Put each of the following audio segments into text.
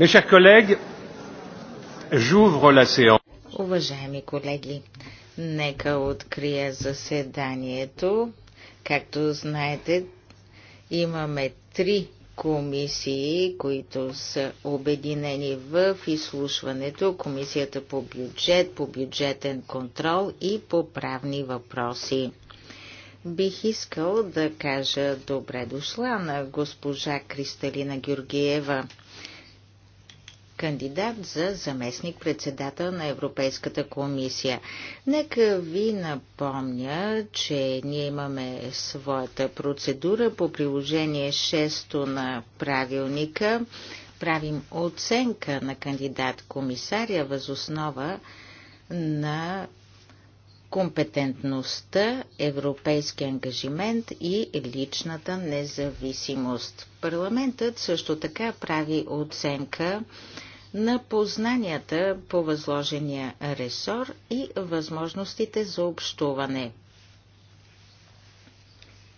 Mes chers collègues, j'ouvre la séance. Уважаеми колеги, нека открия заседанието. Както знаете, имаме три комисии, които са обединени в изслушването. Комисията по бюджет, по бюджетен контрол и по правни въпроси. Бих искал да кажа добре дошла на госпожа Кристалина Георгиева – кандидат за заместник-председател на Европейската комисия. Нека ви напомня, че ние имаме своята процедура по приложение 6 на правилника. Правим оценка на кандидат-комисаря възоснова на компетентността, европейски ангажимент и личната независимост. Парламентът също така прави оценка на познанията по възложения ресор и възможностите за общуване.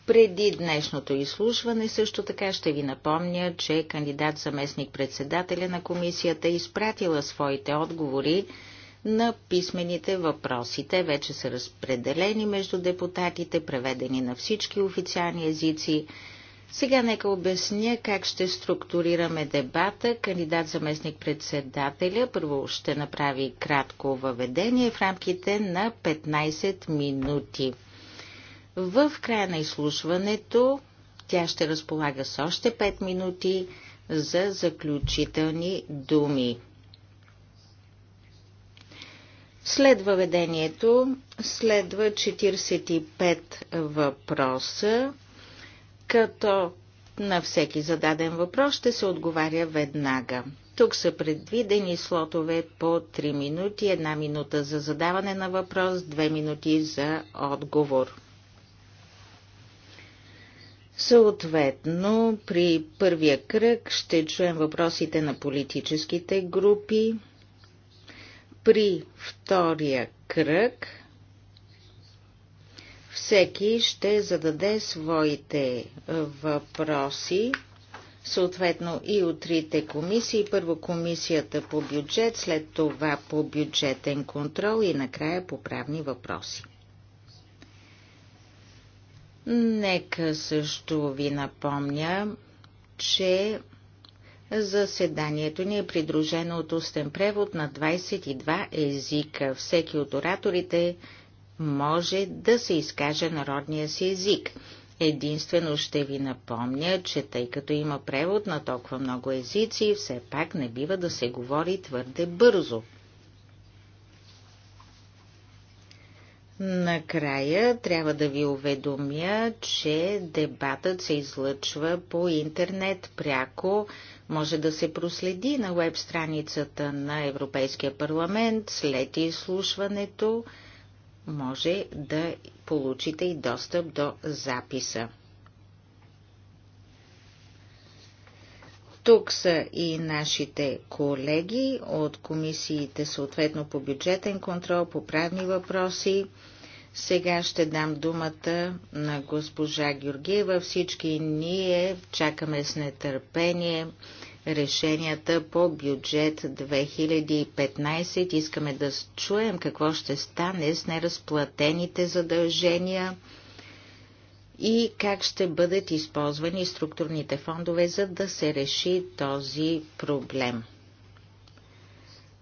Преди днешното изслушване също така ще ви напомня, че кандидат заместник председателя на комисията изпратила своите отговори на писмените въпроси. Те вече са разпределени между депутатите, преведени на всички официални езици сега нека обясня как ще структурираме дебата. Кандидат заместник председателя първо ще направи кратко въведение в рамките на 15 минути. В края на изслушването тя ще разполага с още 5 минути за заключителни думи. След въведението следва 45 въпроса като на всеки зададен въпрос ще се отговаря веднага. Тук са предвидени слотове по 3 минути, 1 минута за задаване на въпрос, 2 минути за отговор. Съответно, при първия кръг ще чуем въпросите на политическите групи. При втория кръг всеки ще зададе своите е, въпроси, съответно и от трите комисии. Първо комисията по бюджет, след това по бюджетен контрол и накрая по правни въпроси. Нека също ви напомня, че Заседанието ни е придружено от устен превод на 22 езика. Всеки от ораторите може да се изкаже народния си език. Единствено ще ви напомня, че тъй като има превод на толкова много езици, все пак не бива да се говори твърде бързо. Накрая трябва да ви уведомя, че дебатът се излъчва по интернет пряко. Може да се проследи на веб страницата на Европейския парламент след изслушването може да получите и достъп до записа. Тук са и нашите колеги от комисиите, съответно по бюджетен контрол, по правни въпроси. Сега ще дам думата на госпожа Георгиева. Всички ние чакаме с нетърпение решенията по бюджет 2015. Искаме да чуем какво ще стане с неразплатените задължения и как ще бъдат използвани структурните фондове, за да се реши този проблем.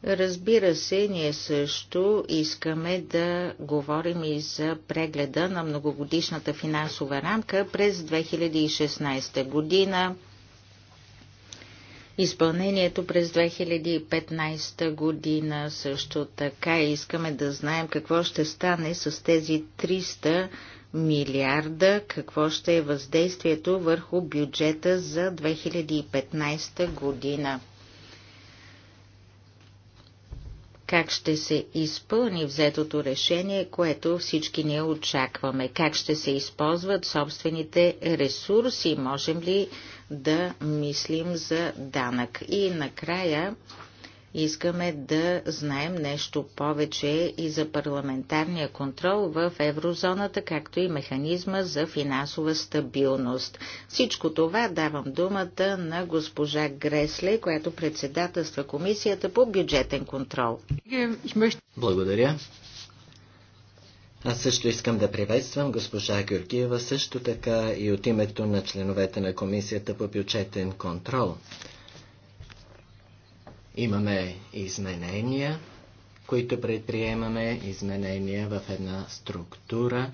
Разбира се, ние също искаме да говорим и за прегледа на многогодишната финансова рамка през 2016 година изпълнението през 2015 година. Също така искаме да знаем какво ще стане с тези 300 милиарда, какво ще е въздействието върху бюджета за 2015 година. как ще се изпълни взетото решение, което всички ние очакваме, как ще се използват собствените ресурси, можем ли да мислим за данък. И накрая искаме да знаем нещо повече и за парламентарния контрол в еврозоната, както и механизма за финансова стабилност. Всичко това давам думата на госпожа Гресле, която председателства Комисията по бюджетен контрол. Благодаря. Аз също искам да приветствам госпожа Георгиева, също така и от името на членовете на Комисията по бюджетен контрол. Имаме изменения, които предприемаме, изменения в една структура,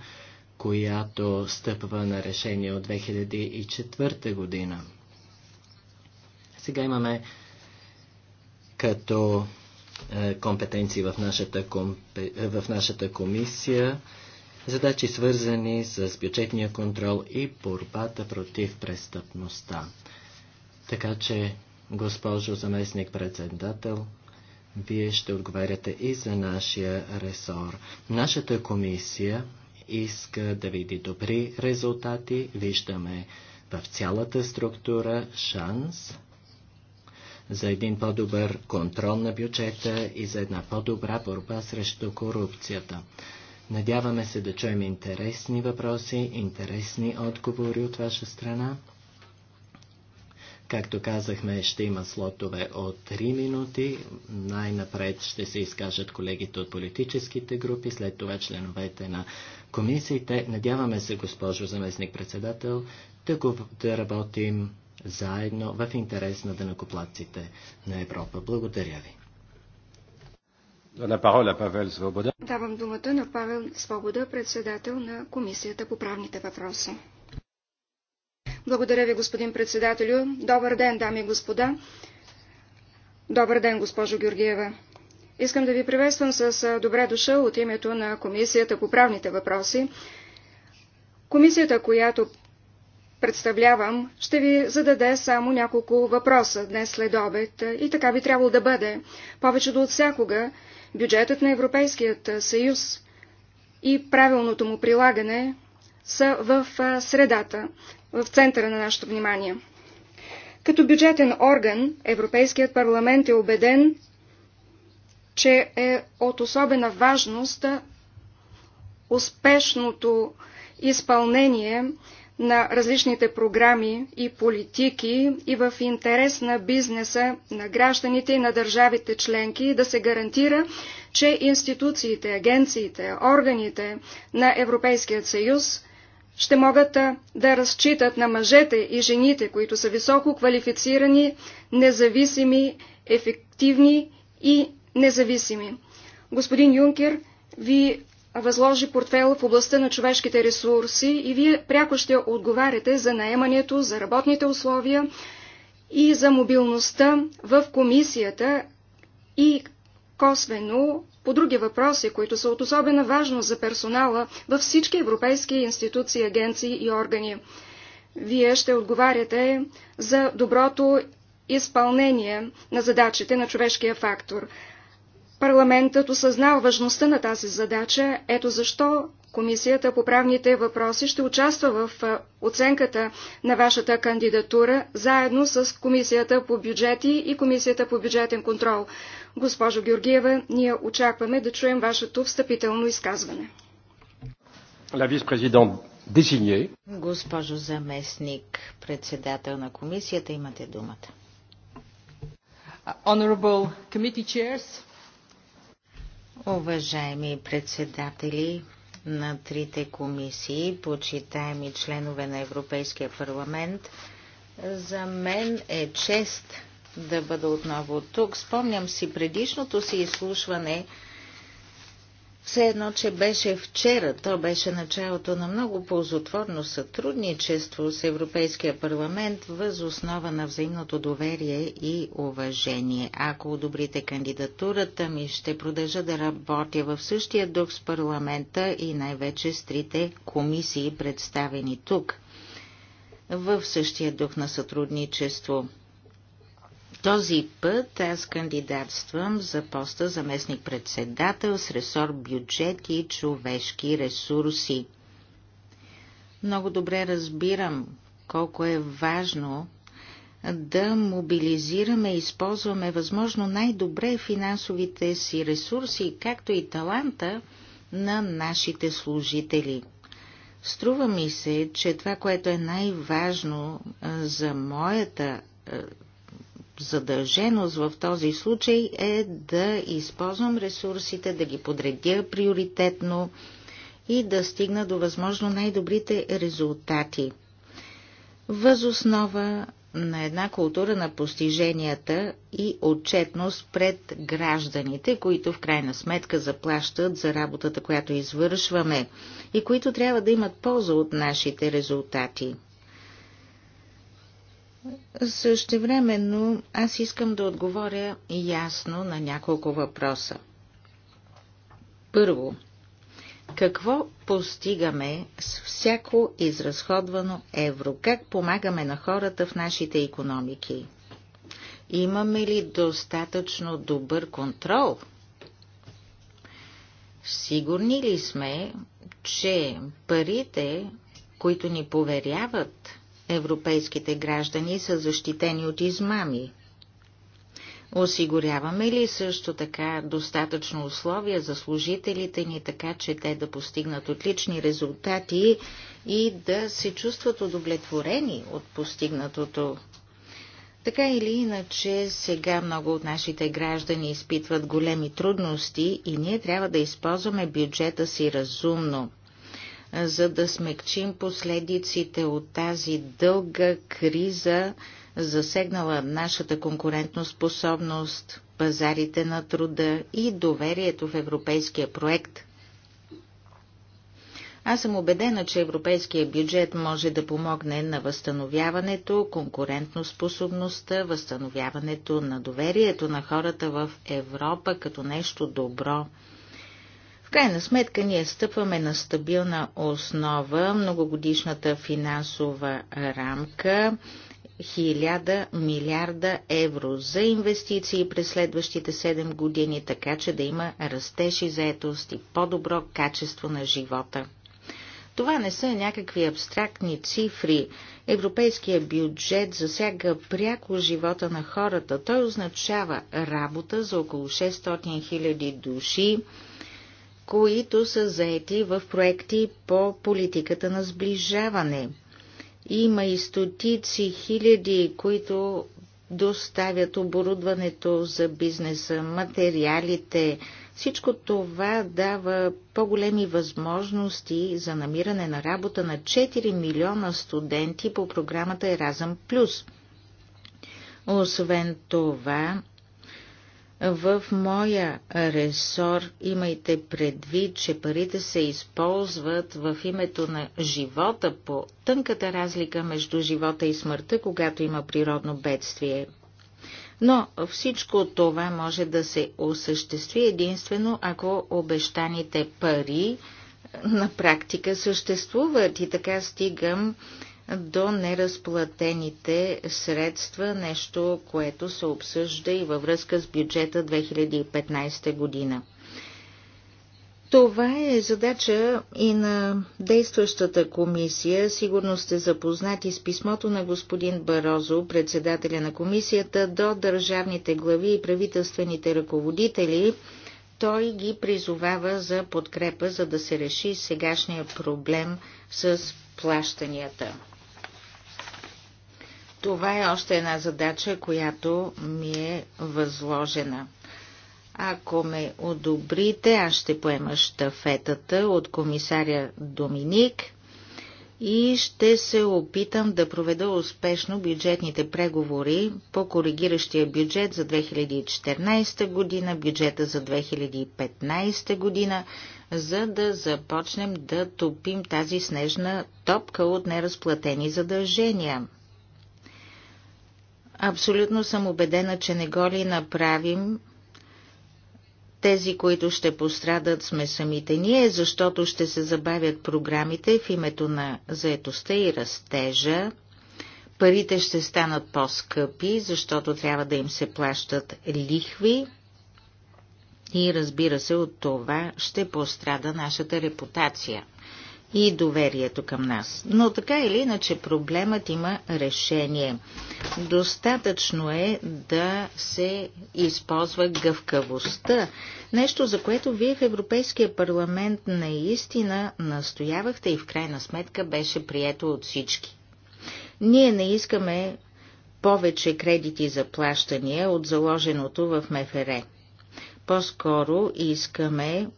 която стъпва на решение от 2004 година. Сега имаме като е, компетенции в нашата, е, в нашата комисия, задачи свързани с бюджетния контрол и борбата против престъпността. Така че, госпожо заместник-председател, вие ще отговаряте и за нашия ресор. Нашата комисия иска да види добри резултати. Виждаме в цялата структура шанс за един по-добър контрол на бюджета и за една по-добра борба срещу корупцията. Надяваме се да чуем интересни въпроси, интересни отговори от ваша страна. Както казахме, ще има слотове от 3 минути. Най-напред ще се изкажат колегите от политическите групи, след това членовете на комисиите. Надяваме се, госпожо заместник-председател, да, да работим заедно в интерес на дънакоплатците на Европа. Благодаря ви. Давам думата на Павел Свобода, председател на Комисията по правните въпроси. Благодаря ви, господин председателю. Добър ден, дами и господа. Добър ден, госпожо Георгиева. Искам да ви приветствам с добре дошъл от името на Комисията по правните въпроси. Комисията, която представлявам, ще ви зададе само няколко въпроса днес след обед и така би трябвало да бъде. Повечето до от всякога бюджетът на Европейският съюз и правилното му прилагане са в средата, в центъра на нашето внимание. Като бюджетен орган, Европейският парламент е убеден, че е от особена важност успешното изпълнение на различните програми и политики и в интерес на бизнеса, на гражданите и на държавите членки да се гарантира, че институциите, агенциите, органите на Европейския съюз ще могат да разчитат на мъжете и жените, които са високо квалифицирани, независими, ефективни и независими. Господин Юнкер, ви възложи портфел в областта на човешките ресурси и вие пряко ще отговаряте за наемането, за работните условия и за мобилността в комисията и косвено по други въпроси, които са от особена важност за персонала във всички европейски институции, агенции и органи. Вие ще отговаряте за доброто изпълнение на задачите на човешкия фактор. Парламентът осъзнава важността на тази задача. Ето защо Комисията по правните въпроси ще участва в оценката на вашата кандидатура, заедно с Комисията по бюджети и Комисията по бюджетен контрол. Госпожо Георгиева, ние очакваме да чуем вашето встъпително изказване. Госпожо заместник, председател на комисията, имате думата. Honorable committee chairs, Уважаеми председатели на трите комисии, почитаеми членове на Европейския парламент, за мен е чест да бъда отново тук. Спомням си предишното си изслушване – все едно, че беше вчера, то беше началото на много ползотворно сътрудничество с Европейския парламент въз основа на взаимното доверие и уважение. Ако одобрите кандидатурата ми, ще продължа да работя в същия дух с парламента и най-вече с трите комисии, представени тук. В същия дух на сътрудничество – този път аз кандидатствам за поста заместник-председател с ресор бюджет и човешки ресурси. Много добре разбирам колко е важно да мобилизираме и използваме възможно най-добре финансовите си ресурси, както и таланта на нашите служители. Струва ми се, че това, което е най-важно за моята задълженост в този случай е да използвам ресурсите, да ги подредя приоритетно и да стигна до възможно най-добрите резултати. Възоснова на една култура на постиженията и отчетност пред гражданите, които в крайна сметка заплащат за работата, която извършваме и които трябва да имат полза от нашите резултати. Същевременно аз искам да отговоря ясно на няколко въпроса. Първо, какво постигаме с всяко изразходвано евро? Как помагаме на хората в нашите економики? Имаме ли достатъчно добър контрол? Сигурни ли сме, че парите, които ни поверяват европейските граждани са защитени от измами. Осигуряваме ли също така достатъчно условия за служителите ни, така че те да постигнат отлични резултати и да се чувстват удовлетворени от постигнатото? Така или иначе, сега много от нашите граждани изпитват големи трудности и ние трябва да използваме бюджета си разумно – за да смекчим последиците от тази дълга криза, засегнала нашата конкурентоспособност, пазарите на труда и доверието в европейския проект. Аз съм убедена, че европейския бюджет може да помогне на възстановяването, конкурентноспособността, възстановяването на доверието на хората в Европа като нещо добро – в крайна сметка ние стъпваме на стабилна основа, многогодишната финансова рамка, 1000 милиарда евро за инвестиции през следващите 7 години, така че да има растеж и заетост и по-добро качество на живота. Това не са някакви абстрактни цифри. Европейският бюджет засяга пряко живота на хората. Той означава работа за около 600 000 души, които са заети в проекти по политиката на сближаване. Има и стотици хиляди, които доставят оборудването за бизнеса, материалите. Всичко това дава по-големи възможности за намиране на работа на 4 милиона студенти по програмата Еразъм Плюс. Освен това, в моя ресор имайте предвид, че парите се използват в името на живота по тънката разлика между живота и смъртта, когато има природно бедствие. Но всичко това може да се осъществи единствено, ако обещаните пари на практика съществуват. И така стигам до неразплатените средства, нещо, което се обсъжда и във връзка с бюджета 2015 година. Това е задача и на действащата комисия. Сигурно сте запознати с писмото на господин Барозо, председателя на комисията, до държавните глави и правителствените ръководители. Той ги призовава за подкрепа, за да се реши сегашния проблем с плащанията. Това е още една задача, която ми е възложена. Ако ме одобрите, аз ще поема штафетата от комисаря Доминик и ще се опитам да проведа успешно бюджетните преговори по коригиращия бюджет за 2014 година, бюджета за 2015 година, за да започнем да топим тази снежна топка от неразплатени задължения. Абсолютно съм убедена, че не го ли направим, тези, които ще пострадат, сме самите ние, защото ще се забавят програмите в името на заетостта и растежа. Парите ще станат по-скъпи, защото трябва да им се плащат лихви. И разбира се, от това ще пострада нашата репутация и доверието към нас. Но така или иначе проблемът има решение. Достатъчно е да се използва гъвкавостта, нещо за което вие в Европейския парламент наистина настоявахте и в крайна сметка беше прието от всички. Ние не искаме повече кредити за плащания от заложеното в МФР. По-скоро искаме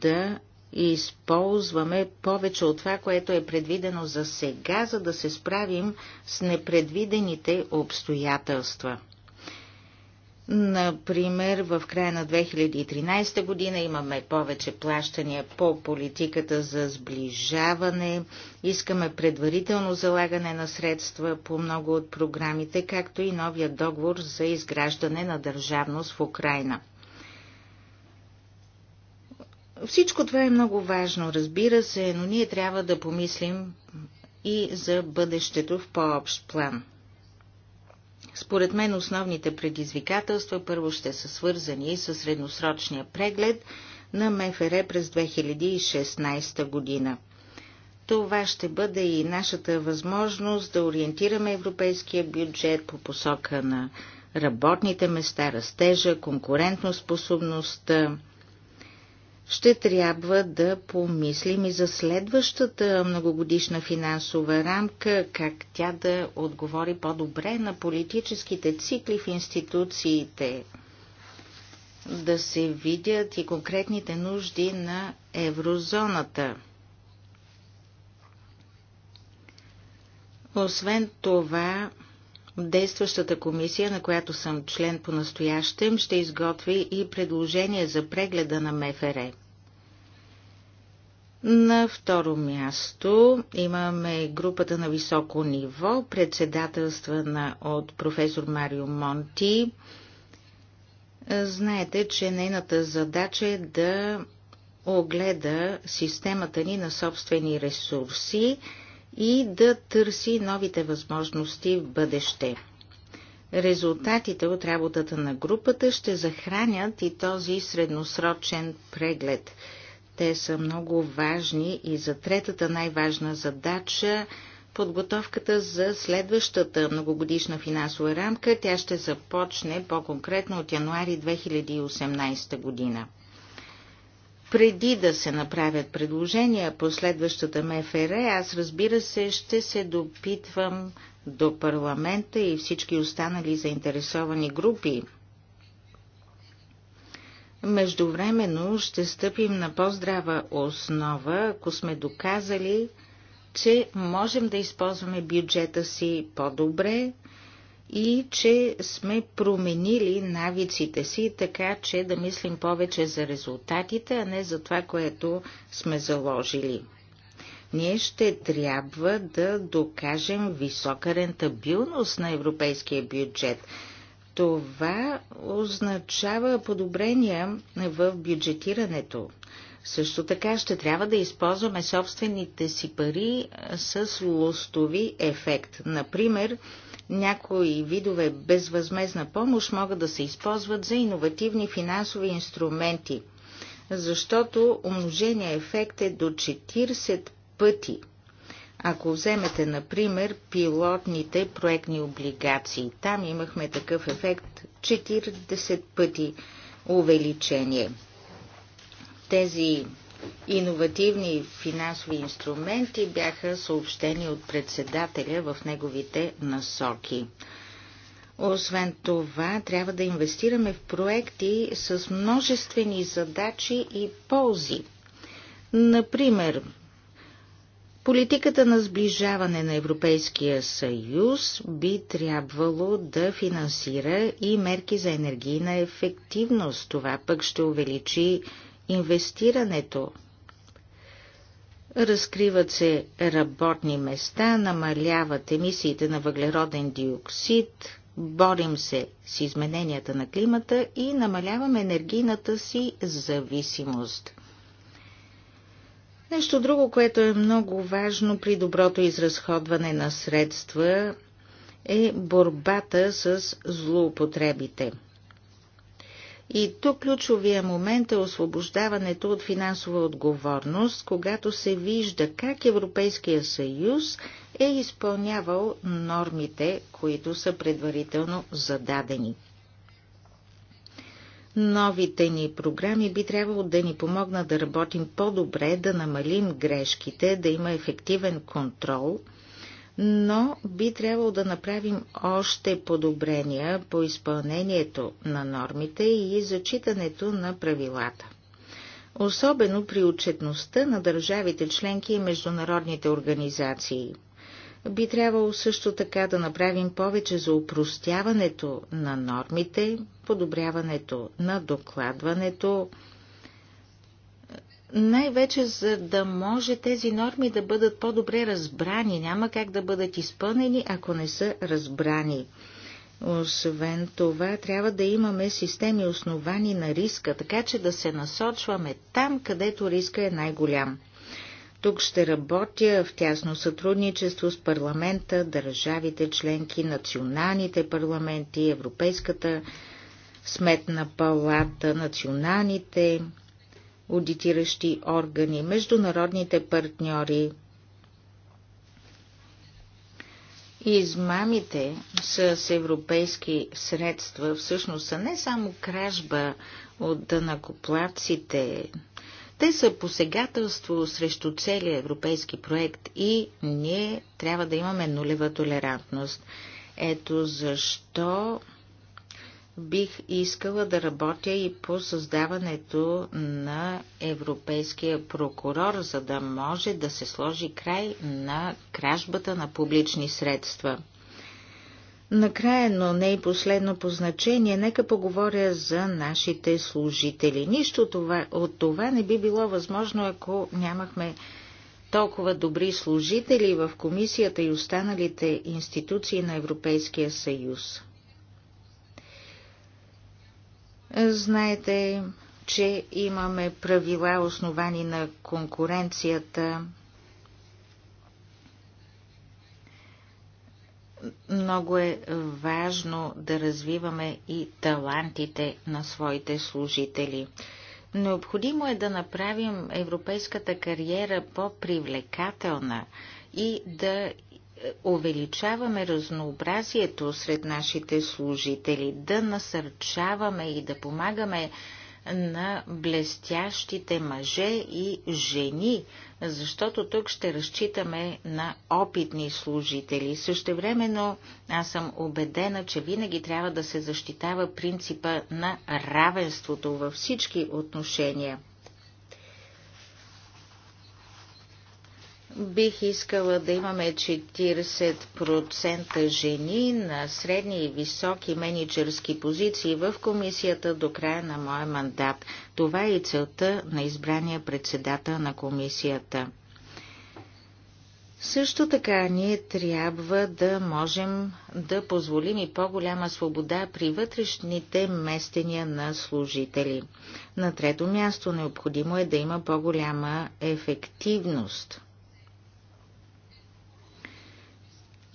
да използваме повече от това, което е предвидено за сега, за да се справим с непредвидените обстоятелства. Например, в края на 2013 година имаме повече плащания по политиката за сближаване, искаме предварително залагане на средства по много от програмите, както и новия договор за изграждане на държавност в Украина. Всичко това е много важно, разбира се, но ние трябва да помислим и за бъдещето в по-общ план. Според мен основните предизвикателства първо ще са свързани с средносрочния преглед на МФР през 2016 година. Това ще бъде и нашата възможност да ориентираме европейския бюджет по посока на работните места, растежа, конкурентоспособността, ще трябва да помислим и за следващата многогодишна финансова рамка, как тя да отговори по-добре на политическите цикли в институциите, да се видят и конкретните нужди на еврозоната. Освен това, Действащата комисия, на която съм член по настоящем, ще изготви и предложение за прегледа на МФР. На второ място имаме групата на високо ниво, председателствана от професор Марио Монти. Знаете, че нейната задача е да огледа системата ни на собствени ресурси и да търси новите възможности в бъдеще. Резултатите от работата на групата ще захранят и този средносрочен преглед. Те са много важни и за третата най-важна задача подготовката за следващата многогодишна финансова рамка. Тя ще започне по-конкретно от януари 2018 година преди да се направят предложения по следващата МФР, аз разбира се ще се допитвам до парламента и всички останали заинтересовани групи. Междувременно ще стъпим на по-здрава основа, ако сме доказали, че можем да използваме бюджета си по-добре, и че сме променили навиците си, така че да мислим повече за резултатите, а не за това, което сме заложили. Ние ще трябва да докажем висока рентабилност на европейския бюджет. Това означава подобрения в бюджетирането. Също така ще трябва да използваме собствените си пари с лостови ефект. Например, някои видове безвъзмезна помощ могат да се използват за иновативни финансови инструменти, защото умножения ефект е до 40 пъти. Ако вземете, например, пилотните проектни облигации, там имахме такъв ефект 40 пъти увеличение. Тези иновативни финансови инструменти бяха съобщени от председателя в неговите насоки. Освен това, трябва да инвестираме в проекти с множествени задачи и ползи. Например, Политиката на сближаване на Европейския съюз би трябвало да финансира и мерки за енергийна ефективност. Това пък ще увеличи инвестирането. Разкриват се работни места, намаляват емисиите на въглероден диоксид, борим се с измененията на климата и намаляваме енергийната си зависимост. Нещо друго, което е много важно при доброто изразходване на средства е борбата с злоупотребите – и тук ключовия момент е освобождаването от финансова отговорност, когато се вижда как Европейския съюз е изпълнявал нормите, които са предварително зададени. Новите ни програми би трябвало да ни помогнат да работим по-добре, да намалим грешките, да има ефективен контрол – но би трябвало да направим още подобрения по изпълнението на нормите и зачитането на правилата. Особено при отчетността на държавите членки и международните организации. Би трябвало също така да направим повече за упростяването на нормите, подобряването на докладването, най-вече за да може тези норми да бъдат по-добре разбрани. Няма как да бъдат изпълнени, ако не са разбрани. Освен това, трябва да имаме системи основани на риска, така че да се насочваме там, където риска е най-голям. Тук ще работя в тясно сътрудничество с парламента, държавите членки, националните парламенти, Европейската сметна палата, националните аудитиращи органи, международните партньори. Измамите с европейски средства всъщност са не само кражба от дънакоплаците, те са посегателство срещу целия европейски проект и ние трябва да имаме нулева толерантност. Ето защо бих искала да работя и по създаването на европейския прокурор, за да може да се сложи край на кражбата на публични средства. Накрая, но не и последно по значение, нека поговоря за нашите служители. Нищо това, от това не би било възможно, ако нямахме толкова добри служители в комисията и останалите институции на Европейския съюз. Знаете, че имаме правила основани на конкуренцията. Много е важно да развиваме и талантите на своите служители. Необходимо е да направим европейската кариера по-привлекателна и да увеличаваме разнообразието сред нашите служители, да насърчаваме и да помагаме на блестящите мъже и жени, защото тук ще разчитаме на опитни служители. времено аз съм убедена, че винаги трябва да се защитава принципа на равенството във всички отношения – Бих искала да имаме 40% жени на средни и високи менеджерски позиции в комисията до края на моя мандат. Това е и целта на избрания председател на комисията. Също така ние трябва да можем да позволим и по-голяма свобода при вътрешните местения на служители. На трето място необходимо е да има по-голяма ефективност –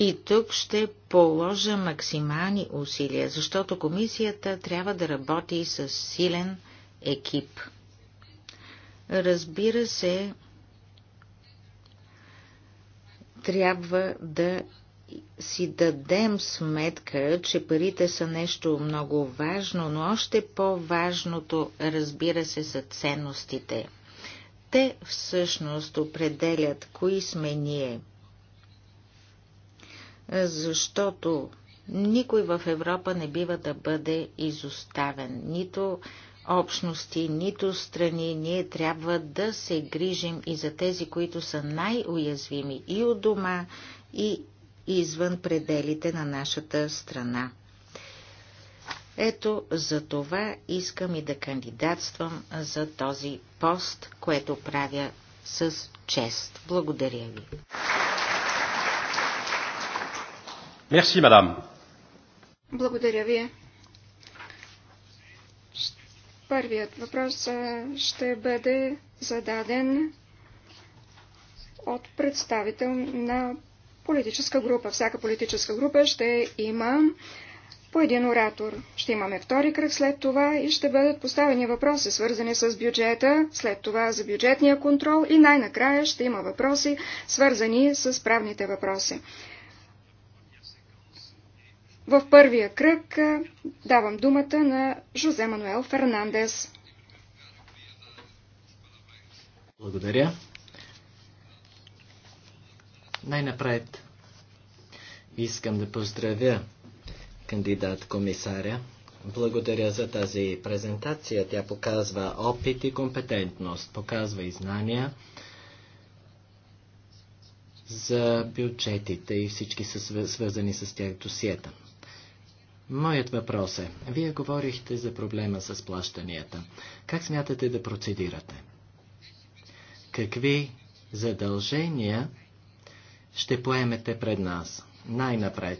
И тук ще положа максимални усилия, защото комисията трябва да работи с силен екип. Разбира се, трябва да си дадем сметка, че парите са нещо много важно, но още по-важното, разбира се, са ценностите. Те всъщност определят кои сме ние – защото никой в Европа не бива да бъде изоставен, нито общности, нито страни. Ние трябва да се грижим и за тези, които са най-уязвими и от дома, и извън пределите на нашата страна. Ето за това искам и да кандидатствам за този пост, което правя с чест. Благодаря ви. Мерси, мадам. Благодаря ви. Първият въпрос ще бъде зададен от представител на политическа група. Всяка политическа група ще има по един оратор. Ще имаме втори кръг след това и ще бъдат поставени въпроси, свързани с бюджета, след това за бюджетния контрол и най-накрая ще има въпроси, свързани с правните въпроси. В първия кръг давам думата на Жозе Мануел Фернандес. Благодаря. Най-напред искам да поздравя кандидат комисаря. Благодаря за тази презентация. Тя показва опит и компетентност, показва и знания за бюджетите и всички са свързани с тях досиета. Моят въпрос е, вие говорихте за проблема с плащанията. Как смятате да процедирате? Какви задължения ще поемете пред нас? Най-напред,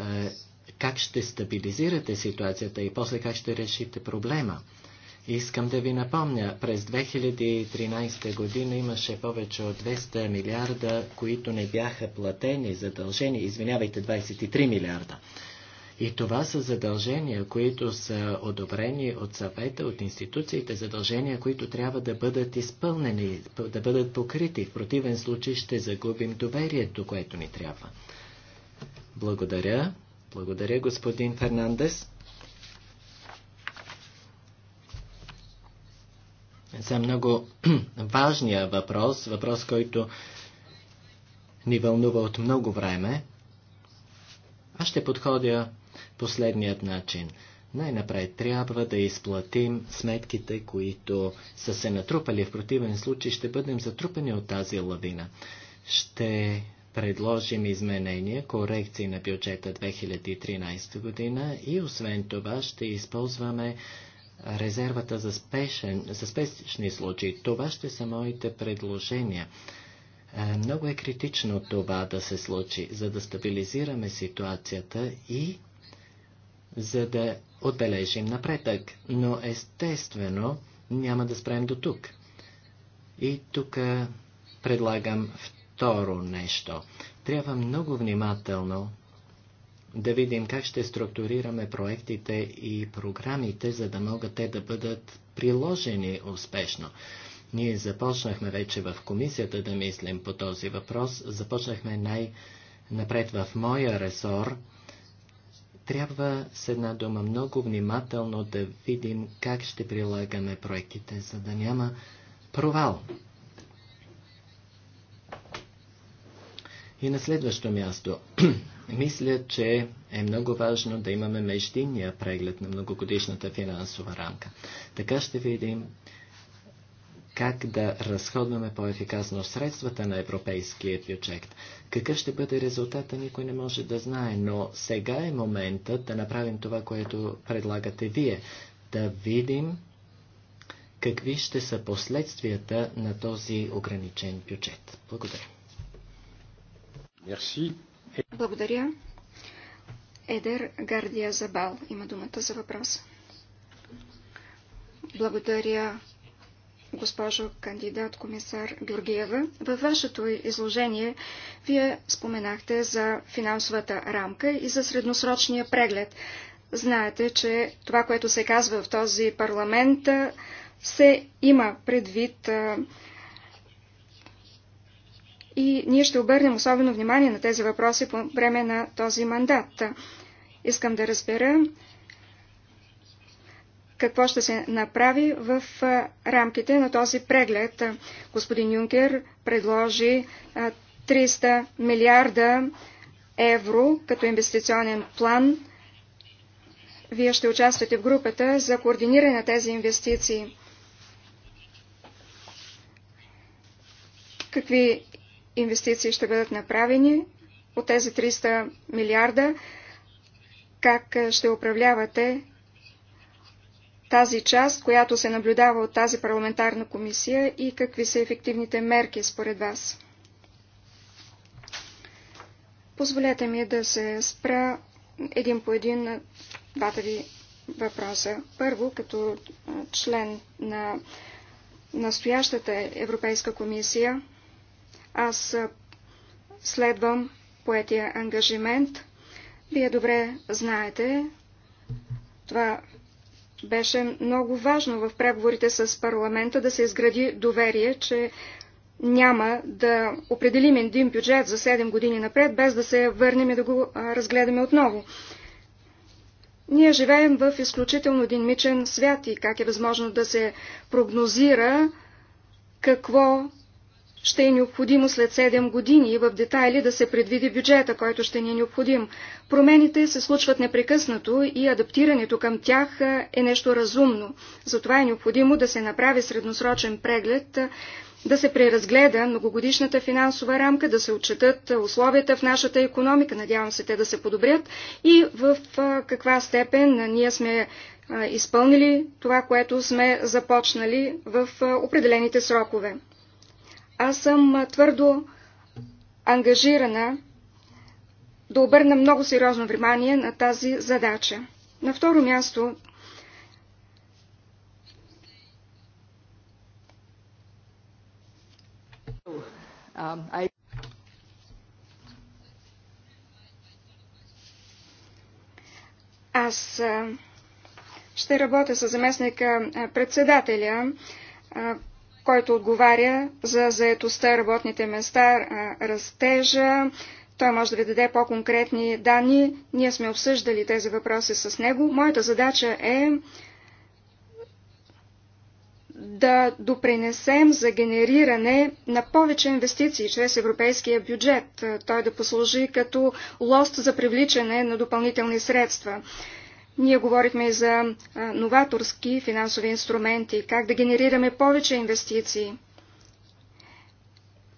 е, как ще стабилизирате ситуацията и после как ще решите проблема? Искам да ви напомня, през 2013 година имаше повече от 200 милиарда, които не бяха платени, задължени, извинявайте, 23 милиарда. И това са задължения, които са одобрени от съвета, от институциите, задължения, които трябва да бъдат изпълнени, да бъдат покрити. В противен случай ще загубим доверието, което ни трябва. Благодаря. Благодаря, господин Фернандес. за много важния въпрос, въпрос, който ни вълнува от много време. Аз ще подходя последният начин. Най-напред трябва да изплатим сметките, които са се натрупали. В противен случай ще бъдем затрупани от тази лавина. Ще предложим изменения, корекции на бюджета 2013 година и освен това ще използваме резервата за, спешен, за спешни случаи. Това ще са моите предложения. Е, много е критично това да се случи, за да стабилизираме ситуацията и за да отбележим напредък. Но естествено няма да спрем до тук. И тук предлагам второ нещо. Трябва много внимателно да видим как ще структурираме проектите и програмите, за да могат те да бъдат приложени успешно. Ние започнахме вече в комисията да мислим по този въпрос. Започнахме най-напред в моя ресор трябва с една дума много внимателно да видим как ще прилагаме проектите, за да няма провал. И на следващо място, мисля, че е много важно да имаме междинния преглед на многогодишната финансова рамка. Така ще видим как да разходваме по-ефикасно средствата на европейския бюджет. Какъв ще бъде резултата, никой не може да знае, но сега е моментът да направим това, което предлагате вие. Да видим какви ще са последствията на този ограничен бюджет. Благодаря. Merci. Благодаря. Едер Гардия Забал има думата за въпрос. Благодаря, госпожо кандидат комисар Георгиева. Във вашето изложение вие споменахте за финансовата рамка и за средносрочния преглед. Знаете, че това, което се казва в този парламент, се има предвид и ние ще обърнем особено внимание на тези въпроси по време на този мандат. Искам да разбера какво ще се направи в рамките на този преглед. Господин Юнкер предложи 300 милиарда евро като инвестиционен план. Вие ще участвате в групата за координиране на тези инвестиции. Какви инвестиции ще бъдат направени от тези 300 милиарда? Как ще управлявате тази част, която се наблюдава от тази парламентарна комисия и какви са ефективните мерки според вас? Позволете ми да се спра един по един на двата ви въпроса. Първо, като член на настоящата Европейска комисия, аз следвам поетия ангажимент. Вие добре знаете това беше много важно в преговорите с парламента да се изгради доверие, че няма да определим един бюджет за 7 години напред, без да се върнем и да го разгледаме отново. Ние живеем в изключително динамичен свят и как е възможно да се прогнозира какво ще е необходимо след 7 години и в детайли да се предвиди бюджета, който ще ни е необходим. Промените се случват непрекъснато и адаптирането към тях е нещо разумно. Затова е необходимо да се направи средносрочен преглед, да се преразгледа многогодишната финансова рамка, да се отчетат условията в нашата економика, надявам се те да се подобрят и в каква степен ние сме изпълнили това, което сме започнали в определените срокове. Аз съм твърдо ангажирана да обърна много сериозно внимание на тази задача. На второ място, Аз ще работя с заместника председателя който отговаря за заетостта, работните места, растежа. Той може да ви даде по-конкретни данни. Ние сме обсъждали тези въпроси с него. Моята задача е да допринесем за генериране на повече инвестиции чрез европейския бюджет. Той да послужи като лост за привличане на допълнителни средства. Ние говорихме и за новаторски финансови инструменти, как да генерираме повече инвестиции.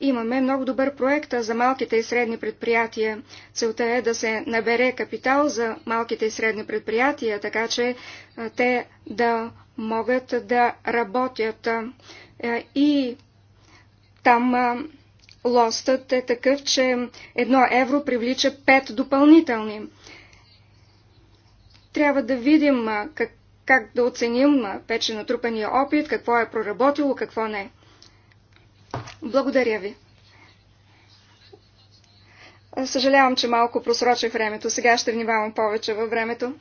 Имаме много добър проект за малките и средни предприятия. Целта е да се набере капитал за малките и средни предприятия, така че те да могат да работят. Е, и там лостът е такъв, че едно евро привлича пет допълнителни. Трябва да видим как, как да оценим вече натрупания опит, какво е проработило, какво не. Благодаря ви. Съжалявам, че малко просрочих времето. Сега ще внимавам повече във времето.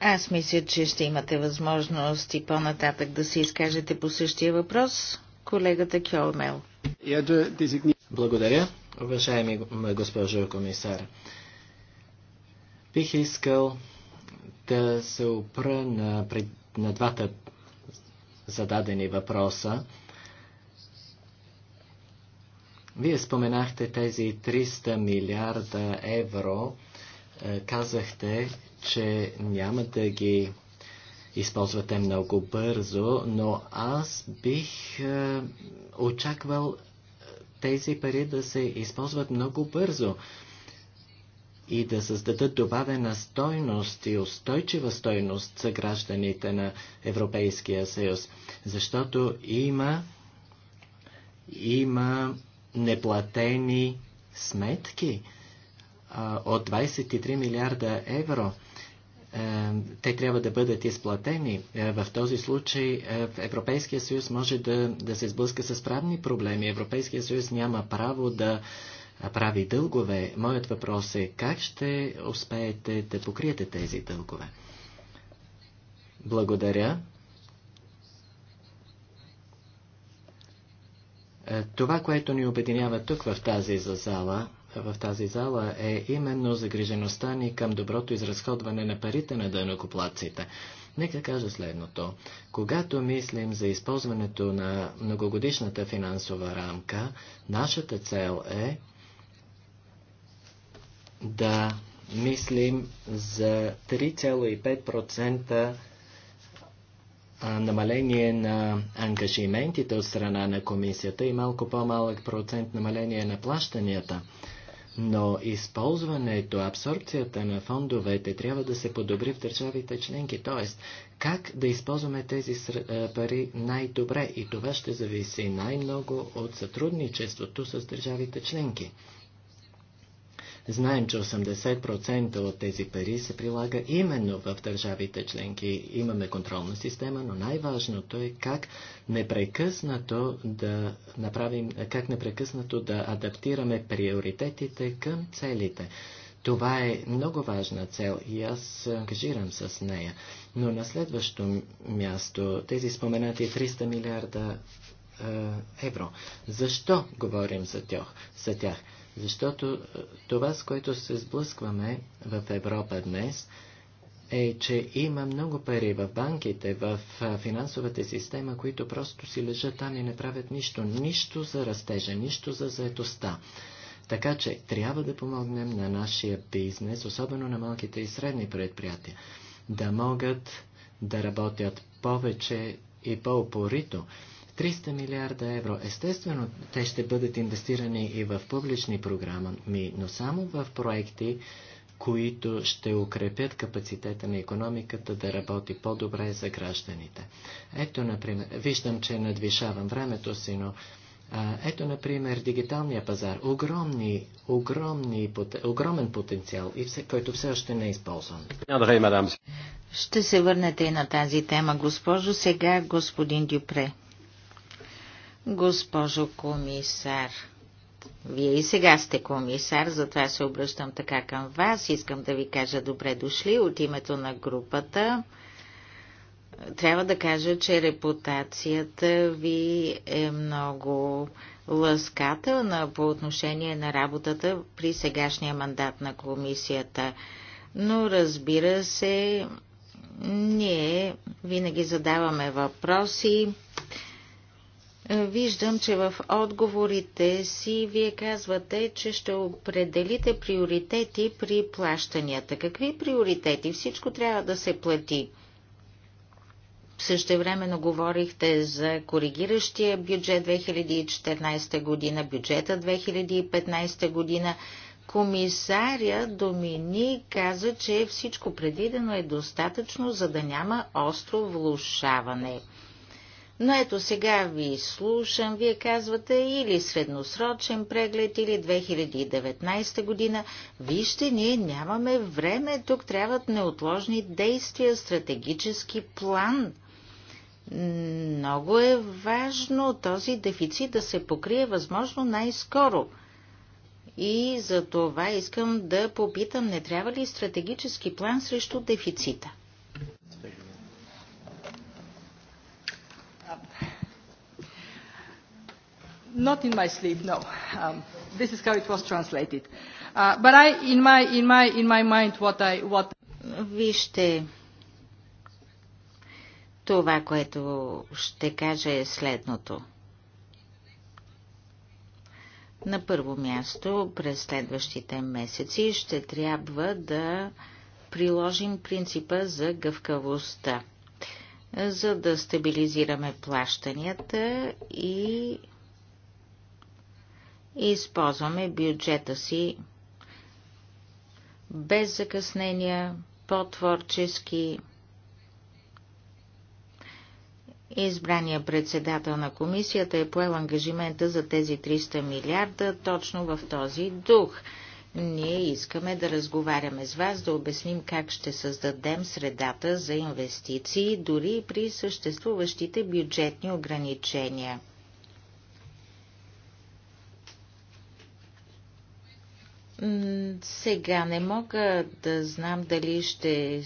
Аз мисля, че ще имате възможност и по-нататък да се изкажете по същия въпрос. Колегата Кьолмел. Благодаря, уважаеми госпожо комисар. Бих искал да се опра на, на двата зададени въпроса. Вие споменахте тези 300 милиарда евро. Е, казахте, че няма да ги използвате много бързо, но аз бих е, очаквал е, тези пари да се използват много бързо и да създадат добавена стойност и устойчива стойност за гражданите на Европейския съюз, защото има, има неплатени сметки а, от 23 милиарда евро е, те трябва да бъдат изплатени. Е, в този случай е, Европейския съюз може да, да се сблъска с правни проблеми. Европейския съюз няма право да прави дългове. Моят въпрос е как ще успеете да покриете тези дългове? Благодаря. Е, това, което ни обединява тук в тази зала, в тази зала е именно загрижеността ни към доброто изразходване на парите на дънокоплаците. Нека кажа следното. Когато мислим за използването на многогодишната финансова рамка, нашата цел е да мислим за 3,5% намаление на ангажиментите от страна на комисията и малко по-малък процент намаление на плащанията. Но използването, абсорбцията на фондовете трябва да се подобри в държавите членки, т.е. как да използваме тези пари най-добре и това ще зависи най-много от сътрудничеството с държавите членки. Знаем, че 80% от тези пари се прилага именно в държавите членки. Имаме контролна система, но най-важното е как непрекъснато да направим, как непрекъснато да адаптираме приоритетите към целите. Това е много важна цел и аз се ангажирам с нея. Но на следващо място тези споменати 300 милиарда е, евро. Защо говорим за тях? За тях? Защото е, това, с което се сблъскваме в Европа днес, е, че има много пари в банките, в е, финансовата система, които просто си лежат там и не правят нищо. Нищо за растежа, нищо за заетостта. Така че трябва да помогнем на нашия бизнес, особено на малките и средни предприятия, да могат да работят повече и по-упорито. 300 милиарда евро. Естествено, те ще бъдат инвестирани и в публични програми, но само в проекти, които ще укрепят капацитета на економиката да работи по-добре за гражданите. Ето, например, виждам, че надвишавам времето си, но ето, например, дигиталния пазар. Огромни, огромни, огромен потенциал, и все, който все още не е използван. Ще се върнете и на тази тема, госпожо. Сега господин Дюпре. Госпожо комисар, вие и сега сте комисар, затова се обръщам така към вас. Искам да ви кажа добре дошли от името на групата. Трябва да кажа, че репутацията ви е много лъскателна по отношение на работата при сегашния мандат на комисията. Но разбира се, ние винаги задаваме въпроси Виждам, че в отговорите си вие казвате, че ще определите приоритети при плащанията. Какви приоритети? Всичко трябва да се плати. времено говорихте за коригиращия бюджет 2014 година, бюджета 2015 година. Комисаря Домини каза, че всичко предвидено е достатъчно, за да няма остро влушаване. Но ето сега ви слушам, вие казвате или средносрочен преглед, или 2019 година. Вижте, ние нямаме време, тук трябват неотложни действия, стратегически план. Много е важно този дефицит да се покрие възможно най-скоро. И за това искам да попитам, не трябва ли стратегически план срещу дефицита? not in my sleep, no. Um, this is how it was translated. Uh, but I, in my, in my, in my mind, what I, what. Вижте, това, което ще кажа е следното. На първо място, през следващите месеци ще трябва да приложим принципа за гъвкавостта, за да стабилизираме плащанията и и използваме бюджета си без закъснения, по-творчески. Избрания председател на комисията е поел ангажимента за тези 300 милиарда точно в този дух. Ние искаме да разговаряме с вас, да обясним как ще създадем средата за инвестиции, дори при съществуващите бюджетни ограничения – Сега не мога да знам дали ще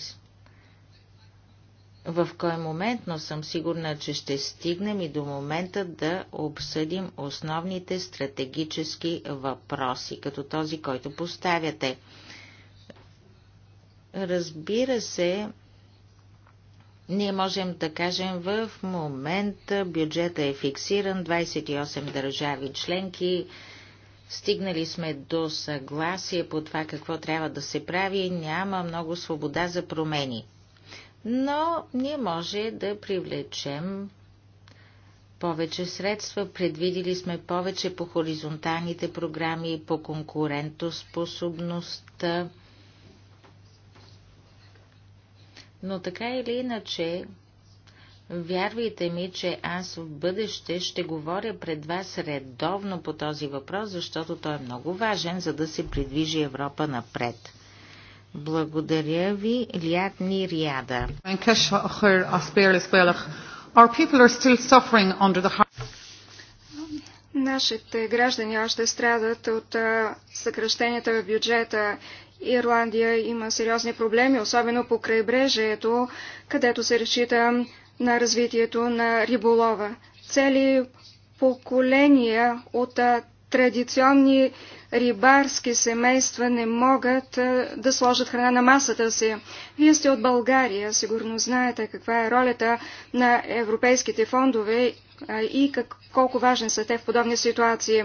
в кой момент, но съм сигурна, че ще стигнем и до момента да обсъдим основните стратегически въпроси, като този, който поставяте. Разбира се, ние можем да кажем в момента бюджета е фиксиран, 28 държави членки Стигнали сме до съгласие по това какво трябва да се прави. Няма много свобода за промени. Но ние може да привлечем повече средства, предвидили сме повече по хоризонталните програми, по конкурентоспособността. Но така или иначе, Вярвайте ми, че аз в бъдеще ще говоря пред вас редовно по този въпрос, защото той е много важен, за да се придвижи Европа напред. Благодаря ви, Лият Ниряда. Нашите граждани още страдат от съкръщенията в бюджета. Ирландия има сериозни проблеми, особено по крайбрежието, където се разчита на развитието на риболова. Цели поколения от традиционни рибарски семейства не могат да сложат храна на масата си. Вие сте от България, сигурно знаете каква е ролята на европейските фондове и как, колко важни са те в подобни ситуации.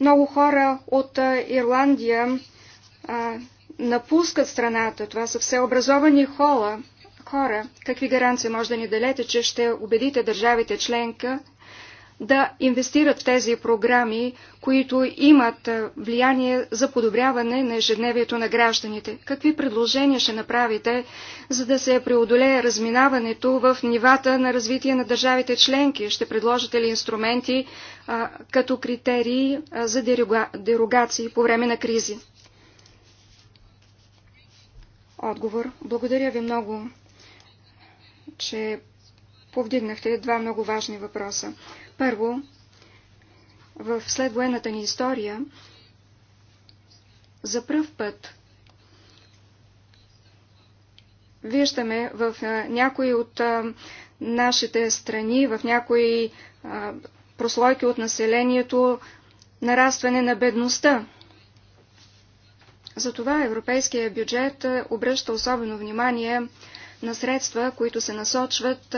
Много хора от Ирландия а, напускат страната. Това са все образовани хора, хора. Какви гаранции може да ни далете, че ще убедите държавите членка да инвестират в тези програми, които имат влияние за подобряване на ежедневието на гражданите? Какви предложения ще направите, за да се преодолее разминаването в нивата на развитие на държавите членки? Ще предложите ли инструменти а, като критерии а, за дерога, дерогации по време на кризи? Отговор. Благодаря ви много че повдигнахте два много важни въпроса. Първо, в следвоенната ни история за пръв път виждаме в някои от нашите страни, в някои прослойки от населението, нарастване на бедността. Затова европейския бюджет обръща особено внимание на средства, които се насочват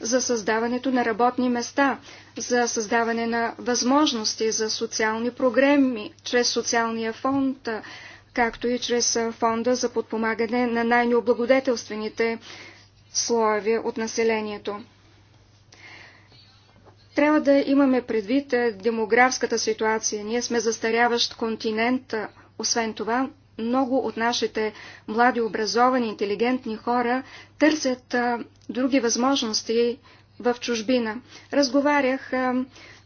за създаването на работни места, за създаване на възможности за социални програми, чрез социалния фонд, както и чрез фонда за подпомагане на най-необлагодетелствените слоеве от населението. Трябва да имаме предвид демографската ситуация. Ние сме застаряващ континент. Освен това, много от нашите млади, образовани, интелигентни хора търсят а, други възможности в чужбина. Разговарях а,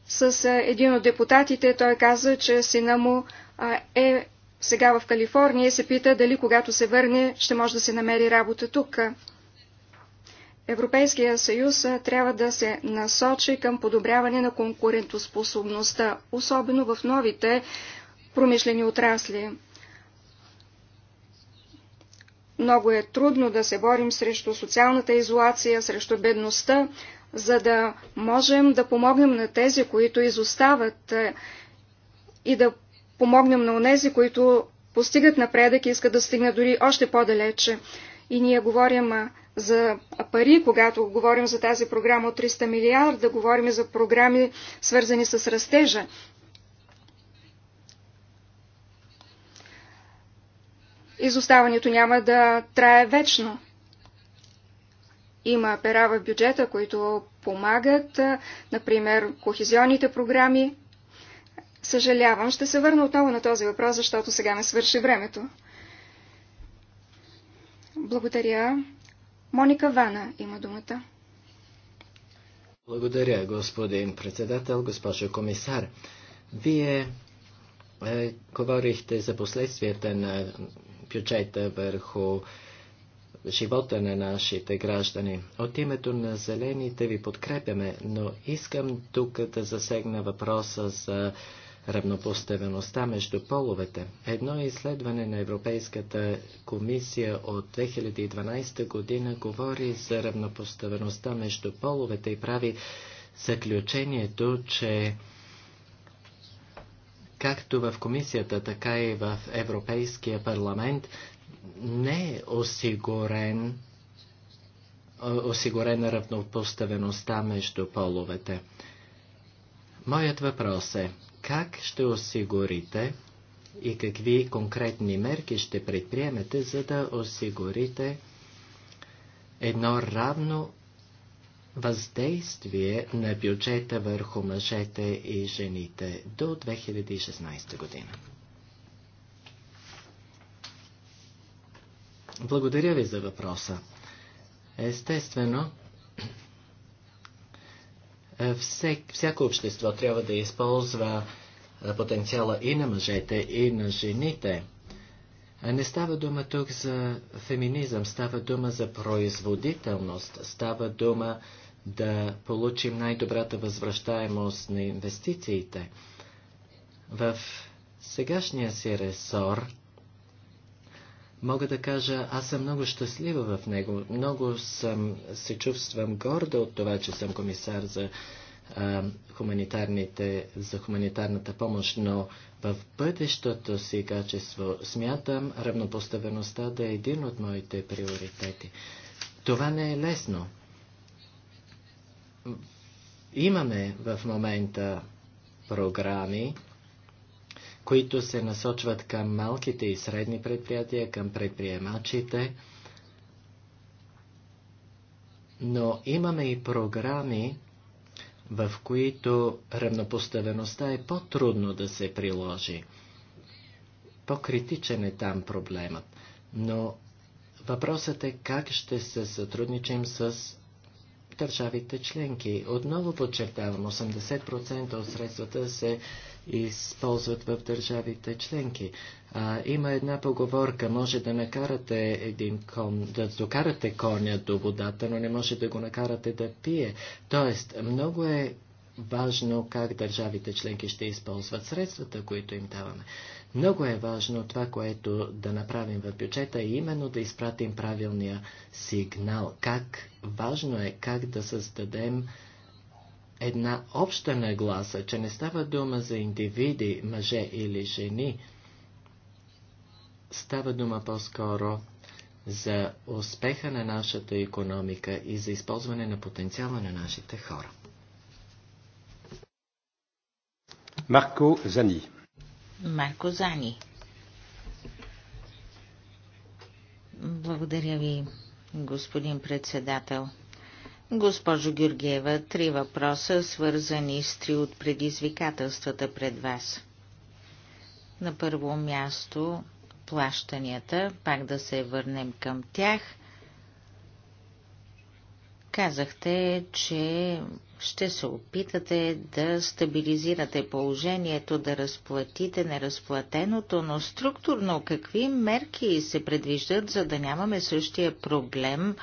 с а, един от депутатите, той каза, че сина му а, е сега в Калифорния и се пита дали когато се върне ще може да се намери работа тук. Европейския съюз трябва да се насочи към подобряване на конкурентоспособността, особено в новите промишлени отрасли. Много е трудно да се борим срещу социалната изолация, срещу бедността, за да можем да помогнем на тези, които изостават е, и да помогнем на онези, които постигат напредък и искат да стигнат дори още по-далече. И ние говорим е, за пари, когато говорим за тази програма от 300 милиарда, говорим за програми свързани с растежа. изоставането няма да трае вечно. Има пера в бюджета, които помагат, например, кохезионните програми. Съжалявам, ще се върна отново на този въпрос, защото сега ме свърши времето. Благодаря. Моника Вана има думата. Благодаря, господин председател, госпожо комисар. Вие е, говорихте за последствията на бюджета върху живота на нашите граждани. От името на зелените ви подкрепяме, но искам тук да засегна въпроса за равнопоставеността между половете. Едно изследване на Европейската комисия от 2012 година говори за равнопоставеността между половете и прави заключението, че както в комисията, така и в Европейския парламент, не е осигурен, осигурена равнопоставеността между половете. Моят въпрос е, как ще осигурите и какви конкретни мерки ще предприемете, за да осигурите едно равно въздействие на бюджета върху мъжете и жените до 2016 година. Благодаря ви за въпроса. Естествено, всяко общество трябва да използва потенциала и на мъжете, и на жените. Не става дума тук за феминизъм, става дума за производителност, става дума да получим най-добрата възвръщаемост на инвестициите. В сегашния си ресор мога да кажа, аз съм много щастлива в него. Много съм, се чувствам горда от това, че съм комисар за, а, хуманитарните, за хуманитарната помощ, но в бъдещото си качество смятам равнопоставеността да е един от моите приоритети. Това не е лесно. Имаме в момента програми, които се насочват към малките и средни предприятия, към предприемачите, но имаме и програми, в които равнопоставеността е по-трудно да се приложи. По-критичен е там проблемът. Но въпросът е как ще се сътрудничим с държавите членки. Отново подчертавам, 80% от средствата се използват в държавите членки. А, има една поговорка, може да накарате един кон, да докарате коня до водата, но не може да го накарате да пие. Тоест, много е важно как държавите членки ще използват средствата, които им даваме. Много е важно това, което да направим в бюджета, е именно да изпратим правилния сигнал. Как важно е как да създадем една обща нагласа, че не става дума за индивиди, мъже или жени. Става дума по-скоро за успеха на нашата економика и за използване на потенциала на нашите хора. Марко Зани. Марко Зани. Благодаря ви, господин председател. Госпожо Георгиева, три въпроса, свързани с три от предизвикателствата пред вас. На първо място плащанията, пак да се върнем към тях. Казахте, че ще се опитате да стабилизирате положението, да разплатите неразплатеното, но структурно какви мерки се предвиждат, за да нямаме същия проблем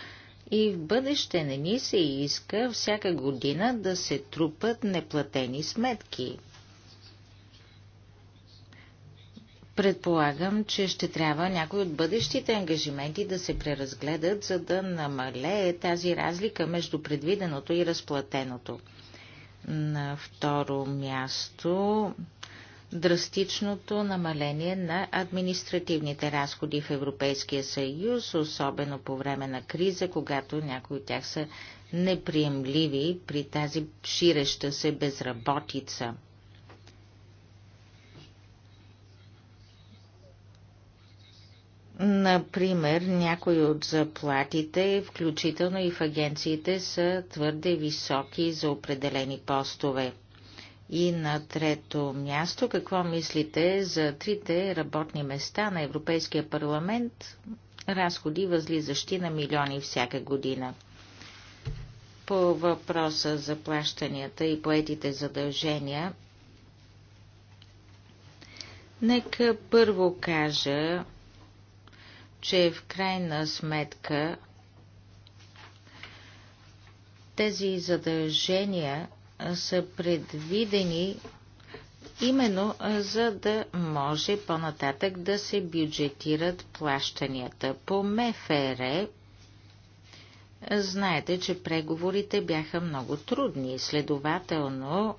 и в бъдеще не ни се иска всяка година да се трупат неплатени сметки? Предполагам, че ще трябва някои от бъдещите ангажименти да се преразгледат, за да намалее тази разлика между предвиденото и разплатеното. На второ място драстичното намаление на административните разходи в Европейския съюз, особено по време на криза, когато някои от тях са неприемливи при тази ширеща се безработица – Например, някои от заплатите, включително и в агенциите, са твърде високи за определени постове. И на трето място, какво мислите за трите работни места на Европейския парламент, разходи възлизащи на милиони всяка година? По въпроса за плащанията и поетите задължения, нека първо кажа, че в крайна сметка тези задължения са предвидени именно за да може по-нататък да се бюджетират плащанията. По МФР знаете, че преговорите бяха много трудни, следователно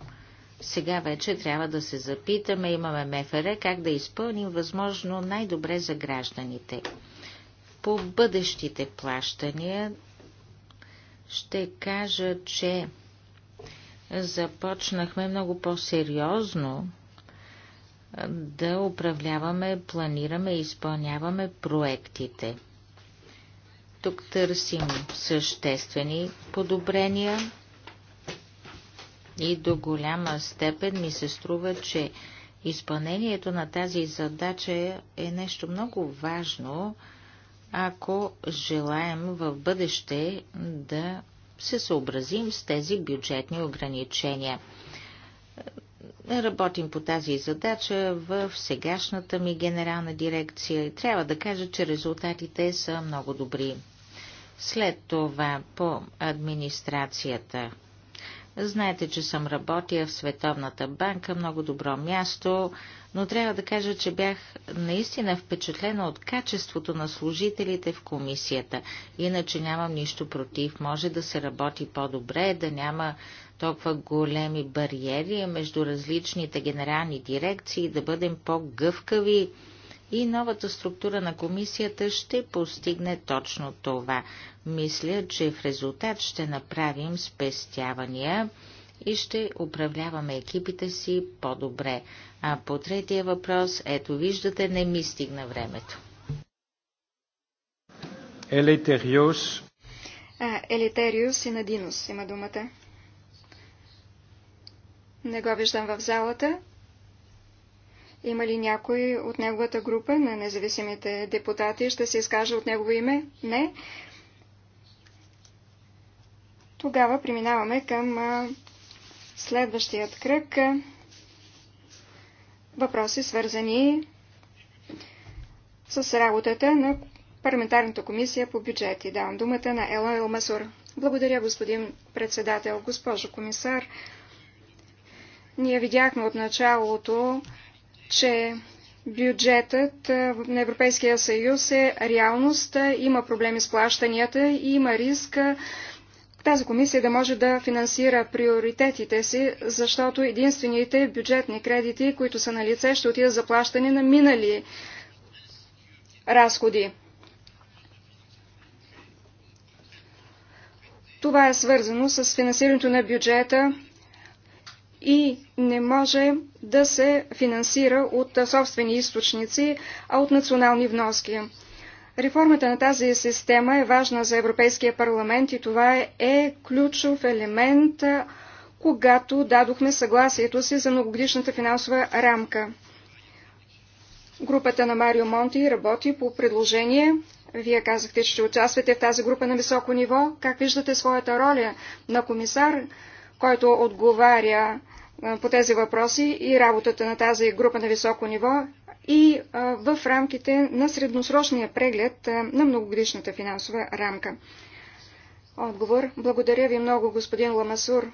сега вече трябва да се запитаме, имаме МФР, как да изпълним възможно най-добре за гражданите. По бъдещите плащания ще кажа, че започнахме много по-сериозно да управляваме, планираме и изпълняваме проектите. Тук търсим съществени подобрения и до голяма степен ми се струва, че изпълнението на тази задача е нещо много важно – ако желаем в бъдеще да се съобразим с тези бюджетни ограничения. Работим по тази задача в сегашната ми генерална дирекция и трябва да кажа, че резултатите са много добри. След това по администрацията. Знаете, че съм работя в Световната банка, много добро място, но трябва да кажа, че бях наистина впечатлена от качеството на служителите в комисията. Иначе нямам нищо против. Може да се работи по-добре, да няма толкова големи бариери между различните генерални дирекции, да бъдем по-гъвкави и новата структура на комисията ще постигне точно това. Мисля, че в резултат ще направим спестявания и ще управляваме екипите си по-добре. А по третия въпрос, ето виждате, не ми стигна времето. Елетериус. А, Елетериус и Надинус има думата. Не го виждам в залата. Има ли някой от неговата група на независимите депутати? Ще се изкаже от негово име? Не. Тогава преминаваме към следващият кръг. Въпроси свързани с работата на парламентарната комисия по бюджети. Давам думата на Ела Елмасур. Благодаря, господин председател, госпожо комисар. Ние видяхме от началото че бюджетът на Европейския съюз е реалност, има проблеми с плащанията и има риск тази комисия да може да финансира приоритетите си, защото единствените бюджетни кредити, които са на лице, ще отидат за плащане на минали разходи. Това е свързано с финансирането на бюджета и не може да се финансира от собствени източници, а от национални вноски. Реформата на тази система е важна за Европейския парламент и това е ключов елемент, когато дадохме съгласието си за многогодишната финансова рамка. Групата на Марио Монти работи по предложение. Вие казахте, че ще участвате в тази група на високо ниво. Как виждате своята роля на комисар, който отговаря по тези въпроси и работата на тази група на високо ниво и в рамките на средносрочния преглед на многогодишната финансова рамка. Отговор. Благодаря ви много, господин Ламасур.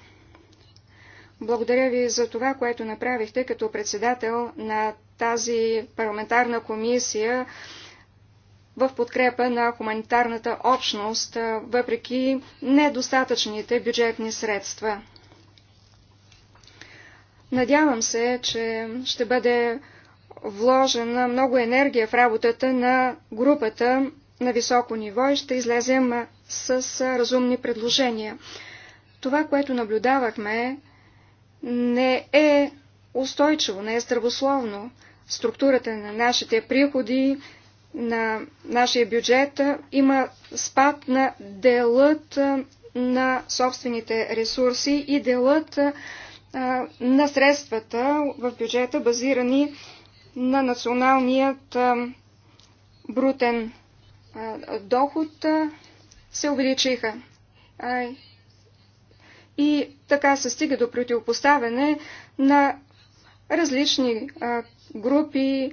Благодаря ви за това, което направихте като председател на тази парламентарна комисия в подкрепа на хуманитарната общност, въпреки недостатъчните бюджетни средства. Надявам се, че ще бъде вложена много енергия в работата на групата на високо ниво и ще излезем с разумни предложения. Това, което наблюдавахме, не е устойчиво, не е здравословно. Структурата на нашите приходи, на нашия бюджет има спад на делът на собствените ресурси и делът на средствата в бюджета, базирани на националният брутен доход, се увеличиха. И така се стига до противопоставяне на различни групи,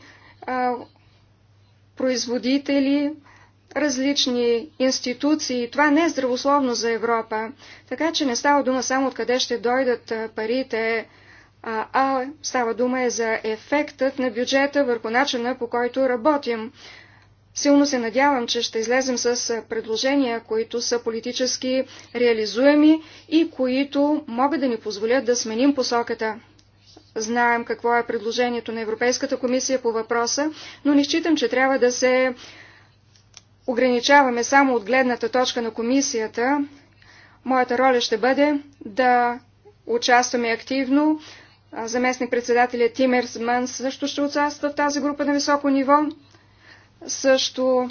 производители, различни институции. Това не е здравословно за Европа. Така че не става дума само откъде ще дойдат парите, а, а става дума е за ефектът на бюджета върху начина по който работим. Силно се надявам, че ще излезем с предложения, които са политически реализуеми и които могат да ни позволят да сменим посоката. Знаем какво е предложението на Европейската комисия по въпроса, но не считам, че трябва да се ограничаваме само от гледната точка на комисията, моята роля ще бъде да участваме активно. Заместник председателя Тимерсман също ще участва в тази група на високо ниво. Също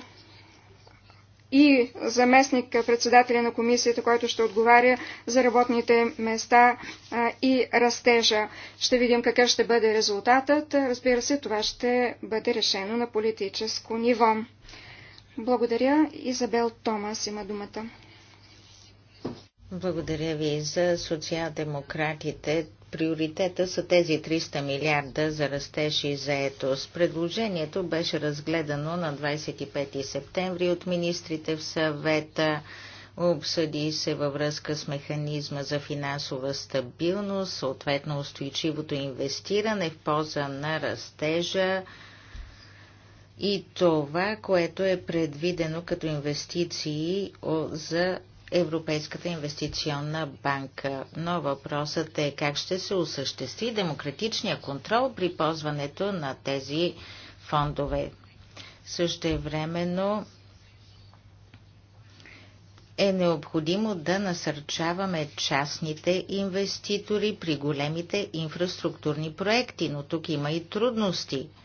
и заместник председателя на комисията, който ще отговаря за работните места и растежа. Ще видим какъв ще бъде резултатът. Разбира се, това ще бъде решено на политическо ниво. Благодаря. Изабел Томас има думата. Благодаря ви за социал-демократите. Приоритета са тези 300 милиарда за растеж и заетост. Предложението беше разгледано на 25 септември от министрите в съвета. Обсъди се във връзка с механизма за финансова стабилност, съответно устойчивото инвестиране в полза на растежа, и това, което е предвидено като инвестиции за Европейската инвестиционна банка. Но въпросът е как ще се осъществи демократичния контрол при ползването на тези фондове. Същевременно е необходимо да насърчаваме частните инвеститори при големите инфраструктурни проекти, но тук има и трудности –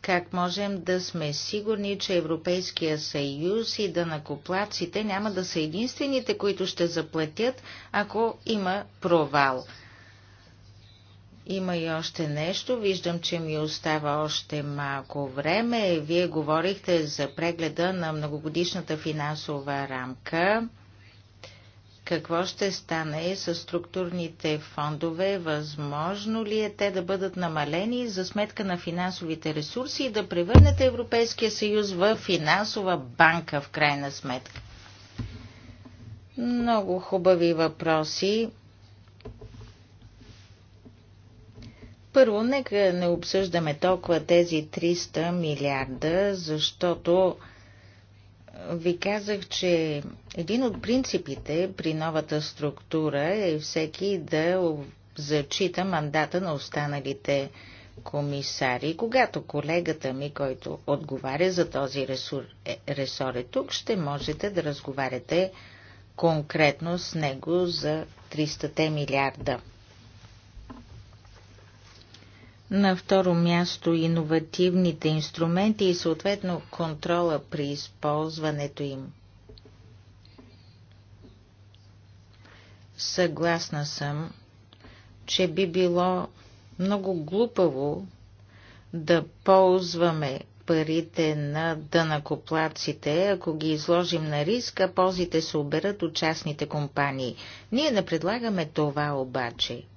как можем да сме сигурни, че Европейския съюз и накоплаците няма да са единствените, които ще заплатят, ако има провал? Има и още нещо. Виждам, че ми остава още малко време. Вие говорихте за прегледа на многогодишната финансова рамка. Какво ще стане с структурните фондове? Възможно ли е те да бъдат намалени за сметка на финансовите ресурси и да превърнете Европейския съюз в финансова банка в крайна сметка? Много хубави въпроси. Първо, нека не обсъждаме толкова тези 300 милиарда, защото ви казах, че един от принципите при новата структура е всеки да зачита мандата на останалите комисари. Когато колегата ми, който отговаря за този ресур, е, ресор е тук, ще можете да разговаряте конкретно с него за 300 милиарда. На второ място иновативните инструменти и съответно контрола при използването им. Съгласна съм, че би било много глупаво да ползваме парите на дънакоплаците, ако ги изложим на риск, а ползите се оберат от частните компании. Ние не предлагаме това обаче –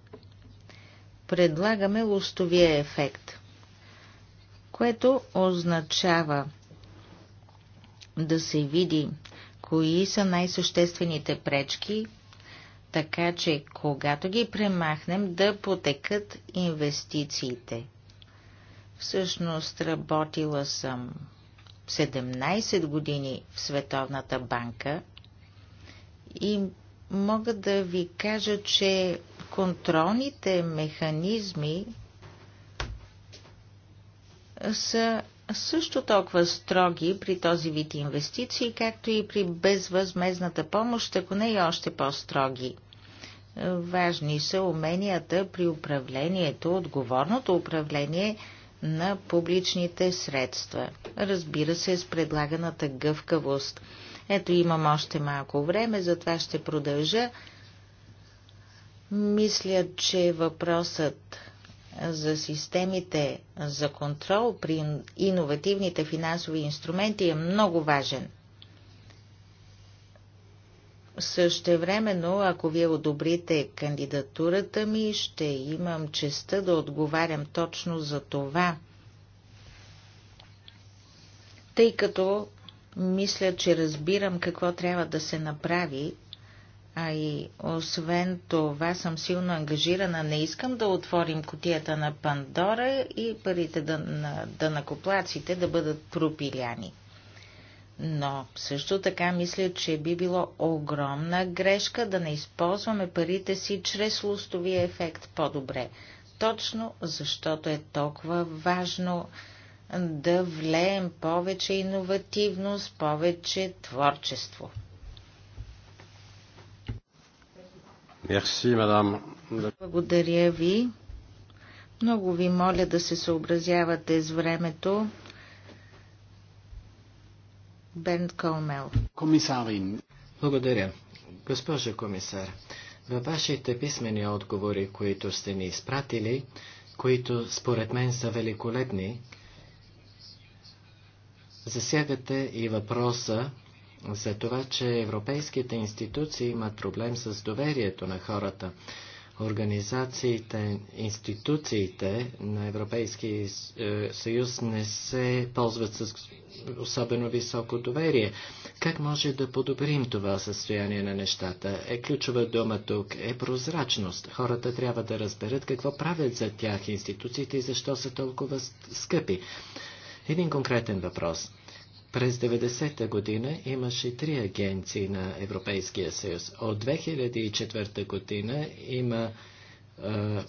предлагаме лостовия ефект, което означава да се види кои са най-съществените пречки, така че когато ги премахнем да потекат инвестициите. Всъщност работила съм 17 години в Световната банка и мога да ви кажа, че контролните механизми са също толкова строги при този вид инвестиции, както и при безвъзмезната помощ, ако не и още по-строги. Важни са уменията при управлението, отговорното управление на публичните средства. Разбира се, с предлаганата гъвкавост. Ето имам още малко време, затова ще продължа мисля, че въпросът за системите за контрол при иновативните финансови инструменти е много важен. Същевременно, ако вие одобрите кандидатурата ми, ще имам честа да отговарям точно за това, тъй като мисля, че разбирам какво трябва да се направи, а и освен това съм силно ангажирана. Не искам да отворим котията на Пандора и парите да, на данакоплаците да бъдат пропиляни. Но също така мисля, че би било огромна грешка да не използваме парите си чрез лустовия ефект по-добре. Точно защото е толкова важно да влеем повече иновативност, повече творчество. Мерси, мадам. Благодаря ви. Много ви моля да се съобразявате с времето. Бернт Колмел. Комисарин. Благодаря. Госпожо комисар, във вашите писмени отговори, които сте ни изпратили, които според мен са великолепни, засягате и въпроса за това, че европейските институции имат проблем с доверието на хората. Организациите, институциите на Европейския е, съюз не се ползват с особено високо доверие. Как може да подобрим това състояние на нещата? Е ключова дума тук е прозрачност. Хората трябва да разберат какво правят за тях институциите и защо са толкова скъпи. Един конкретен въпрос. През 90-та година имаше три агенции на Европейския съюз. От 2004 година има, е,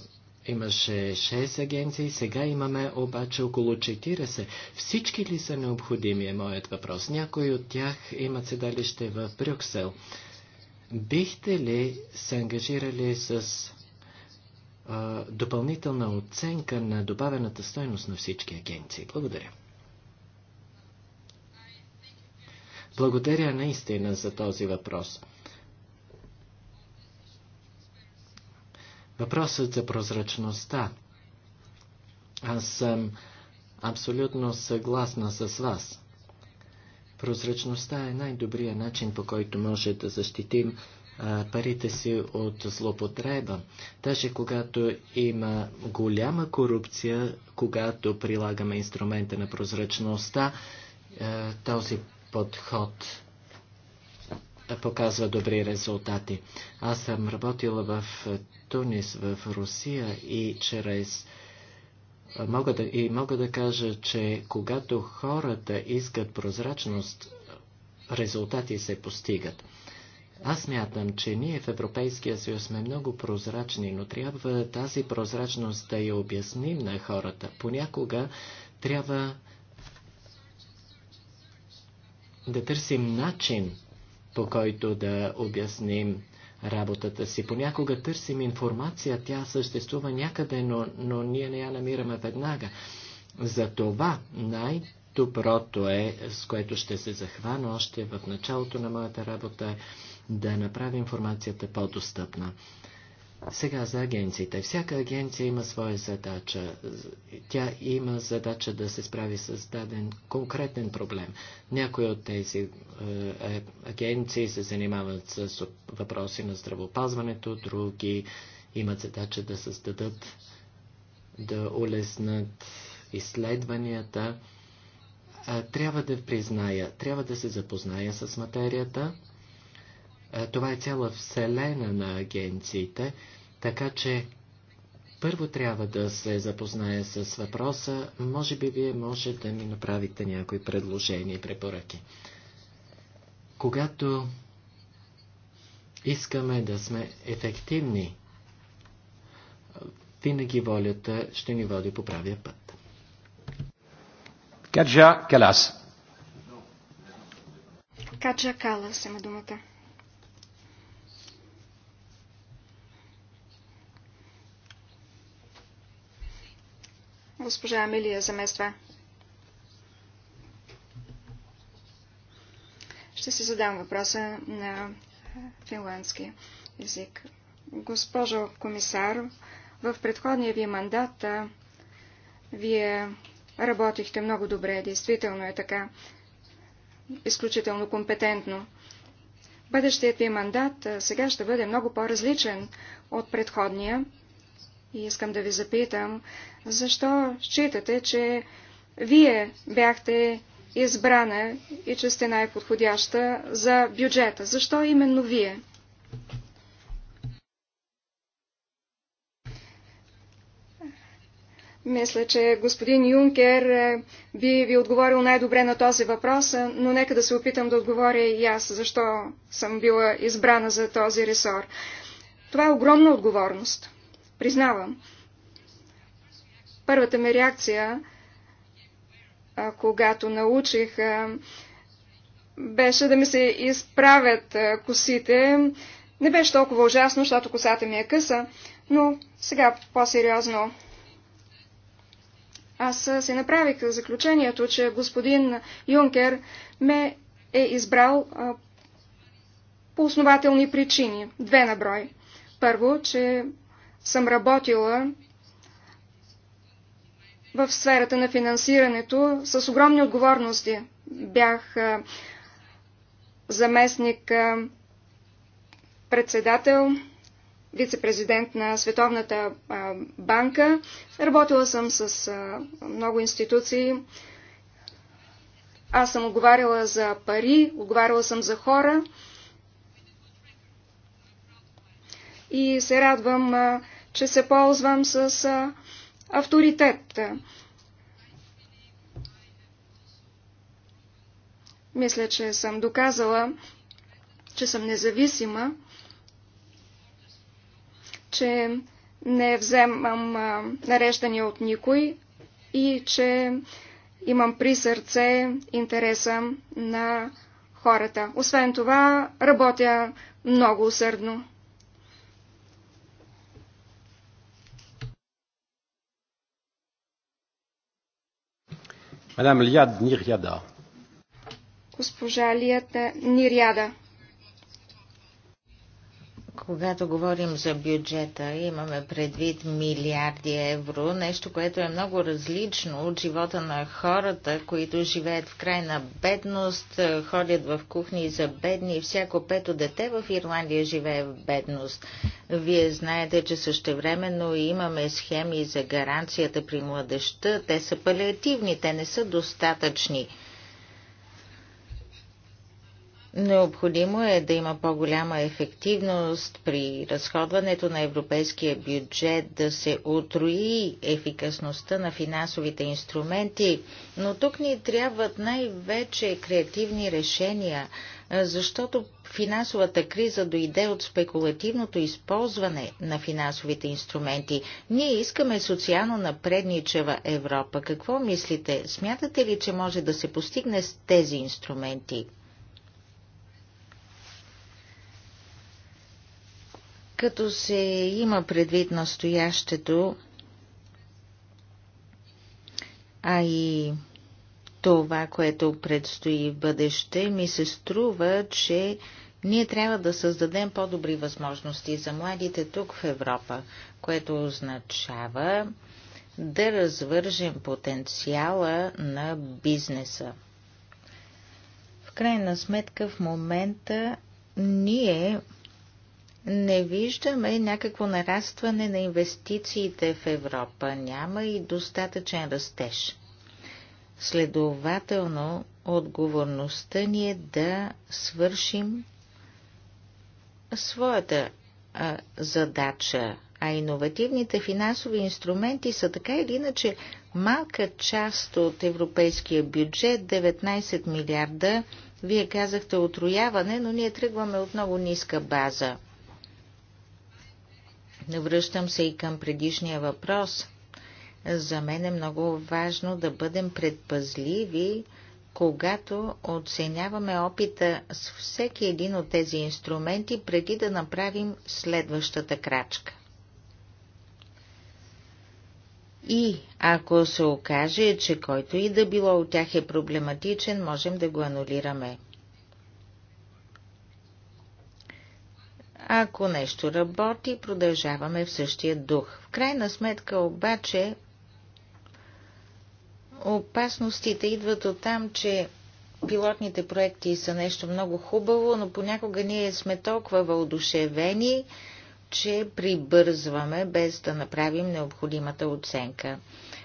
имаше 6 агенции, сега имаме обаче около 40. Всички ли са необходими е моят въпрос? Някои от тях имат седалище в Брюксел. Бихте ли се ангажирали с е, допълнителна оценка на добавената стойност на всички агенции? Благодаря. Благодаря наистина за този въпрос. Въпросът за прозрачността. Аз съм абсолютно съгласна с вас. Прозрачността е най-добрият начин, по който може да защитим парите си от злопотреба. Даже когато има голяма корупция, когато прилагаме инструмента на прозрачността, този подход показва добри резултати. Аз съм работила в Тунис, в Русия и чрез мога да, и мога да кажа, че когато хората искат прозрачност, резултати се постигат. Аз мятам, че ние в Европейския съюз сме много прозрачни, но трябва тази прозрачност да я обясним на хората. Понякога трябва да търсим начин, по който да обясним работата си. Понякога търсим информация, тя съществува някъде, но, но ние не я намираме веднага. Затова най-доброто е, с което ще се захвана още в началото на моята работа, да направи информацията по-достъпна. Сега за агенциите. Всяка агенция има своя задача. Тя има задача да се справи с даден конкретен проблем. Някои от тези е, е агенции се занимават с въпроси на здравопазването, други имат задача да създадат, да улеснат изследванията. Е, трябва да призная, трябва да се запозная с материята е, това е цяла вселена на агенциите, така че първо трябва да се запознае с въпроса. Може би вие може да ми направите някои предложения и препоръки. Когато искаме да сме ефективни, винаги волята ще ни води по правия път. Каджа Калас. Каджа Калас има думата. Госпожа Амелия замества. Ще си задам въпроса на финландски език. Госпожо комисар, в предходния ви мандат вие работихте много добре, действително е така, изключително компетентно. Бъдещият ви мандат сега ще бъде много по-различен от предходния. И искам да ви запитам, защо считате, че вие бяхте избрана и че сте най-подходяща за бюджета? Защо именно вие? Мисля, че господин Юнкер е, би ви отговорил най-добре на този въпрос, е, но нека да се опитам да отговоря и аз, защо съм била избрана за този ресор. Това е огромна отговорност. Признавам. Първата ми реакция, когато научих, беше да ми се изправят косите. Не беше толкова ужасно, защото косата ми е къса, но сега по-сериозно. Аз се направих заключението, че господин Юнкер ме е избрал по основателни причини. Две на брой. Първо, че съм работила в сферата на финансирането с огромни отговорности. Бях заместник председател, вице-президент на Световната банка. Работила съм с много институции. Аз съм отговаряла за пари, отговаряла съм за хора. и се радвам, че се ползвам с авторитет. Мисля, че съм доказала, че съм независима, че не вземам нареждания от никой и че имам при сърце интереса на хората. Освен това, работя много усърдно. Мадам Лияд Ниряда. Госпожа Лията Нирьяда. Когато говорим за бюджета, имаме предвид милиарди евро, нещо, което е много различно от живота на хората, които живеят в крайна бедност, ходят в кухни за бедни. Всяко пето дете в Ирландия живее в бедност. Вие знаете, че същевременно имаме схеми за гаранцията при младеща. Те са палиативни, те не са достатъчни. Необходимо е да има по-голяма ефективност при разходването на европейския бюджет, да се утрои ефикасността на финансовите инструменти, но тук ни трябват най-вече креативни решения, защото финансовата криза дойде от спекулативното използване на финансовите инструменти. Ние искаме социално напредничева Европа. Какво мислите? Смятате ли, че може да се постигне с тези инструменти? Като се има предвид настоящето, а и това, което предстои в бъдеще, ми се струва, че ние трябва да създадем по-добри възможности за младите тук в Европа, което означава да развържем потенциала на бизнеса. В крайна сметка в момента ние не виждаме някакво нарастване на инвестициите в Европа. Няма и достатъчен растеж. Следователно, отговорността ни е да свършим своята а, задача, а иновативните финансови инструменти са така или иначе малка част от европейския бюджет 19 милиарда. Вие казахте отрояване, но ние тръгваме от много ниска база. Връщам се и към предишния въпрос. За мен е много важно да бъдем предпазливи, когато оценяваме опита с всеки един от тези инструменти, преди да направим следващата крачка. И ако се окаже, че който и да било от тях е проблематичен, можем да го анулираме. Ако нещо работи, продължаваме в същия дух. В крайна сметка обаче опасностите идват от там, че пилотните проекти са нещо много хубаво, но понякога ние сме толкова въодушевени, че прибързваме без да направим необходимата оценка.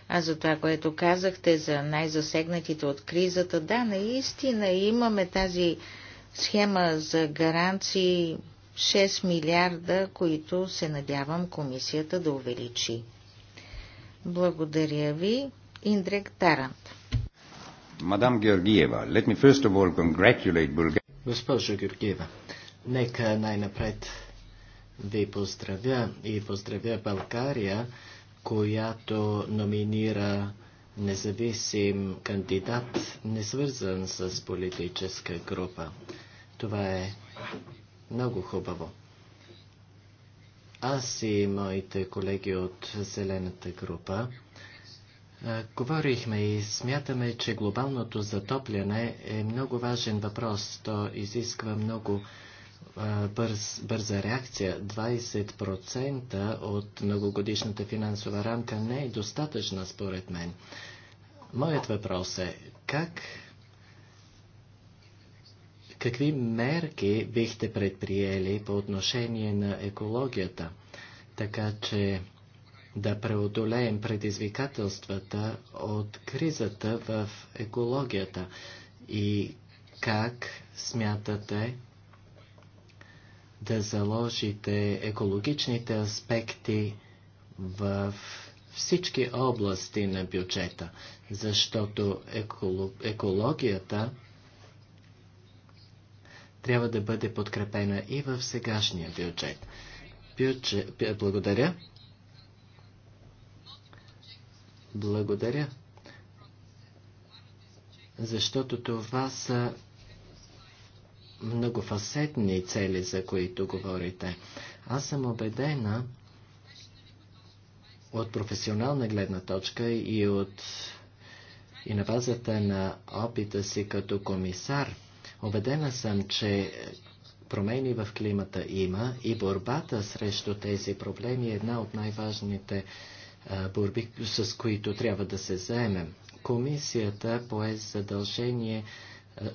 А за това, което казахте за най-засегнатите от кризата, да, наистина имаме тази схема за гаранции 6 милиарда, които се надявам комисията да увеличи. Благодаря ви, Индрек Тарант. Мадам Георгиева, let me first of all congratulate Bulgaria. Госпожо Георгиева, нека най-напред ви поздравя и поздравя България, която номинира независим кандидат, не свързан с политическа група. Това е много хубаво. Аз и моите колеги от Зелената група Говорихме и смятаме, че глобалното затопляне е много важен въпрос. То изисква много а, бърз, бърза реакция. 20% от многогодишната финансова рамка не е достатъчна, според мен. Моят въпрос е как Какви мерки бихте предприели по отношение на екологията, така че да преодолеем предизвикателствата от кризата в екологията и как смятате да заложите екологичните аспекти в всички области на бюджета, защото еколог, екологията трябва да бъде подкрепена и в сегашния бюджет. бюджет благодаря. Благодаря. Защото това са многофасетни цели, за които говорите. Аз съм убедена от професионална гледна точка и от и на базата на опита си като комисар – Обедена съм, че промени в климата има и борбата срещу тези проблеми е една от най-важните борби, с които трябва да се заемем. Комисията пое задължение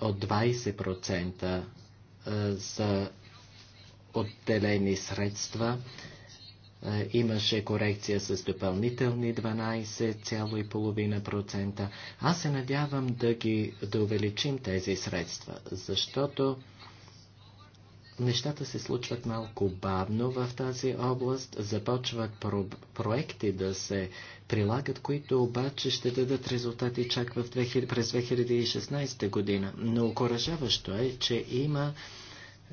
от 20% за отделени средства е, имаше корекция с допълнителни 12,5%. Аз се надявам да ги да увеличим тези средства, защото нещата се случват малко бавно в тази област, започват про проекти да се прилагат, които обаче ще дадат резултати чак в 2000, през 2016 година. Но окоръжаващо е, че има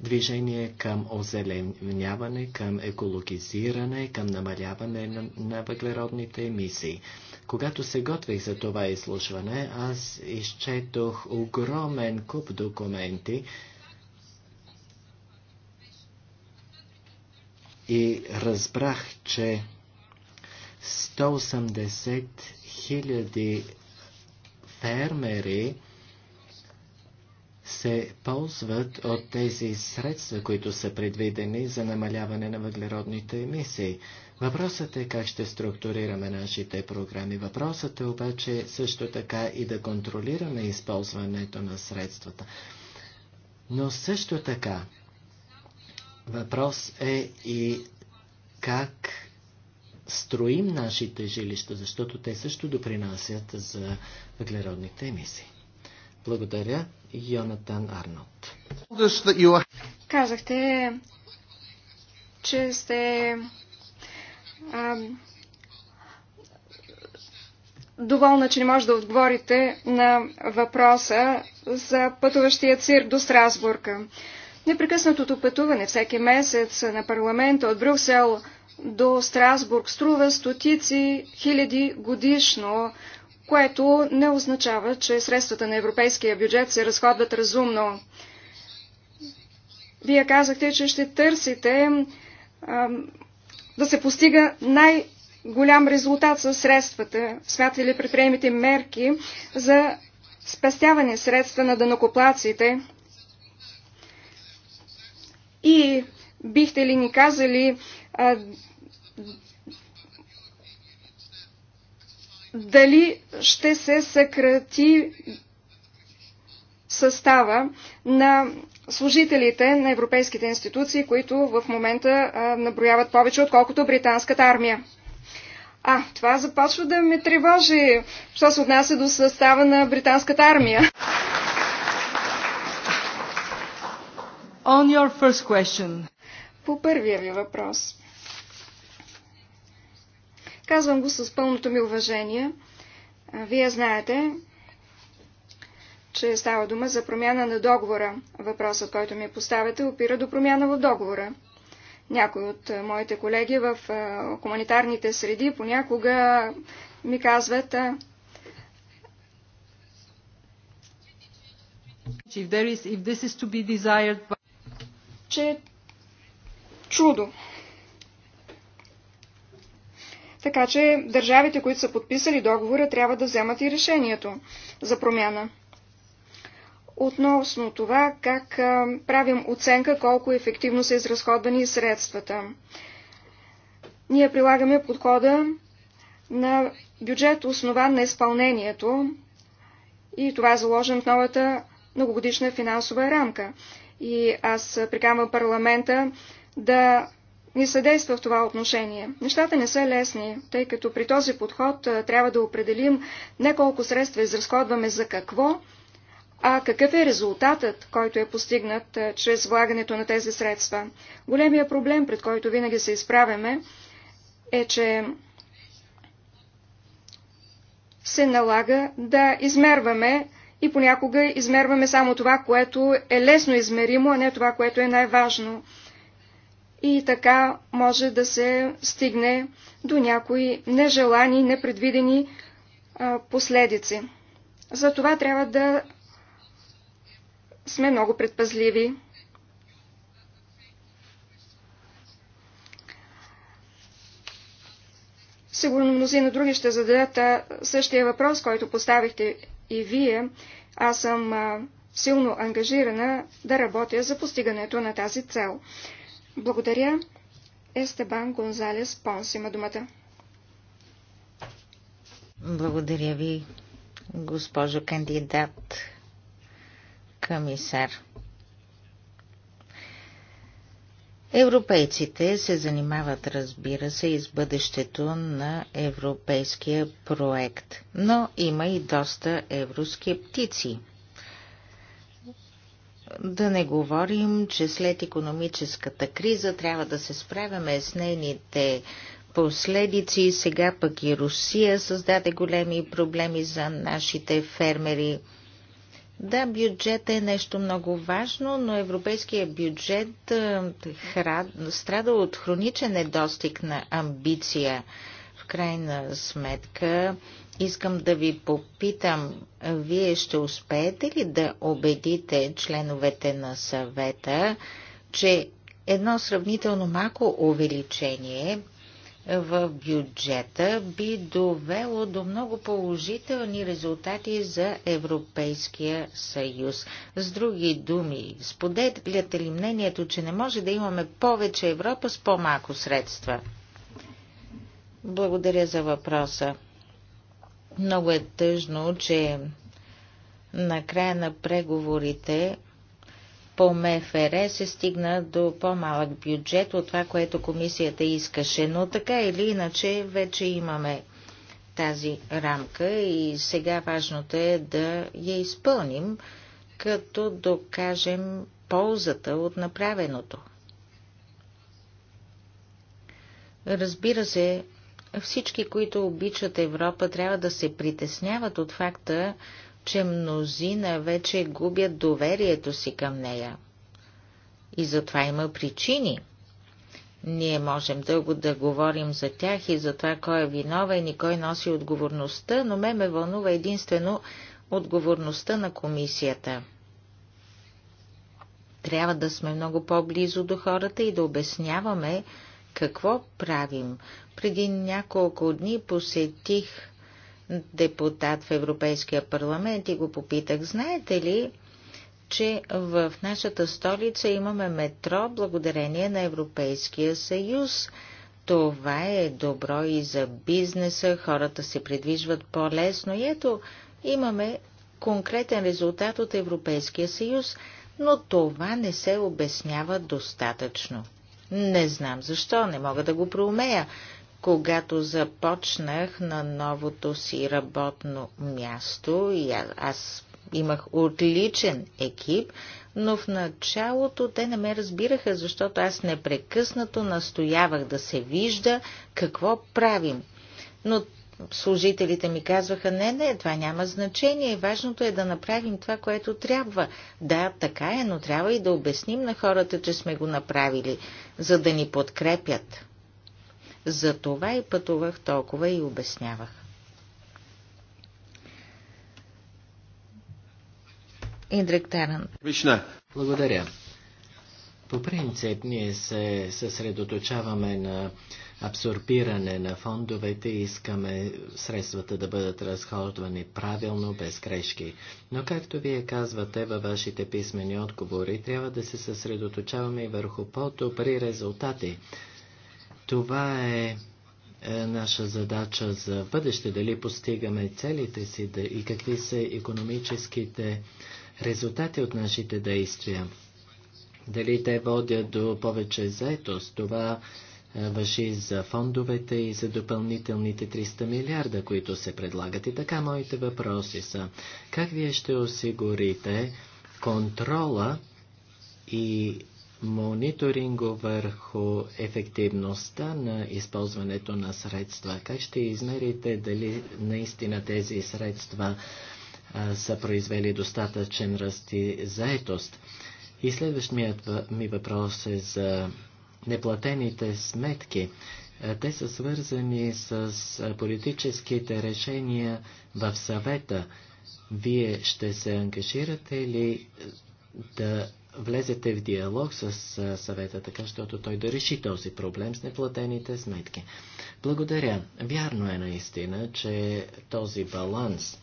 движение към озеленяване, към екологизиране, към намаляване на, на въглеродните емисии. Когато се готвих за това изслушване, аз изчетох огромен куп документи и разбрах, че 180 хиляди фермери се ползват от тези средства, които са предвидени за намаляване на въглеродните емисии. Въпросът е как ще структурираме нашите програми. Въпросът е обаче също така и да контролираме използването на средствата. Но също така въпрос е и как строим нашите жилища, защото те също допринасят за въглеродните емисии. Благодаря. Йонатан Арнолд. Казахте, че сте а, доволна, че не може да отговорите на въпроса за пътуващия цирк до Страсбурга. Непрекъснатото пътуване всеки месец на парламента от Брюксел до Страсбург струва стотици хиляди годишно което не означава, че средствата на европейския бюджет се разходват разумно. Вие казахте, че ще търсите а, да се постига най-голям резултат със средствата. Смятате ли предприемите мерки за спестяване средства на дънокоплаците? И бихте ли ни казали а, дали ще се съкрати състава на служителите на европейските институции, които в момента наброяват повече, отколкото британската армия. А, това започва да ме тревожи, що се отнася до състава на британската армия. On your first question. По първия ви въпрос – Казвам го с пълното ми уважение. Вие знаете, че става дума за промяна на договора. Въпросът, който ми поставяте, опира до промяна в договора. Някои от моите колеги в хуманитарните среди понякога ми казват, че е чудо така че държавите, които са подписали договора, трябва да вземат и решението за промяна. Относно това, как правим оценка колко ефективно са изразходвани средствата. Ние прилагаме подхода на бюджет основан на изпълнението и това е заложено в новата многогодишна финансова рамка. И аз приканвам парламента да ни съдейства в това отношение. Нещата не са лесни, тъй като при този подход трябва да определим не колко средства изразходваме за какво, а какъв е резултатът, който е постигнат чрез влагането на тези средства. Големия проблем, пред който винаги се изправяме, е, че се налага да измерваме и понякога измерваме само това, което е лесно измеримо, а не това, което е най-важно и така може да се стигне до някои нежелани, непредвидени а, последици. За това трябва да сме много предпазливи. Сигурно мнозина други ще зададат същия въпрос, който поставихте и вие. Аз съм силно ангажирана да работя за постигането на тази цел. Благодаря. Естебан Гонзалес Понс има думата. Благодаря ви, госпожо кандидат комисар. Европейците се занимават, разбира се, и с бъдещето на европейския проект, но има и доста евроскептици. Да не говорим, че след економическата криза трябва да се справяме с нейните последици. Сега пък и Русия създаде големи проблеми за нашите фермери. Да, бюджет е нещо много важно, но европейският бюджет е, страда от хроничен недостиг на амбиция. В крайна сметка Искам да ви попитам, вие ще успеете ли да убедите членовете на съвета, че едно сравнително малко увеличение в бюджета би довело до много положителни резултати за Европейския съюз. С други думи, споделяте ли мнението, че не може да имаме повече Европа с по-малко средства? Благодаря за въпроса. Много е тъжно, че на края на преговорите по МФР се стигна до по-малък бюджет от това, което комисията искаше. Но така или иначе вече имаме тази рамка и сега важното е да я изпълним, като докажем ползата от направеното. Разбира се, всички, които обичат Европа, трябва да се притесняват от факта, че мнозина вече губят доверието си към нея. И затова има причини. Ние можем дълго да говорим за тях и за това кой е виновен и кой носи отговорността, но ме ме вълнува единствено отговорността на комисията. Трябва да сме много по-близо до хората и да обясняваме, какво правим. Преди няколко дни посетих депутат в Европейския парламент и го попитах, знаете ли, че в нашата столица имаме метро благодарение на Европейския съюз. Това е добро и за бизнеса, хората се придвижват по-лесно и ето имаме конкретен резултат от Европейския съюз, но това не се обяснява достатъчно. Не знам защо, не мога да го проумея. Когато започнах на новото си работно място, и аз имах отличен екип, но в началото те не ме разбираха, защото аз непрекъснато настоявах да се вижда какво правим. Но служителите ми казваха, не, не, това няма значение, важното е да направим това, което трябва. Да, така е, но трябва и да обясним на хората, че сме го направили, за да ни подкрепят. За това и пътувах толкова и обяснявах. Индрек Таран. Вишна. Благодаря. По принцип, ние се съсредоточаваме на абсорбиране на фондовете, искаме средствата да бъдат разходвани правилно, без грешки. Но както вие казвате във вашите писмени отговори, трябва да се съсредоточаваме и върху по-добри резултати. Това е, е наша задача за бъдеще, дали постигаме целите си да, и какви са економическите резултати от нашите действия. Дали те водят до повече заетост, това е, въжи за фондовете и за допълнителните 300 милиарда, които се предлагат. И така моите въпроси са, как вие ще осигурите контрола и мониторинго върху ефективността на използването на средства? Как ще измерите дали наистина тези средства а, са произвели достатъчен ръст и заетост? И следващият ми въпрос е за неплатените сметки. Е, те са свързани с е, политическите решения в съвета. Вие ще се ангажирате ли е, да влезете в диалог с съвета, така защото той да реши този проблем с неплатените сметки. Благодаря. Вярно е наистина, че този баланс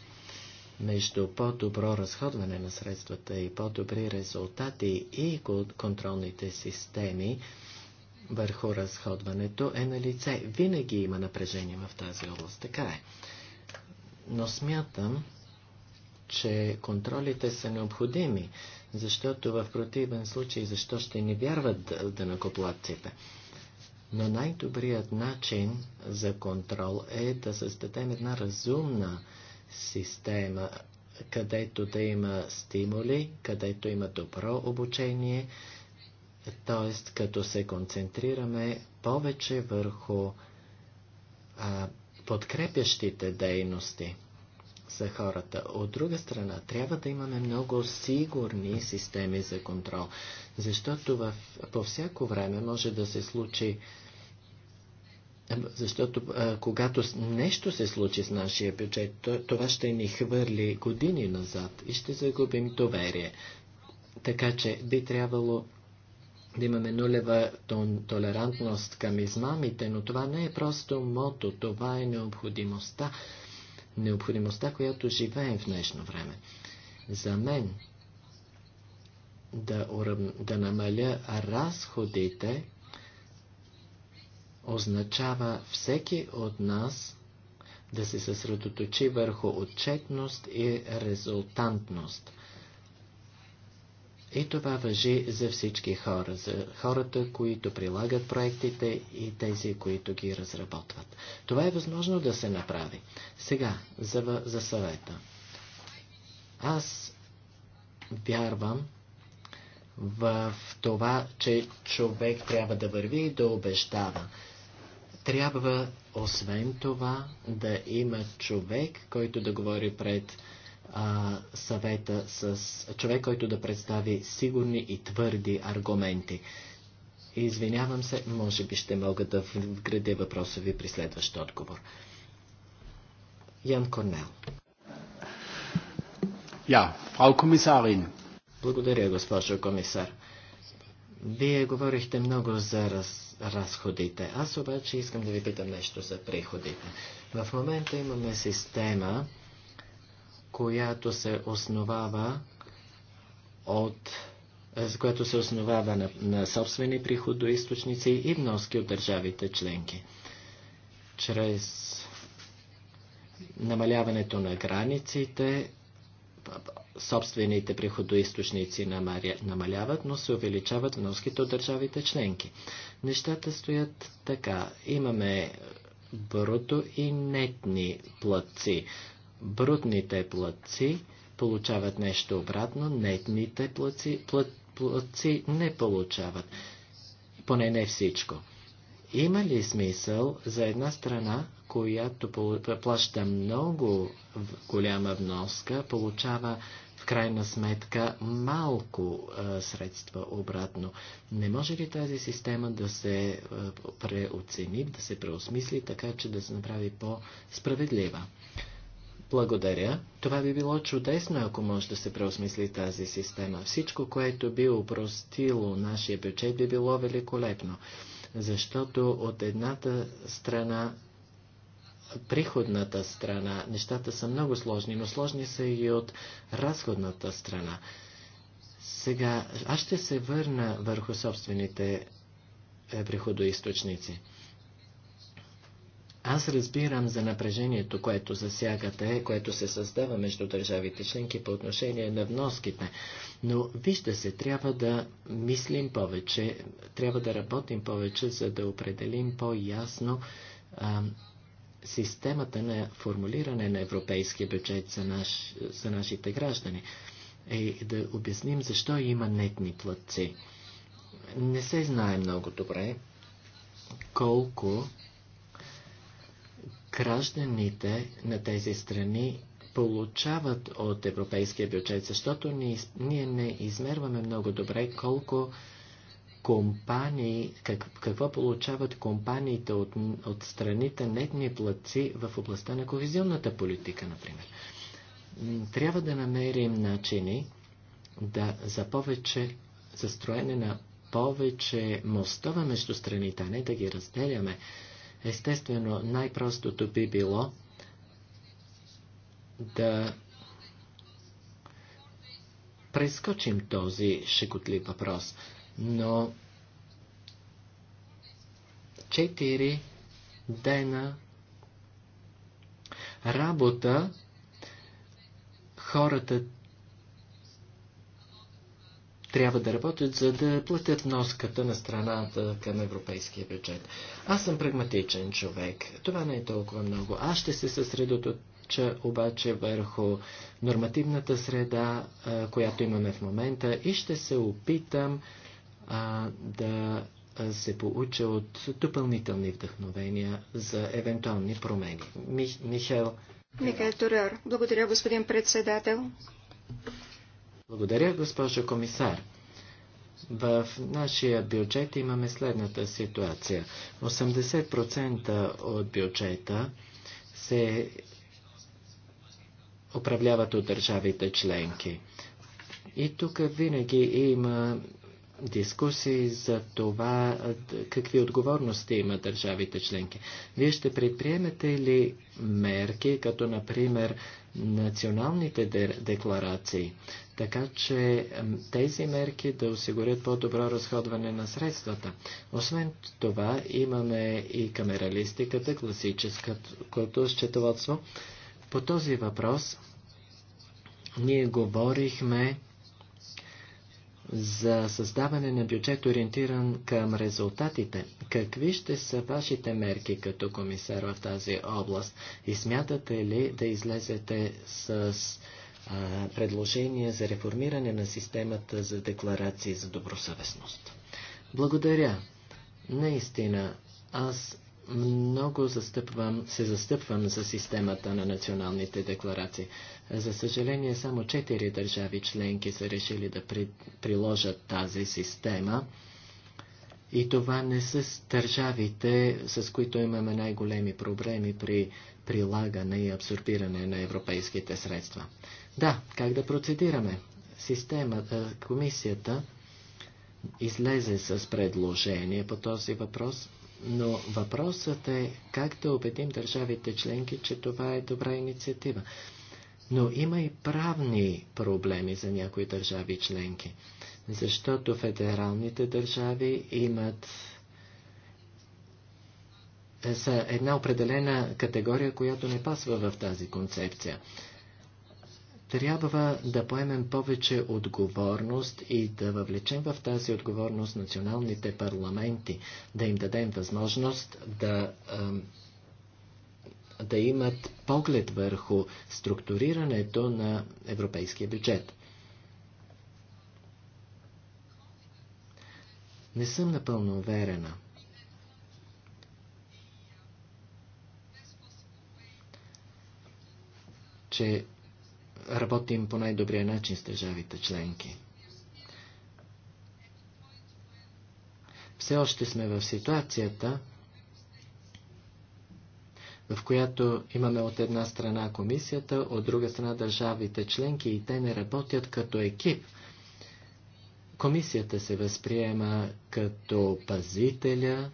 между по-добро разходване на средствата и по-добри резултати и контролните системи върху разходването е на лице. Винаги има напрежение в тази област, така е. Но смятам, че контролите са необходими, защото в противен случай защо ще ни вярват дънакоплатците. Но най-добрият начин за контрол е да създадем една разумна система, където да има стимули, където има добро обучение, т.е., като се концентрираме повече върху а, подкрепящите дейности за хората. От друга страна, трябва да имаме много сигурни системи за контрол, защото в, по всяко време може да се случи защото а, когато нещо се случи с нашия бюджет, то, това ще ни хвърли години назад и ще загубим доверие. Така че би трябвало да имаме нулева толерантност към измамите, но това не е просто мото, това е необходимостта, необходимостта, която живеем в днешно време. За мен да, да намаля разходите означава всеки от нас да се съсредоточи върху отчетност и резултантност – и това въжи за всички хора, за хората, които прилагат проектите и тези, които ги разработват. Това е възможно да се направи. Сега, за, за съвета. Аз вярвам в това, че човек трябва да върви и да обещава. Трябва, освен това, да има човек, който да говори пред а, съвета с човек, който да представи сигурни и твърди аргументи. Извинявам се, може би ще мога да вградя въпроса ви при следващ отговор. Ян Корнел. Я, фрау комисарин. Благодаря, госпожо комисар. Вие говорихте много за раз, разходите. Аз обаче искам да ви питам нещо за приходите. В момента имаме система, която се основава от която се основава на, на собствени приходоисточници и вноски от държавите членки. Чрез намаляването на границите, собствените приходоисточници намаляват, но се увеличават вноските от държавите членки. Нещата стоят така. Имаме бруто и нетни платци брутните платци получават нещо обратно, нетните платци, плат, платци не получават. Поне не всичко. Има ли смисъл за една страна, която плаща много голяма вноска, получава в крайна сметка малко а, средства обратно? Не може ли тази система да се а, преоцени, да се преосмисли, така че да се направи по-справедлива? Благодаря. Това би било чудесно, ако може да се преосмисли тази система. Всичко, което би упростило нашия бюджет, би било великолепно. Защото от едната страна, приходната страна, нещата са много сложни, но сложни са и от разходната страна. Сега, аз ще се върна върху собствените е, приходоисточници. Аз разбирам за напрежението, което засягате, което се създава между държавите членки по отношение на вноските. Но вижте се, трябва да мислим повече, трябва да работим повече, за да определим по-ясно системата на формулиране на европейския бюджет за, наш, за нашите граждани. И е, да обясним защо има нетни платци. Не се знае много добре колко гражданите на тези страни получават от европейския бюджет, защото ние не измерваме много добре колко компании, как, какво получават компаниите от, от страните нетни платци в областта на кохезионната политика, например. Трябва да намерим начини да, за повече застроене на повече мостове между страните, а не да ги разделяме. Естествено, най-простото би било да прескочим този шекотлив въпрос, но четири дена работа хората трябва да работят, за да платят вноската на страната към европейския бюджет. Аз съм прагматичен човек. Това не е толкова много. Аз ще се съсредоточа обаче върху нормативната среда, която имаме в момента и ще се опитам а, да се получа от допълнителни вдъхновения за евентуални промени. Мих, Михел. Михел Турер. Благодаря, господин председател. Благодаря, госпожо комисар. В нашия бюджет имаме следната ситуация. 80% от бюджета се управляват от държавите членки. И тук винаги има дискусии за това какви отговорности има държавите членки. Вие ще предприемете ли мерки, като например националните декларации, така че тези мерки да осигурят по-добро разходване на средствата. Освен това имаме и камералистиката, култура, счетоводство. По този въпрос ние говорихме за създаване на бюджет ориентиран към резултатите. Какви ще са вашите мерки като комисар в тази област и смятате ли да излезете с а, предложение за реформиране на системата за декларации за добросъвестност? Благодаря. Наистина, аз много застъпвам, се застъпвам за системата на националните декларации. За съжаление, само четири държави членки са решили да при, приложат тази система. И това не са държавите, с които имаме най-големи проблеми при прилагане и абсорбиране на европейските средства. Да, как да процедираме? Системата, комисията излезе с предложение по този въпрос. Но въпросът е как да убедим държавите членки, че това е добра инициатива. Но има и правни проблеми за някои държави членки, защото федералните държави имат са една определена категория, която не пасва в тази концепция трябва да поемем повече отговорност и да въвлечем в тази отговорност националните парламенти, да им дадем възможност да, да имат поглед върху структурирането на европейския бюджет. Не съм напълно уверена. че работим по най-добрия начин с държавите членки. Все още сме в ситуацията, в която имаме от една страна комисията, от друга страна държавите членки и те не работят като екип. Комисията се възприема като пазителя,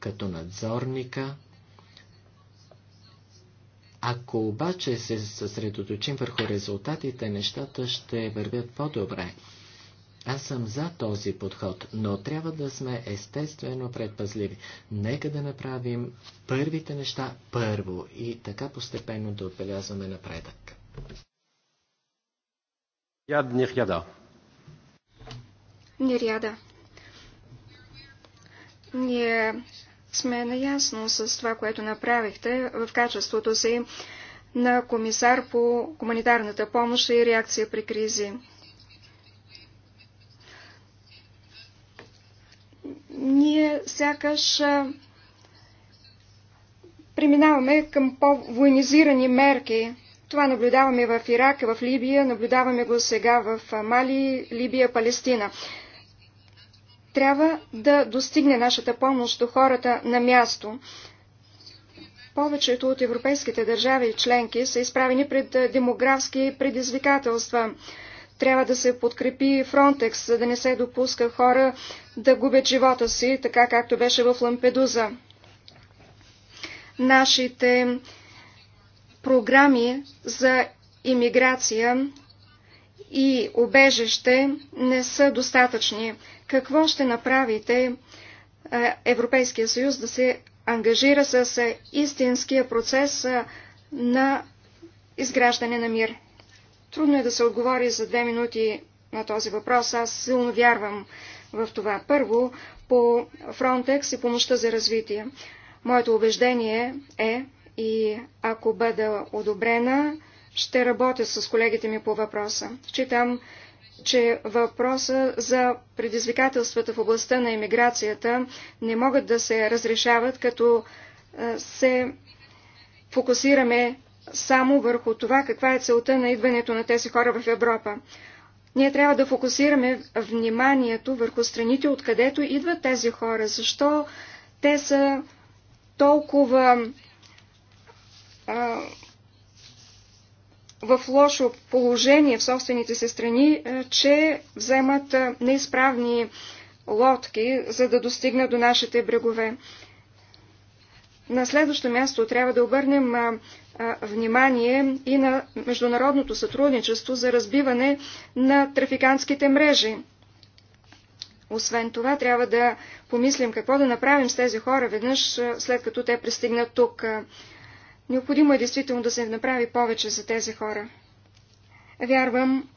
като надзорника, ако обаче се съсредоточим върху резултатите, нещата ще вървят по-добре. Аз съм за този подход, но трябва да сме естествено предпазливи. Нека да направим първите неща първо и така постепенно да отбелязваме напредък. Яд ниряда. Ниряда. Ние сме наясно с това, което направихте в качеството си на комисар по хуманитарната помощ и реакция при кризи. Ние сякаш преминаваме към по-военизирани мерки. Това наблюдаваме в Ирак, в Либия, наблюдаваме го сега в Мали, Либия, Палестина трябва да достигне нашата помощ до хората на място. Повечето от европейските държави и членки са изправени пред е, демографски предизвикателства. Трябва да се подкрепи Фронтекс, за да не се допуска хора да губят живота си, така както беше в Лампедуза. Нашите програми за иммиграция и обежище не са достатъчни. Какво ще направите е, Европейския съюз да се ангажира с е, истинския процес е, на изграждане на мир? Трудно е да се отговори за две минути на този въпрос. Аз силно вярвам в това. Първо, по Фронтекс и помощта за развитие. Моето убеждение е, и ако бъда одобрена, ще работя с колегите ми по въпроса. Читам, че въпроса за предизвикателствата в областта на иммиграцията не могат да се разрешават, като се фокусираме само върху това, каква е целта на идването на тези хора в Европа. Ние трябва да фокусираме вниманието върху страните, откъдето идват тези хора, защо те са толкова в лошо положение в собствените си страни, е, че вземат е, неизправни лодки, за да достигнат до нашите брегове. На следващо място трябва да обърнем е, внимание и на международното сътрудничество за разбиване на трафикантските мрежи. Освен това, трябва да помислим какво да направим с тези хора веднъж, след като те пристигнат тук. Необходимо е действително да се направи повече за тези хора. Вярвам,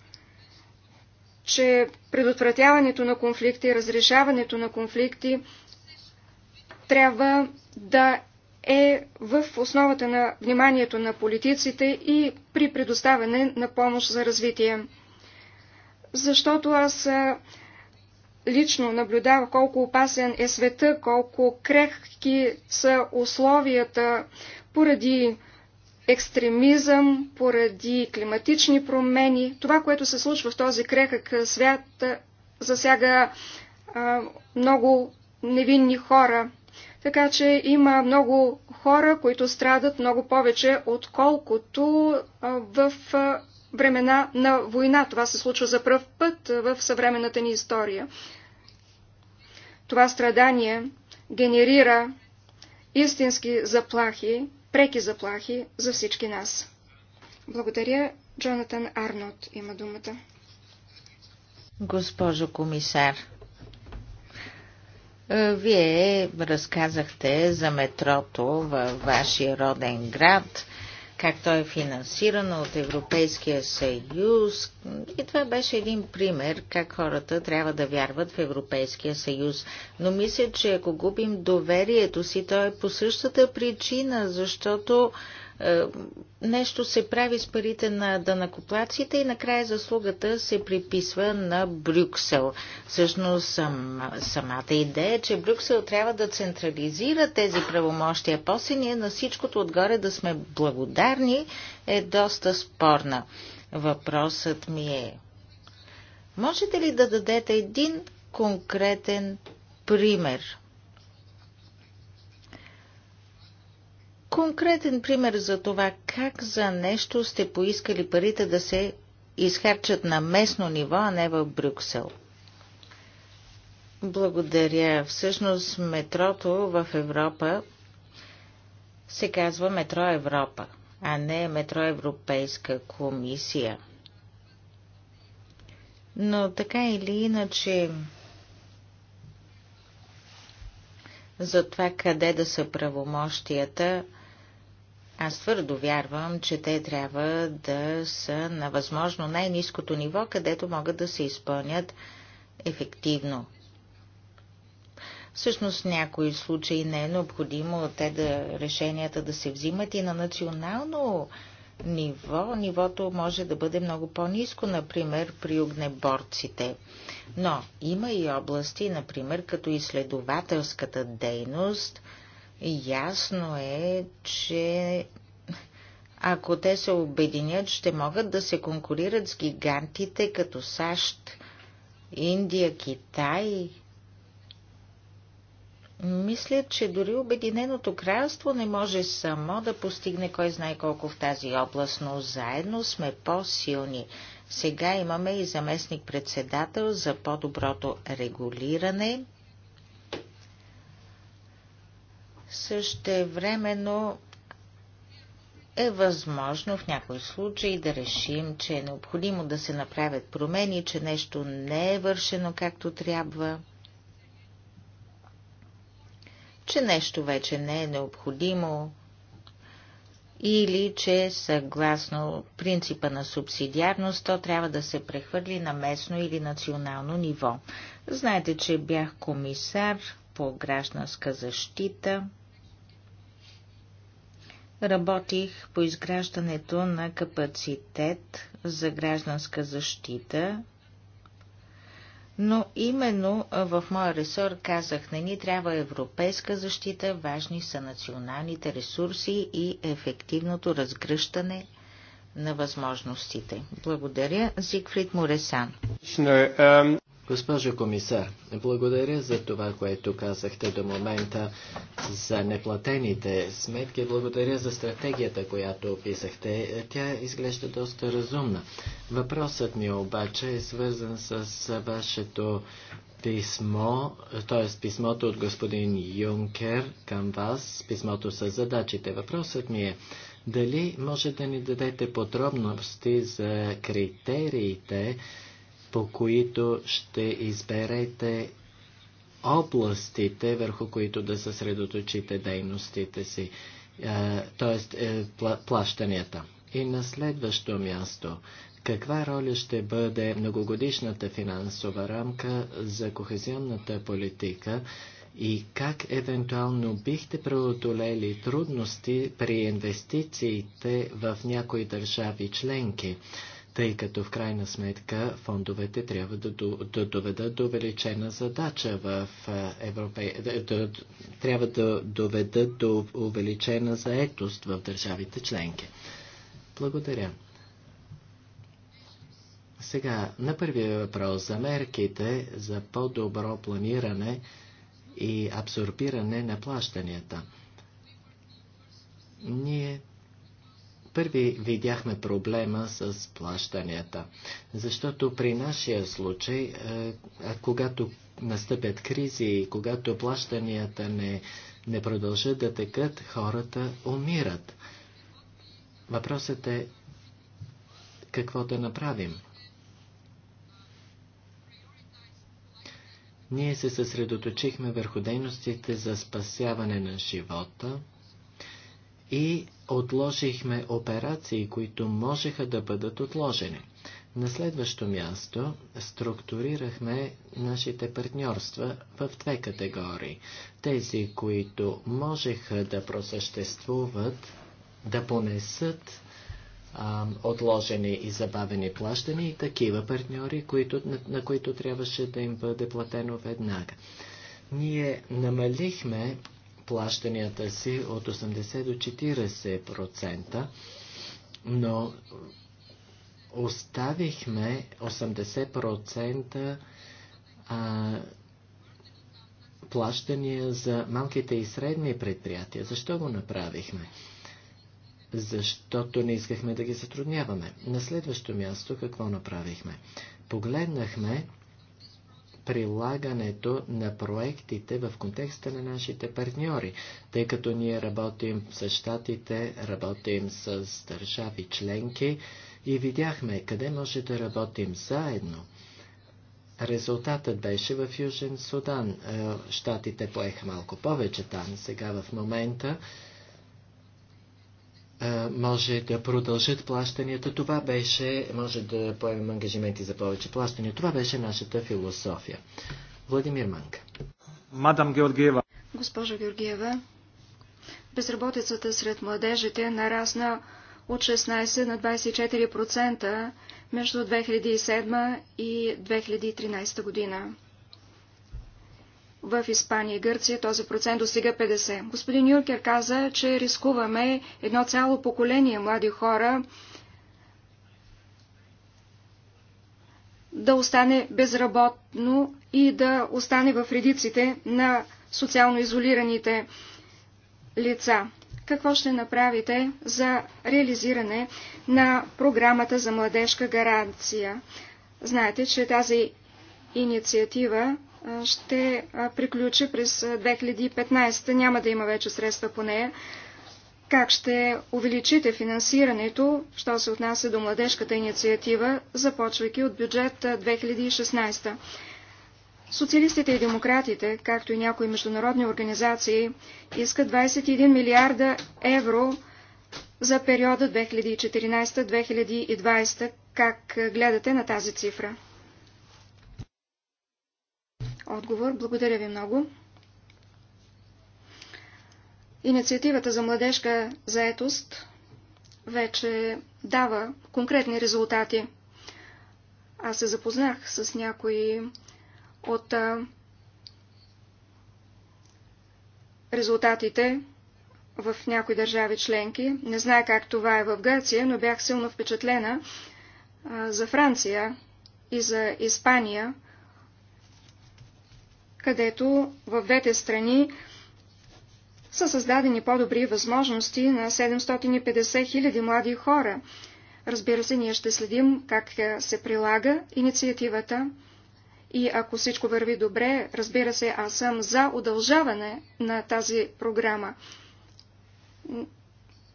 че предотвратяването на конфликти, разрешаването на конфликти трябва да е в основата на вниманието на политиците и при предоставяне на помощ за развитие. Защото аз лично наблюдава колко опасен е света, колко крехки са условията, поради екстремизъм, поради климатични промени. Това, което се случва в този крехък свят, засяга а, много невинни хора. Така че има много хора, които страдат много повече, отколкото а, в а, времена на война. Това се случва за пръв път в съвременната ни история. Това страдание генерира истински заплахи преки заплахи за всички нас. Благодаря. Джонатан Арнот има думата. Госпожо комисар, е, вие разказахте за метрото във вашия роден град как той е финансиран от Европейския съюз. И това беше един пример как хората трябва да вярват в Европейския съюз. Но мисля, че ако губим доверието си, то е по същата причина, защото е, нещо се прави с парите на данакоплаците и накрая заслугата се приписва на Брюксел. Всъщност сам, самата идея е, че Брюксел трябва да централизира тези правомощия. После ние на всичкото отгоре да сме благодарни е доста спорна. Въпросът ми е, можете ли да дадете един конкретен пример? конкретен пример за това как за нещо сте поискали парите да се изхарчат на местно ниво, а не в Брюксел. Благодаря. Всъщност метрото в Европа се казва Метро Европа, а не Метро Европейска комисия. Но така или иначе, за това къде да са правомощията, аз твърдо вярвам, че те трябва да са на възможно най-низкото ниво, където могат да се изпълнят ефективно. Всъщност някои случаи не е необходимо те да решенията да се взимат и на национално ниво. Нивото може да бъде много по-низко, например при огнеборците. Но има и области, например като изследователската дейност – Ясно е, че ако те се обединят, ще могат да се конкурират с гигантите като САЩ, Индия, Китай. Мисля, че дори Обединеното кралство не може само да постигне кой знае колко в тази област, но заедно сме по-силни. Сега имаме и заместник-председател за по-доброто регулиране – Същевременно е възможно в някои случаи да решим, че е необходимо да се направят промени, че нещо не е вършено както трябва, че нещо вече не е необходимо или че съгласно принципа на субсидиарност то трябва да се прехвърли на местно или национално ниво. Знаете, че бях комисар по гражданска защита Работих по изграждането на капацитет за гражданска защита, но именно в моя ресор казах, не ни трябва европейска защита, важни са националните ресурси и ефективното разгръщане на възможностите. Благодаря, Зигфрид Моресан. Е, Госпожо комисар, благодаря за това, което казахте до момента за неплатените сметки. Благодаря за стратегията, която описахте. Тя изглежда доста разумна. Въпросът ми обаче е свързан с вашето писмо, т.е. писмото от господин Юнкер към вас, писмото с задачите. Въпросът ми е, дали може да ни дадете подробности за критериите, по които ще изберете областите, върху които да съсредоточите дейностите си, т.е. Е, плащанията. И на следващо място, каква роля ще бъде многогодишната финансова рамка за кохезионната политика и как евентуално бихте преодолели трудности при инвестициите в някои държави членки? тъй като в крайна сметка фондовете трябва да, да доведат до увеличена задача в Европе... трябва да доведат до увеличена заетост в държавите членки. Благодаря. Сега, на първия въпрос за мерките за по-добро планиране и абсорбиране на плащанията. Ние първи видяхме проблема с плащанията. Защото при нашия случай, е, е, когато настъпят кризи и когато плащанията не, не продължат да текат, хората умират. Въпросът е какво да направим. Ние се съсредоточихме върху дейностите за спасяване на живота – и отложихме операции, които можеха да бъдат отложени. На следващо място структурирахме нашите партньорства в две категории. Тези, които можеха да просъществуват, да понесат а, отложени и забавени плащани и такива партньори, които, на, на които трябваше да им бъде платено веднага. Ние намалихме плащанията си от 80 до 40%, но оставихме 80% а, плащания за малките и средни предприятия. Защо го направихме? Защото не искахме да ги затрудняваме. На следващо място какво направихме? Погледнахме прилагането на проектите в контекста на нашите партньори, тъй като ние работим с щатите, работим с държави членки и видяхме къде може да работим заедно. Резултатът беше в Южен Судан. Штатите е, поеха малко повече там. Сега в момента е, може да продължат плащанията. Това беше, може да поемем ангажименти за повече плащания. Това беше нашата философия. Владимир Манка. Мадам Георгиева. Госпожа Георгиева, безработицата сред младежите нарасна от 16 на 24% между 2007 и 2013 година в Испания и Гърция този процент достига 50. Господин Юркер каза, че рискуваме едно цяло поколение млади хора да остане безработно и да остане в редиците на социално изолираните лица. Какво ще направите за реализиране на програмата за младежка гаранция? Знаете, че тази инициатива ще приключи през 2015. Няма да има вече средства по нея. Как ще увеличите финансирането, що се отнася до младежката инициатива, започвайки от бюджет 2016? Социалистите и демократите, както и някои международни организации, искат 21 милиарда евро за периода 2014-2020. Как гледате на тази цифра? отговор. Благодаря ви много. Инициативата за младежка заетост вече дава конкретни резултати. Аз се запознах с някои от резултатите в някои държави членки. Не знае как това е в Гърция, но бях силно впечатлена за Франция и за Испания – където в двете страни са създадени по-добри възможности на 750 хиляди млади хора. Разбира се, ние ще следим как е, се прилага инициативата и ако всичко върви добре, разбира се, аз съм за удължаване на тази програма.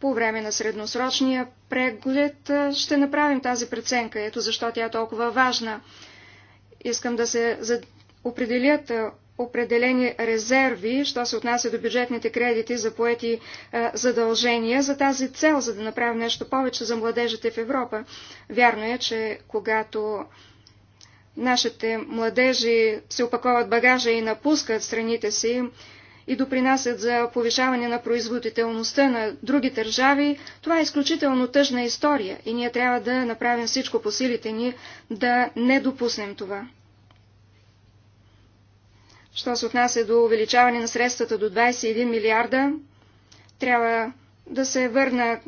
По време на средносрочния преглед е, ще направим тази преценка. Ето защо тя е толкова важна. Искам да се определят определени резерви, що се отнася до бюджетните кредити за поети задължения за тази цел, за да направим нещо повече за младежите в Европа. Вярно е, че когато нашите младежи се опаковат багажа и напускат страните си и допринасят за повишаване на производителността на други държави, това е изключително тъжна история и ние трябва да направим всичко по силите ни да не допуснем това. Що се отнася до увеличаване на средствата до 21 милиарда, трябва да се върна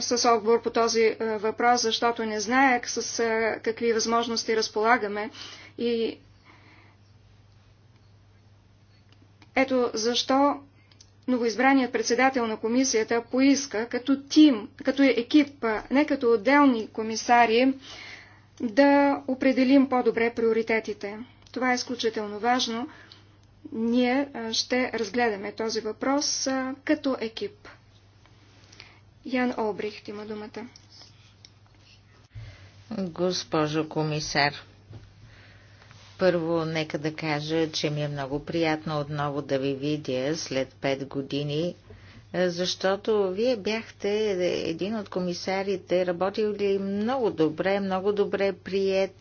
с отговор по този е, въпрос, защото не знае с е, какви възможности разполагаме. И ето защо новоизбраният председател на комисията поиска като тим, като екип, не като отделни комисари, да определим по-добре приоритетите. Това е изключително важно, ние ще разгледаме този въпрос като екип. Ян Олбрихт има думата. Госпожо комисар, първо нека да кажа, че ми е много приятно отново да ви видя след пет години, защото вие бяхте един от комисарите, работил ли много добре, много добре прият,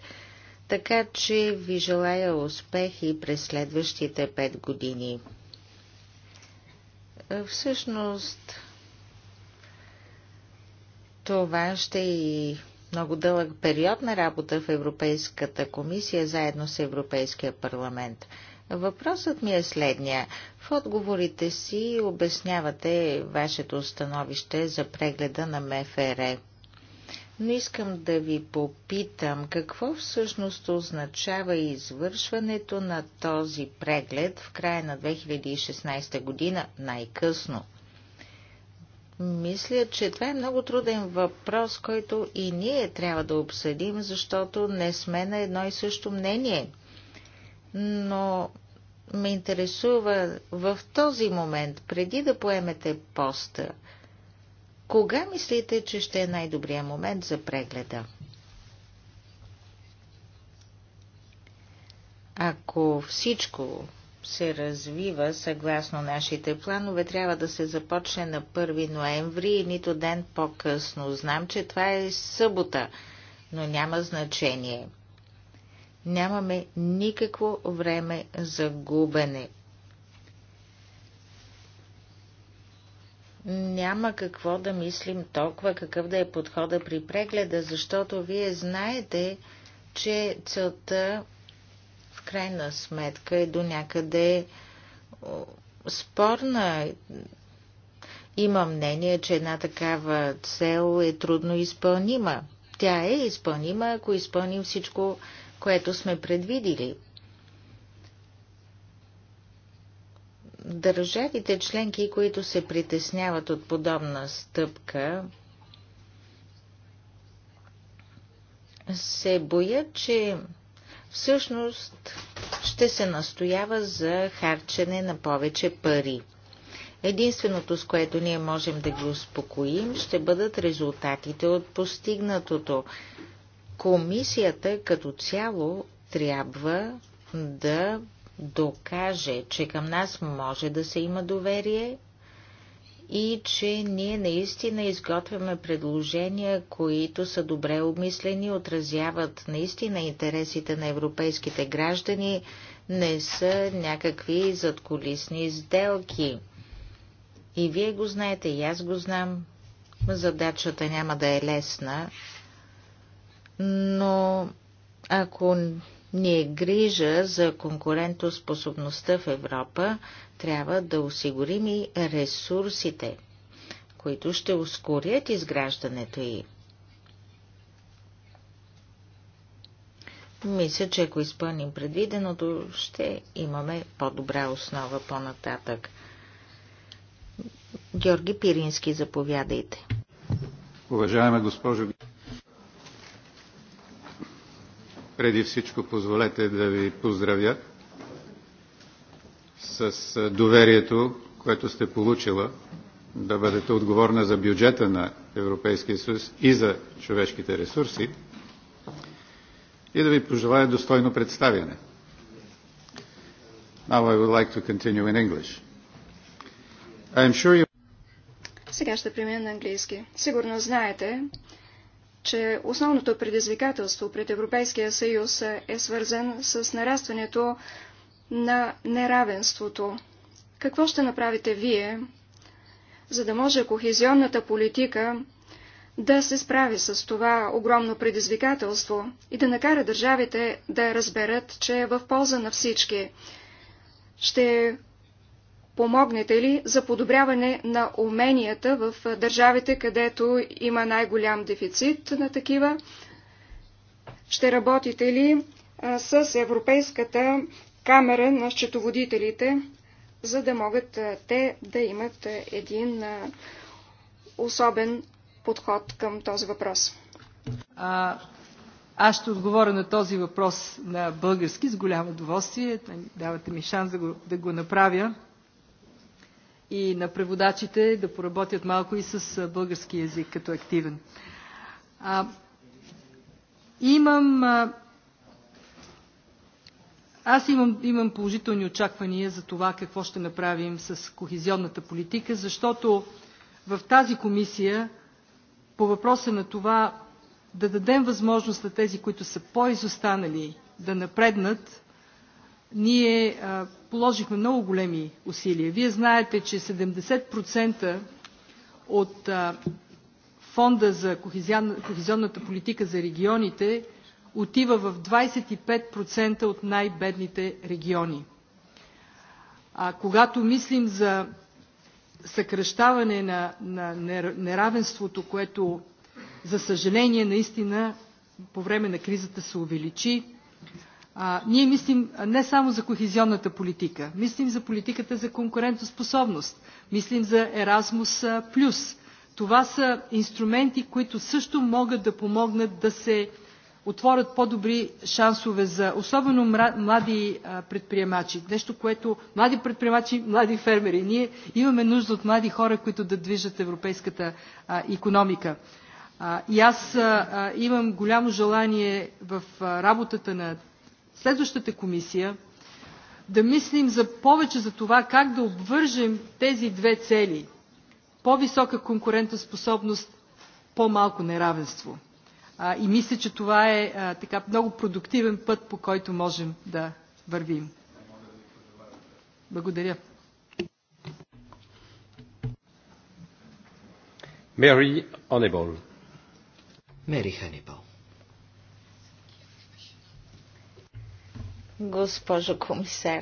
така че ви желая успех и през следващите пет години. Е, всъщност, това ще е и много дълъг период на работа в Европейската комисия заедно с Европейския парламент. Въпросът ми е следния. В отговорите си обяснявате вашето становище за прегледа на МФР но искам да ви попитам какво всъщност означава извършването на този преглед в края на 2016 година най-късно. Мисля, че това е много труден въпрос, който и ние трябва да обсъдим, защото не сме на едно и също мнение. Но ме интересува в този момент, преди да поемете поста, кога мислите, че ще е най-добрият момент за прегледа? Ако всичко се развива съгласно нашите планове, трябва да се започне на 1 ноември и нито ден по-късно. Знам, че това е събота, но няма значение. Нямаме никакво време за губене. няма какво да мислим толкова какъв да е подхода при прегледа, защото вие знаете, че целта в крайна сметка е до някъде спорна. Има мнение, че една такава цел е трудно изпълнима. Тя е изпълнима, ако изпълним всичко, което сме предвидили. Държавите членки, които се притесняват от подобна стъпка, се боят, че всъщност ще се настоява за харчене на повече пари. Единственото, с което ние можем да ги успокоим, ще бъдат резултатите от постигнатото. Комисията като цяло трябва да докаже, че към нас може да се има доверие и че ние наистина изготвяме предложения, които са добре обмислени, отразяват наистина интересите на европейските граждани, не са някакви задколисни сделки. И вие го знаете, и аз го знам. Задачата няма да е лесна, но ако ни е грижа за конкурентоспособността в Европа, трябва да осигурим и ресурсите, които ще ускорят изграждането й. Мисля, че ако изпълним предвиденото, ще имаме по-добра основа по-нататък. Георги Пирински, заповядайте. Уважаема госпожо преди всичко позволете да ви поздравя с доверието, което сте получила да бъдете отговорна за бюджета на Европейския съюз и за човешките ресурси и да ви пожелая достойно представяне. Now I would like to continue in English. I am sure you... Сега ще премина на английски. Сигурно знаете, че основното предизвикателство пред Европейския съюз е свързан с нарастването на неравенството. Какво ще направите вие, за да може кохезионната политика да се справи с това огромно предизвикателство и да накара държавите да разберат, че е в полза на всички? Ще помогнете ли за подобряване на уменията в държавите, където има най-голям дефицит на такива? Ще работите ли с Европейската камера на счетоводителите, за да могат те да имат един особен подход към този въпрос? А, аз ще отговоря на този въпрос на български с голямо удоволствие. Давате ми шанс да го, да го направя и на преводачите да поработят малко и с български язик като активен. А, имам. А, аз имам, имам положителни очаквания за това какво ще направим с кохезионната политика, защото в тази комисия по въпроса на това да дадем възможност на тези, които са по-изостанали, да напреднат, ние положихме много големи усилия. Вие знаете, че 70% от фонда за кохезионната политика за регионите отива в 25% от най-бедните региони. А когато мислим за съкръщаване на, на неравенството, което за съжаление наистина по време на кризата се увеличи, а, ние мислим не само за кохезионната политика, мислим за политиката за конкурентоспособност, мислим за Erasmus+. Това са инструменти, които също могат да помогнат да се отворят по-добри шансове за особено млади предприемачи. Нещо, което млади предприемачи, млади фермери. Ние имаме нужда от млади хора, които да движат европейската економика. И аз имам голямо желание в работата на следващата комисия да мислим за повече за това как да обвържем тези две цели – по-висока конкурентоспособност, по-малко неравенство. И мисля, че това е така много продуктивен път, по който можем да вървим. Благодаря. Мери Ханибол. госпожо комисар.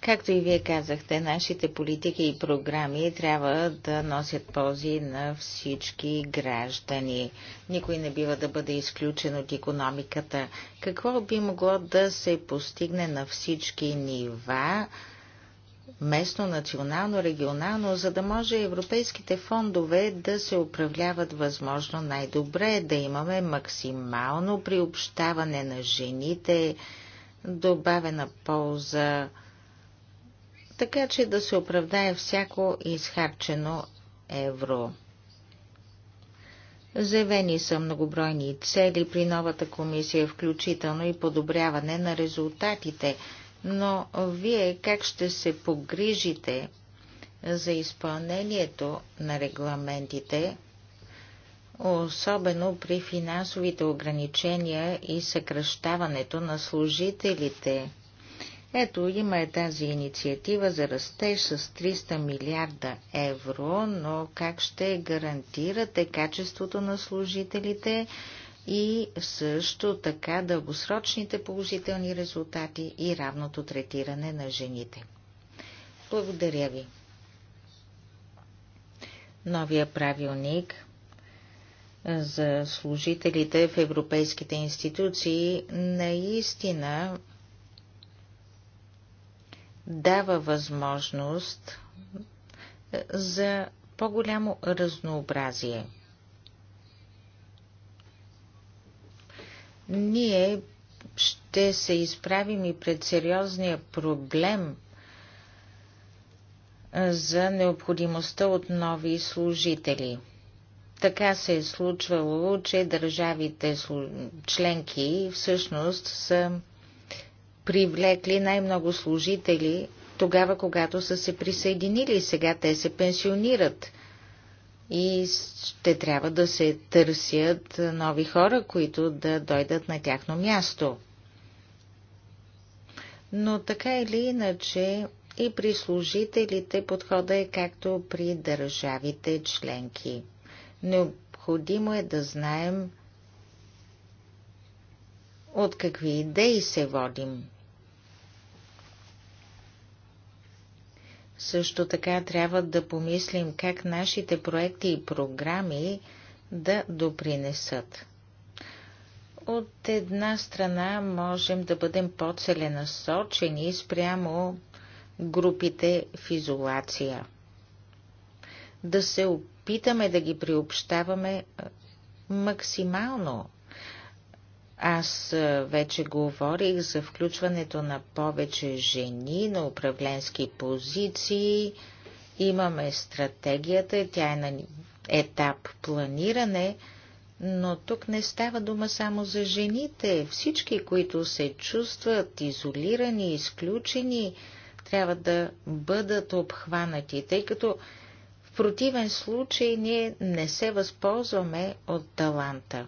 Както и вие казахте, нашите политики и програми трябва да носят ползи на всички граждани. Никой не бива да бъде изключен от економиката. Какво би могло да се постигне на всички нива? местно, национално, регионално, за да може европейските фондове да се управляват възможно най-добре, да имаме максимално приобщаване на жените, добавена полза, така че да се оправдае всяко изхарчено евро. Заявени са многобройни цели при новата комисия, включително и подобряване на резултатите – но вие как ще се погрижите за изпълнението на регламентите, особено при финансовите ограничения и съкръщаването на служителите. Ето, има е тази инициатива за растеж с 300 милиарда евро, но как ще гарантирате качеството на служителите? и също така дългосрочните положителни резултати и равното третиране на жените. Благодаря ви. Новия правилник за служителите в европейските институции наистина дава възможност за по-голямо разнообразие – ние ще се изправим и пред сериозния проблем за необходимостта от нови служители. Така се е случвало, че държавите членки всъщност са привлекли най-много служители тогава, когато са се присъединили. Сега те се пенсионират и ще трябва да се търсят нови хора, които да дойдат на тяхно място. Но така или иначе и при служителите подхода е както при държавите членки. Необходимо е да знаем от какви идеи се водим. Също така трябва да помислим как нашите проекти и програми да допринесат. От една страна можем да бъдем по-целенасочени спрямо групите в изолация. Да се опитаме да ги приобщаваме максимално аз вече говорих за включването на повече жени на управленски позиции. Имаме стратегията, тя е на етап планиране, но тук не става дума само за жените. Всички, които се чувстват изолирани, изключени, трябва да бъдат обхванати, тъй като в противен случай ние не се възползваме от таланта.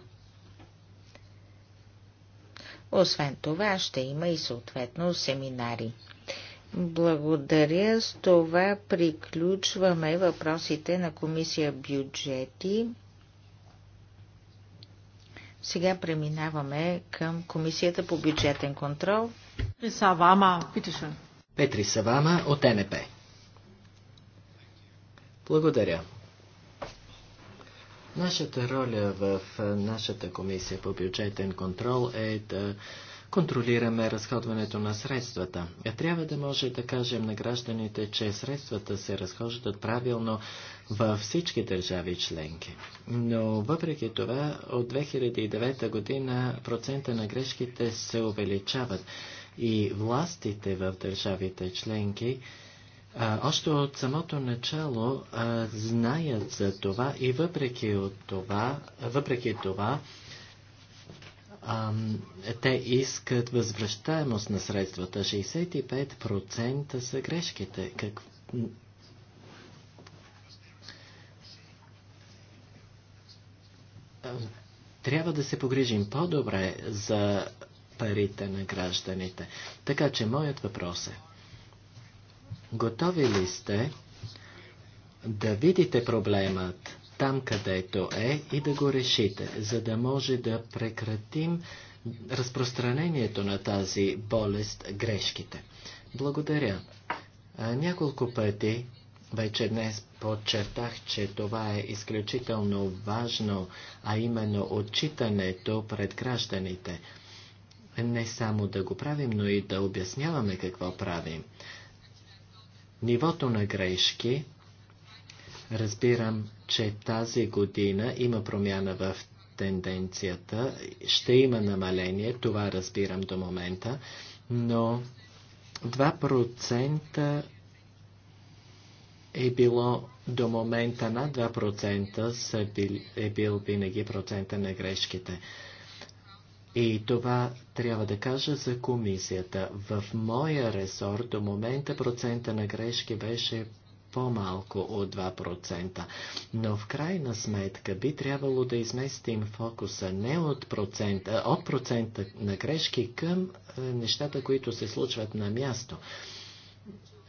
Освен това ще има и съответно семинари. Благодаря. С това приключваме въпросите на комисия бюджети. Сега преминаваме към комисията по бюджетен контрол. Петри Савама, Петри Савама от НП. Благодаря. Нашата роля в нашата комисия по бюджетен контрол е да контролираме разходването на средствата. Трябва да може да кажем на гражданите, че средствата се разхождат правилно във всички държави членки. Но въпреки това, от 2009 година процента на грешките се увеличават и властите в държавите членки а, още от самото начало а, знаят за това и въпреки от това, въпреки това а, те искат възвръщаемост на средствата. 65% са грешките. Как... Трябва да се погрижим по-добре за парите на гражданите. Така че моят въпрос е. Готови ли сте да видите проблемът там, където е и да го решите, за да може да прекратим разпространението на тази болест, грешките? Благодаря. Няколко пъти вече днес подчертах, че това е изключително важно, а именно отчитането пред гражданите. Не само да го правим, но и да обясняваме какво правим. Нивото на грешки, разбирам, че тази година има промяна в тенденцията, ще има намаление, това разбирам до момента, но 2% е било до момента на 2% е бил винаги процента на грешките. И това трябва да кажа за комисията. В моя ресор до момента процента на грешки беше по-малко от 2%. Но в крайна сметка би трябвало да изместим фокуса не от процента, от процента на грешки към е, нещата, които се случват на място.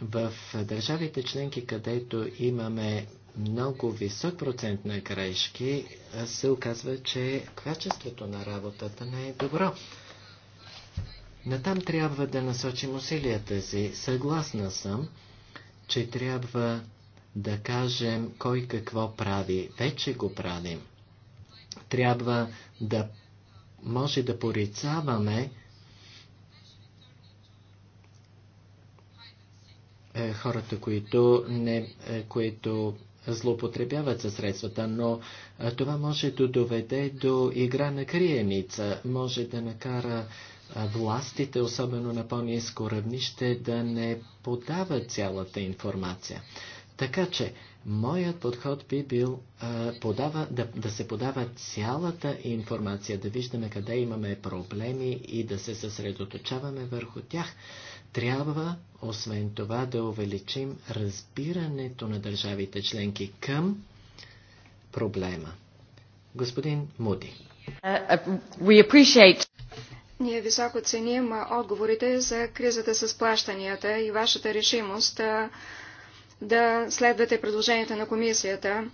В държавите членки, където имаме много висок процент на грешки се оказва, че качеството на работата не е добро. Натам трябва да насочим усилията си. Съгласна съм, че трябва да кажем кой какво прави. Вече го правим. Трябва да може да порицаваме е, хората, които, не, е, които злоупотребяват със средствата, но това може да доведе до игра на криеница, може да накара властите, особено на по-низко равнище, да не подават цялата информация. Така че, моят подход би бил а, подава, да, да се подава цялата информация, да виждаме къде имаме проблеми и да се съсредоточаваме върху тях. Трябва, освен това, да увеличим разбирането на държавите членки към проблема. Господин Муди. Ние високо ценим отговорите за кризата с плащанията и вашата решимост да следвате предложенията на комисията.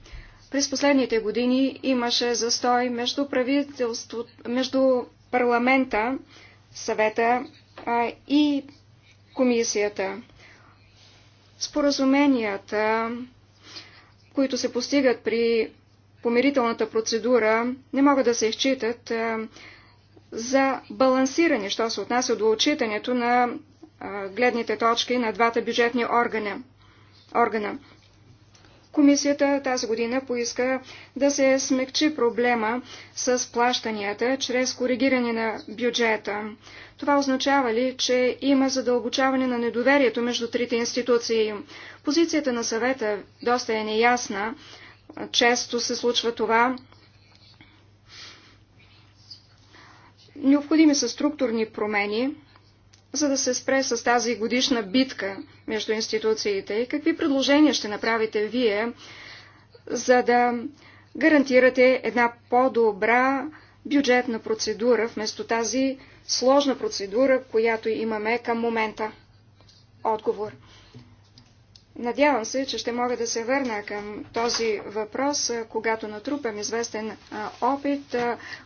През последните години имаше застой между правителството, между парламента, съвета и комисията. Споразуменията, които се постигат при помирителната процедура, не могат да се изчитат за балансиране, що се отнася до отчитането на гледните точки на двата бюджетни органа. органа. Комисията тази година поиска да се смекчи проблема с плащанията чрез коригиране на бюджета. Това означава ли, че има задълбочаване на недоверието между трите институции? Позицията на съвета доста е неясна. Често се случва това. Необходими са структурни промени за да се спре с тази годишна битка между институциите? И какви предложения ще направите вие, за да гарантирате една по-добра бюджетна процедура, вместо тази сложна процедура, която имаме към момента? Отговор. Надявам се, че ще мога да се върна към този въпрос, когато натрупам известен опит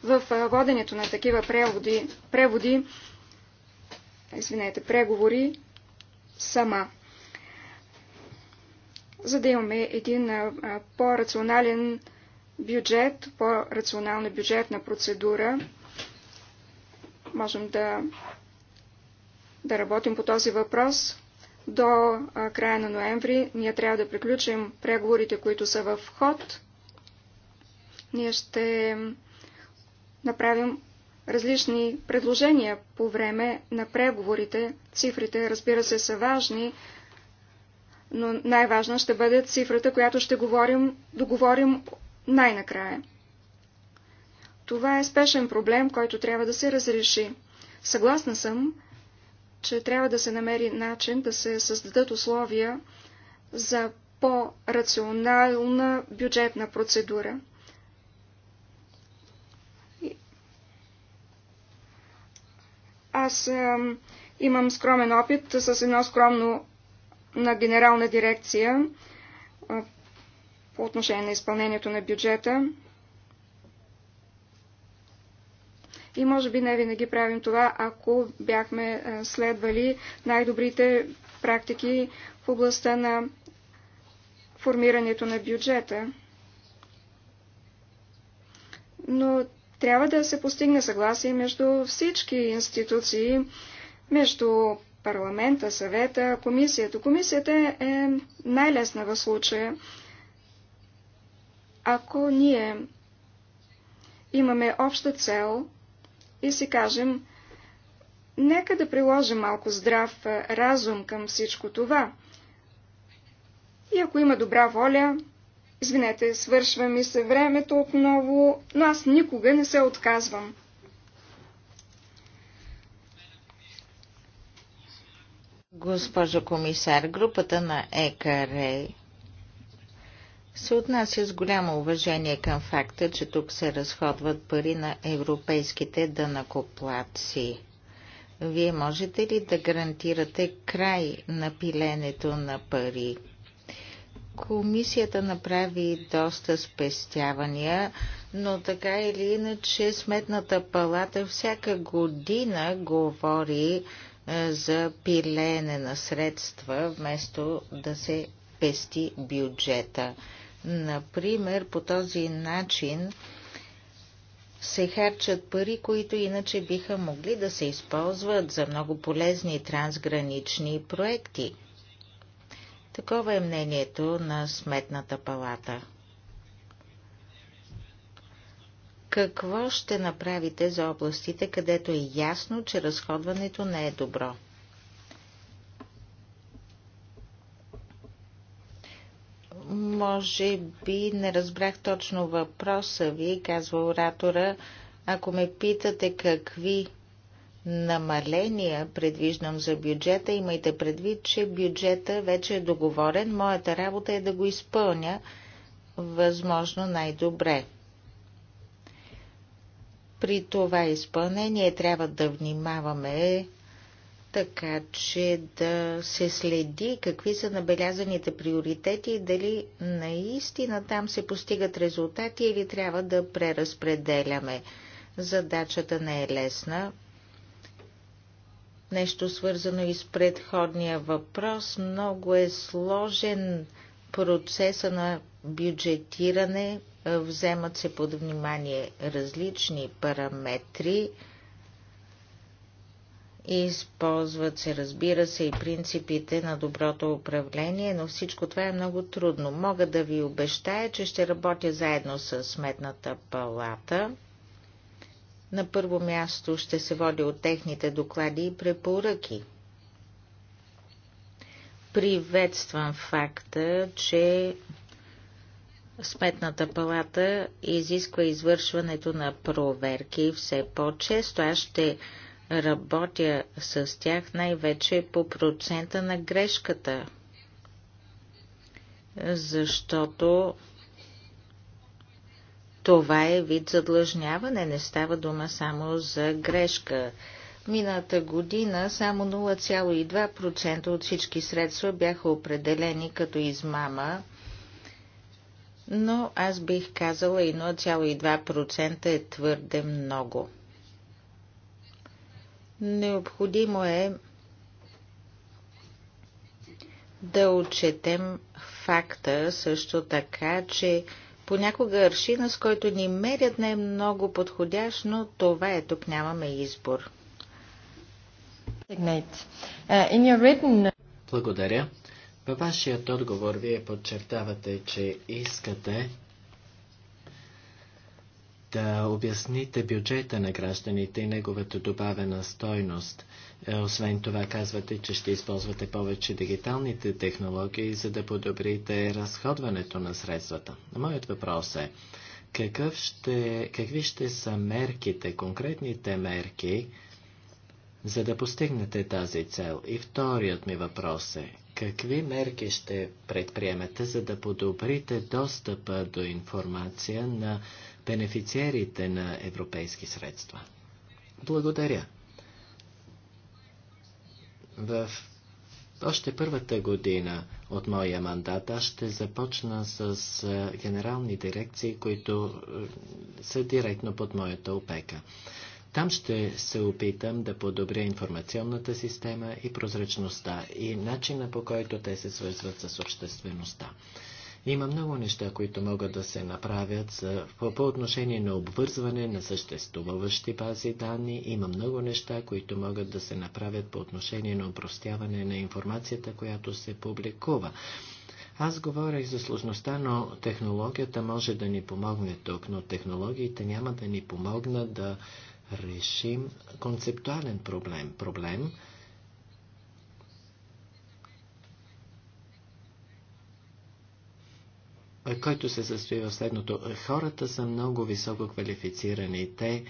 в воденето на такива преводи, преводи извинете, преговори сама. За да имаме един по-рационален бюджет, по-рационална бюджетна процедура, можем да, да работим по този въпрос. До края на ноември ние трябва да приключим преговорите, които са в ход. Ние ще направим различни предложения по време на преговорите. Цифрите, разбира се, са важни, но най-важна ще бъде цифрата, която ще говорим, договорим най-накрая. Това е спешен проблем, който трябва да се разреши. Съгласна съм, че трябва да се намери начин да се създадат условия за по-рационална бюджетна процедура. Аз е, имам скромен опит с едно скромно на генерална дирекция е, по отношение на изпълнението на бюджета. И може би не винаги правим това, ако бяхме следвали най-добрите практики в областта на формирането на бюджета. Но трябва да се постигне съгласие между всички институции, между парламента, съвета, комисията. Комисията е най-лесна в случая. Ако ние имаме обща цел и си кажем, нека да приложим малко здрав разум към всичко това. И ако има добра воля, Извинете, свършва ми се времето отново, но аз никога не се отказвам. Госпожо комисар, групата на ЕКР се отнася с голямо уважение към факта, че тук се разходват пари на европейските дънакоплатци. Вие можете ли да гарантирате край на пиленето на пари? Комисията направи доста спестявания, но така или иначе Сметната палата всяка година говори е, за пилеене на средства, вместо да се пести бюджета. Например, по този начин се харчат пари, които иначе биха могли да се използват за много полезни трансгранични проекти – Такова е мнението на Сметната палата. Какво ще направите за областите, където е ясно, че разходването не е добро? Може би не разбрах точно въпроса ви, казва оратора. Ако ме питате какви намаления предвиждам за бюджета, имайте предвид, че бюджета вече е договорен. Моята работа е да го изпълня възможно най-добре. При това изпълнение трябва да внимаваме така, че да се следи какви са набелязаните приоритети и дали наистина там се постигат резултати или трябва да преразпределяме. Задачата не е лесна, нещо свързано и с предходния въпрос. Много е сложен процеса на бюджетиране. Е, вземат се под внимание различни параметри. Използват се, разбира се, и принципите на доброто управление, но всичко това е много трудно. Мога да ви обещая, че ще работя заедно с Сметната палата – на първо място ще се води от техните доклади и препоръки. Приветствам факта, че Сметната палата изисква извършването на проверки все по-често. Аз ще работя с тях най-вече по процента на грешката, защото това е вид задлъжняване, не става дума само за грешка. Мината година само 0,2% от всички средства бяха определени като измама, но аз бих казала и 0,2% е твърде много. Необходимо е да отчетем факта също така, че Понякога аршина, с който ни мерят, не е много подходящ, но това е, тук нямаме избор. Uh, Благодаря. Във вашият отговор вие подчертавате, че искате да обясните бюджета на гражданите и неговата добавена стойност – е, освен това казвате, че ще използвате повече дигиталните технологии, за да подобрите разходването на средствата. Моят въпрос е, какъв ще, какви ще са мерките, конкретните мерки, за да постигнете тази цел? И вторият ми въпрос е, какви мерки ще предприемете, за да подобрите достъпа до информация на бенефициерите на европейски средства? Благодаря. В още първата година от моя мандат аз ще започна с генерални дирекции, които са директно под моята опека. Там ще се опитам да подобря информационната система и прозрачността и начина по който те се свързват с обществеността. Има много неща, които могат да се направят за, по, по отношение на обвързване на съществуващи бази данни. Има много неща, които могат да се направят по отношение на упростяване на информацията, която се публикува. Аз говоря и за сложността, но технологията може да ни помогне тук, но технологиите няма да ни помогнат да решим концептуален проблем. Проблем, Е, който се състои в следното. Хората са много високо квалифицирани. Те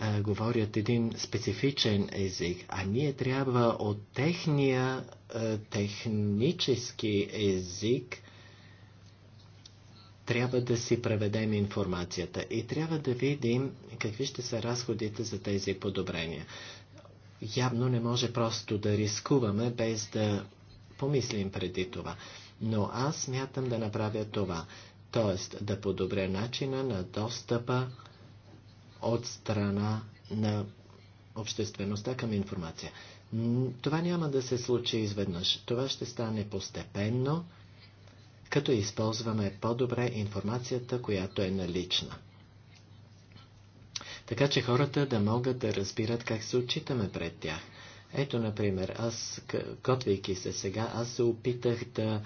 а, е, говорят един специфичен език, а ние трябва от техния а, е, технически език трябва да си преведем информацията и трябва да видим какви ще са разходите за тези подобрения. Явно не може просто да рискуваме без да помислим преди това но аз смятам да направя това, т.е. да подобря начина на достъпа от страна на обществеността към информация. Това няма да се случи изведнъж. Това ще стане постепенно, като използваме по-добре информацията, която е налична. Така че хората да могат да разбират как се отчитаме пред тях. Ето, например, аз, готвейки се сега, аз се опитах да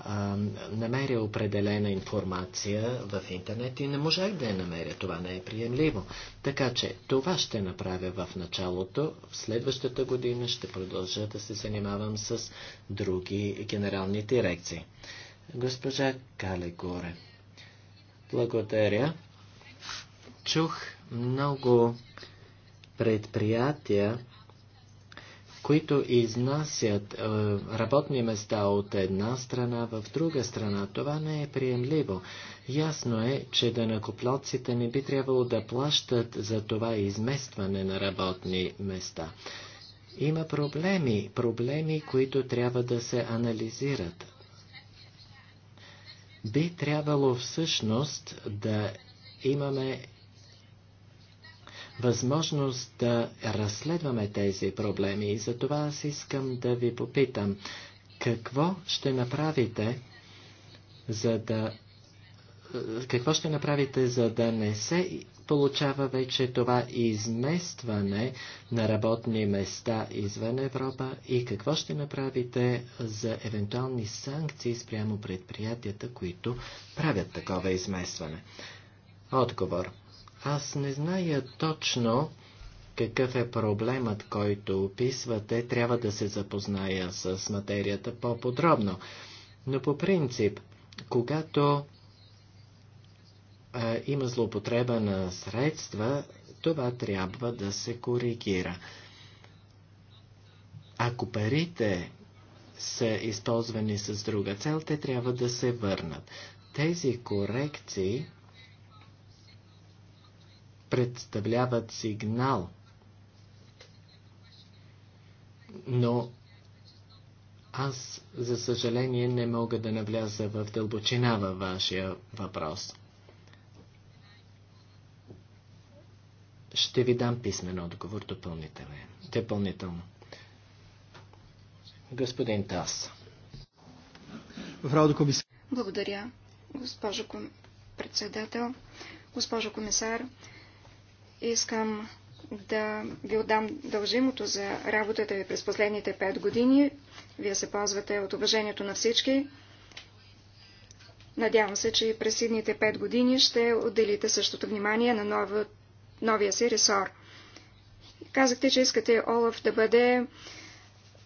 а, намеря определена информация в интернет и не можах да я намеря. Това не е приемливо. Така че това ще направя в началото. В следващата година ще продължа да се занимавам с други генерални дирекции. Госпожа Калегоре, благодаря. Чух много предприятия, които изнасят е, работни места от една страна в друга страна. Това не е приемливо. Ясно е, че данакоплатците не би трябвало да плащат за това изместване на работни места. Има проблеми, проблеми, които трябва да се анализират. Би трябвало всъщност да имаме възможност да разследваме тези проблеми и за това аз искам да ви попитам какво ще направите, за да какво ще направите, за да не се получава вече това изместване на работни места извън Европа и какво ще направите за евентуални санкции спрямо предприятията, които правят такова изместване? Отговор. Аз не зная точно какъв е проблемът, който описвате. Трябва да се запозная с материята по-подробно. Но по принцип, когато а, има злоупотреба на средства, това трябва да се коригира. Ако парите са използвани с друга цел, те трябва да се върнат. Тези корекции представляват сигнал. Но аз, за съжаление, не мога да навляза в дълбочина във вашия въпрос. Ще ви дам писмен отговор допълнително. Господин Тас. Благодаря, госпожо председател. Госпожо комисар, Искам да ви отдам дължимото за работата ви през последните пет години. Вие се ползвате от уважението на всички. Надявам се, че и през следните пет години ще отделите същото внимание на нова, новия си ресор. Казахте, че искате Олаф да бъде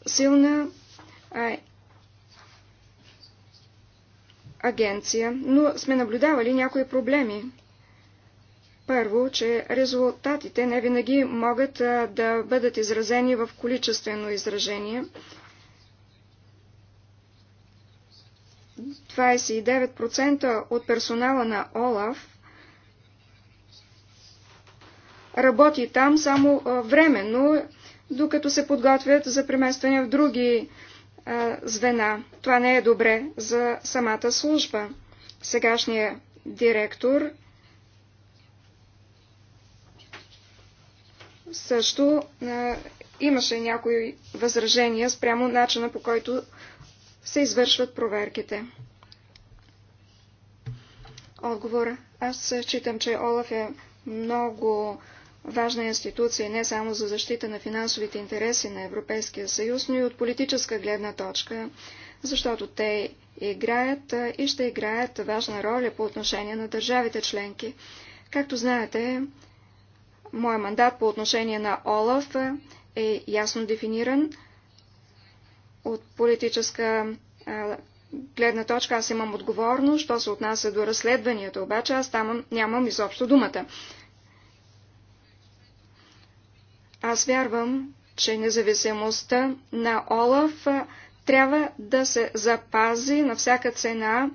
силна а, агенция, но сме наблюдавали някои проблеми първо, че резултатите не винаги могат да бъдат изразени в количествено изражение. 29% от персонала на ОЛАФ работи там само временно, докато се подготвят за преместване в други звена. Това не е добре за самата служба. Сегашният директор също а, имаше някои възражения спрямо начина по който се извършват проверките. Отговора, Аз считам, че Олаф е много важна институция не само за защита на финансовите интереси на Европейския съюз, но и от политическа гледна точка, защото те играят и ще играят важна роля по отношение на държавите членки. Както знаете, Моя мандат по отношение на ОЛАФ е ясно дефиниран. От политическа гледна точка аз имам отговорност, що се отнася до разследванията, обаче аз там нямам изобщо думата. Аз вярвам, че независимостта на Олаф трябва да се запази на всяка цена,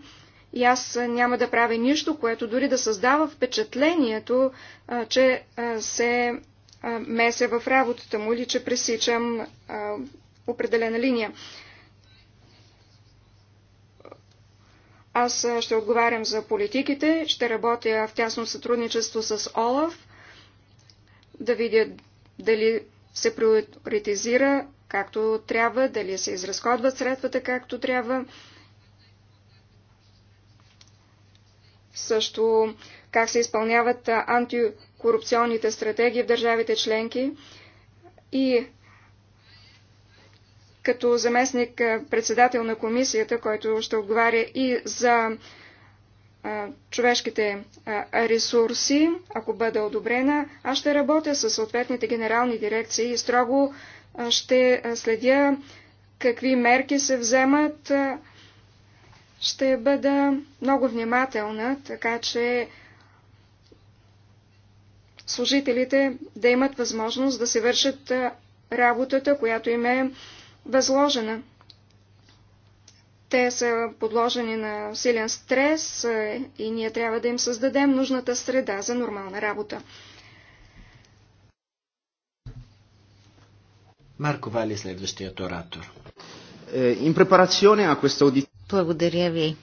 и аз няма да правя нищо, което дори да създава впечатлението, че се меся в работата му или че пресичам определена линия. Аз ще отговарям за политиките, ще работя в тясно сътрудничество с ОЛАФ, да видя дали се приоритизира както трябва, дали се изразходват средствата както трябва. също как се изпълняват антикорупционните стратегии в държавите членки. И като заместник председател на комисията, който ще отговаря и за човешките ресурси, ако бъда одобрена, аз ще работя с съответните генерални дирекции и строго ще следя какви мерки се вземат, ще бъда много внимателна, така че служителите да имат възможност да се вършат работата, която им е възложена. Те са подложени на силен стрес и ние трябва да им създадем нужната среда за нормална работа. Марко Вали, следващият оратор. Е, in preparazione a questa audizione благодаря ви.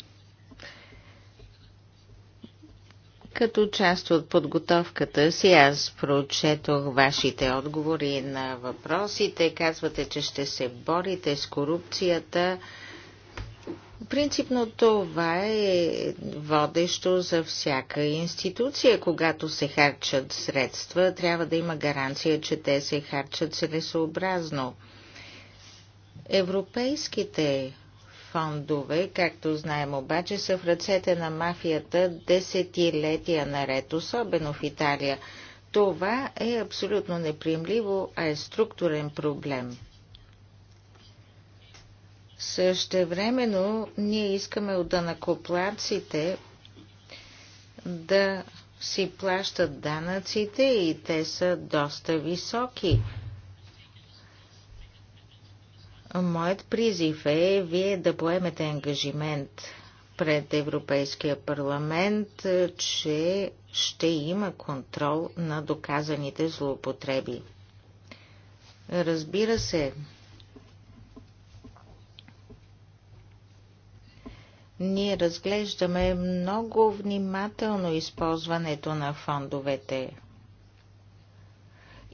Като част от подготовката си, аз прочетох вашите отговори на въпросите. Казвате, че ще се борите с корупцията. Принципно това е водещо за всяка институция. Когато се харчат средства, трябва да има гаранция, че те се харчат целесообразно. Европейските фондове, както знаем обаче, са в ръцете на мафията десетилетия наред, особено в Италия. Това е абсолютно неприемливо, а е структурен проблем. Същевременно ние искаме от данакоплаците да си плащат данъците и те са доста високи – Моят призив е вие да поемете ангажимент пред Европейския парламент, е, че ще има контрол на доказаните злоупотреби. Разбира се, ние разглеждаме много внимателно използването на фондовете.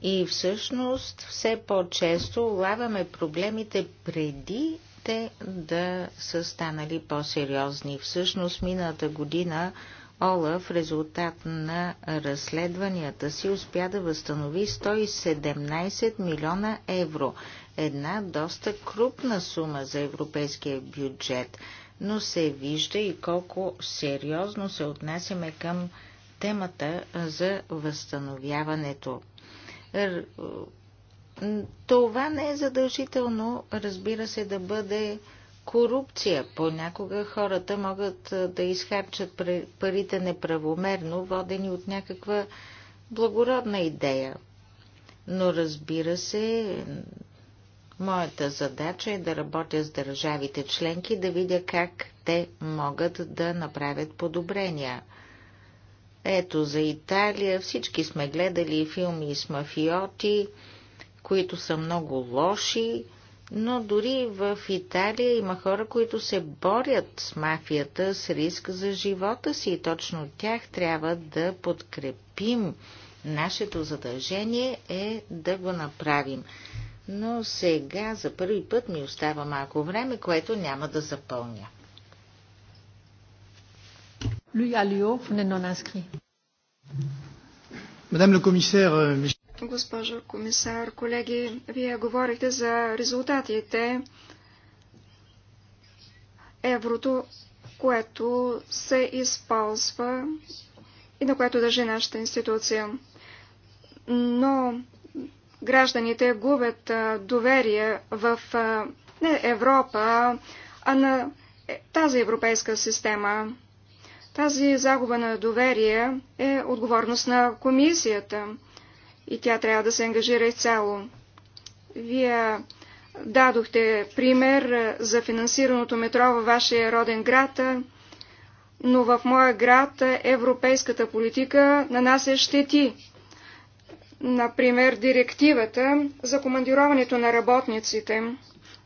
И всъщност все по-често улаваме проблемите преди те да са станали по-сериозни. Всъщност миналата година Ола в резултат на разследванията си успя да възстанови 117 милиона евро. Една доста крупна сума за европейския бюджет, но се вижда и колко сериозно се отнасяме към темата за възстановяването. Това не е задължително, разбира се, да бъде корупция. Понякога хората могат да изхарчат парите неправомерно, водени от някаква благородна идея. Но разбира се, моята задача е да работя с държавите членки, да видя как те могат да направят подобрения – ето за Италия всички сме гледали филми с мафиоти, които са много лоши, но дори в Италия има хора, които се борят с мафията с риск за живота си и точно тях трябва да подкрепим. Нашето задължение е да го направим. Но сега за първи път ми остава малко време, което няма да запълня. Euh, Госпожо комисар, колеги, вие говорихте за резултатите еврото, което се използва и на което държи нашата институция. Но гражданите губят доверие в не Европа, а на е, тази европейска система. Тази загуба на доверие е отговорност на комисията и тя трябва да се ангажира изцяло. Вие дадохте пример за финансираното метро във вашия роден град, но в моя град европейската политика на нас е щети. Например, директивата за командироването на работниците –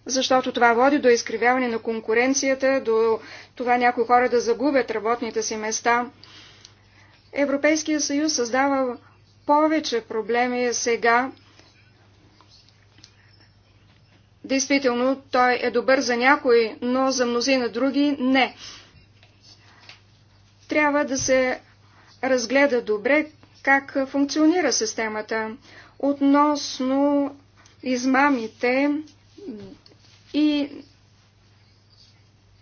защото това води до изкривяване на конкуренцията, до това някои хора да загубят работните си места. Европейския съюз създава повече проблеми сега. Действително, той е добър за някои, но за мнози на други не. Трябва да се разгледа добре как функционира системата относно измамите и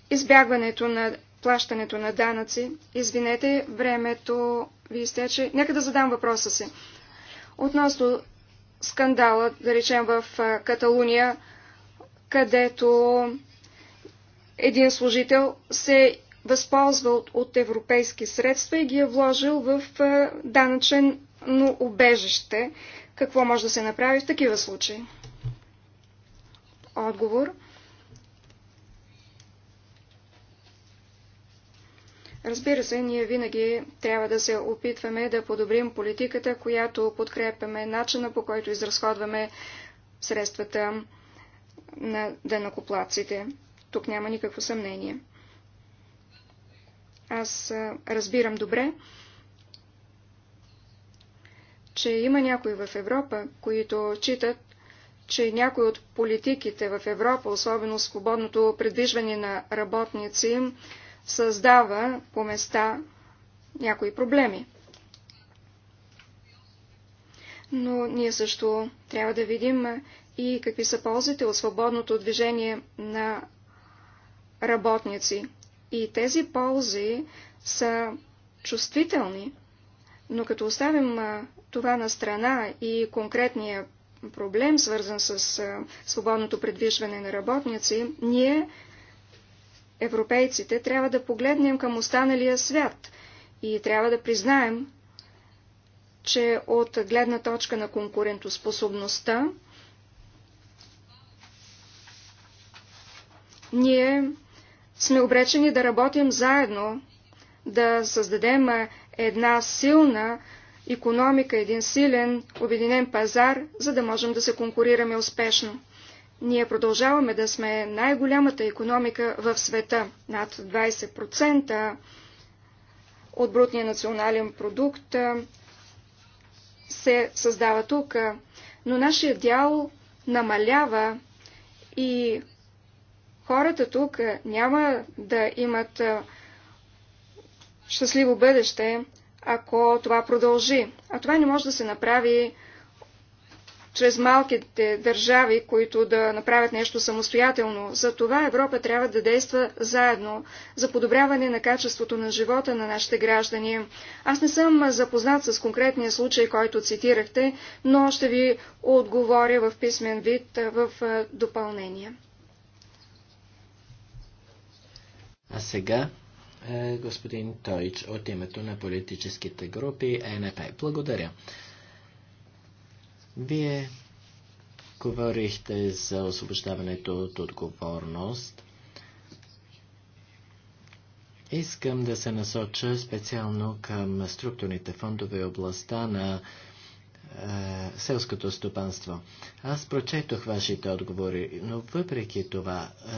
избягването на плащането на данъци. Извинете, времето ви изтече. Нека да задам въпроса си. Относно скандала, да речем в Каталуния, където един служител се възползвал от европейски средства и ги е вложил в данъчен но убежище. Какво може да се направи в такива случаи? отговор. Разбира се, ние винаги трябва да се опитваме да подобрим политиката, която подкрепяме, начина по който изразходваме средствата на денакоплаците. Тук няма никакво съмнение. Аз разбирам добре, че има някои в Европа, които читат, че някои от политиките в Европа, особено свободното предвижване на работници, създава по места някои проблеми. Но ние също трябва да видим и какви са ползите от свободното движение на работници. И тези ползи са чувствителни, но като оставим това на страна и конкретния проблем, свързан с свободното предвижване на работници, ние, европейците, трябва да погледнем към останалия свят и трябва да признаем, че от гледна точка на конкурентоспособността, ние сме обречени да работим заедно, да създадем една силна економика, е един силен, обединен пазар, за да можем да се конкурираме успешно. Ние продължаваме да сме най-голямата економика в света, над 20% от брутния национален продукт се създава тук, но нашия дял намалява и хората тук няма да имат щастливо бъдеще, ако това продължи. А това не може да се направи чрез малките държави, които да направят нещо самостоятелно. За това Европа трябва да действа заедно за подобряване на качеството на живота на нашите граждани. Аз не съм запознат с конкретния случай, който цитирахте, но ще ви отговоря в писмен вид в допълнение. А сега е, господин Тойч от името на политическите групи ЕНП. Благодаря. Вие говорихте за освобождаването от отговорност. Искам да се насоча специално към структурните фондове областта на е, селското стопанство. Аз прочетох вашите отговори, но въпреки това е,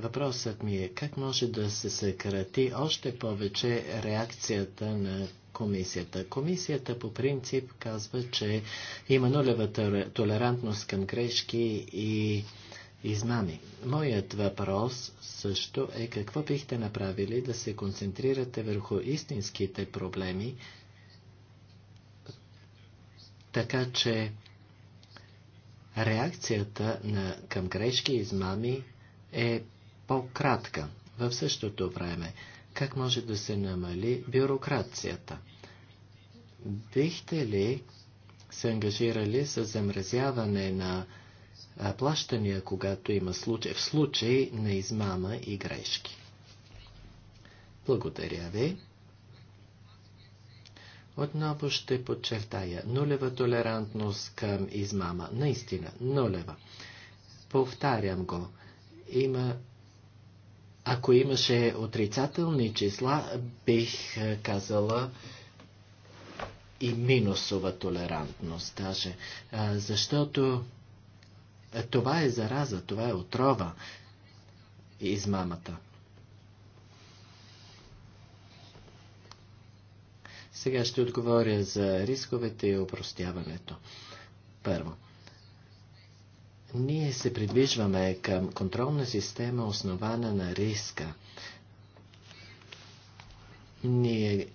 въпросът ми е как може да се съкрати още повече реакцията на комисията. Комисията по принцип казва, че има нулева толерантност към грешки и измами. Моят въпрос също е какво бихте направили да се концентрирате върху истинските проблеми, така че реакцията на, към грешки и измами е по-кратка. В същото време, как може да се намали бюрокрацията? Бихте ли се ангажирали с замразяване на плащания, когато има случай, в случай на измама и грешки? Благодаря ви. Отново ще подчертая нулева толерантност към измама. Наистина, нулева. Повтарям го. Има ако имаше отрицателни числа, бих е, казала и минусова толерантност даже, е, защото е, това е зараза, това е отрова измамата. Сега ще отговоря за рисковете и опростяването. Първо. Ние се придвижваме към контролна система, основана на риска. Ние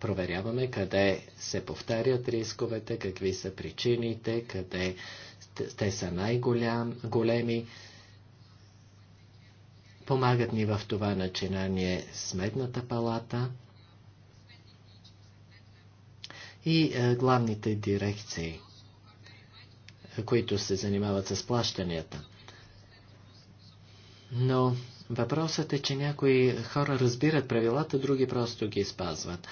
проверяваме къде се повтарят рисковете, какви са причините, къде те са най-големи. Помагат ни в това начинание Сметната палата – и е, главните дирекции, които се занимават с плащанията. Но въпросът е, че някои хора разбират правилата, други просто ги спазват.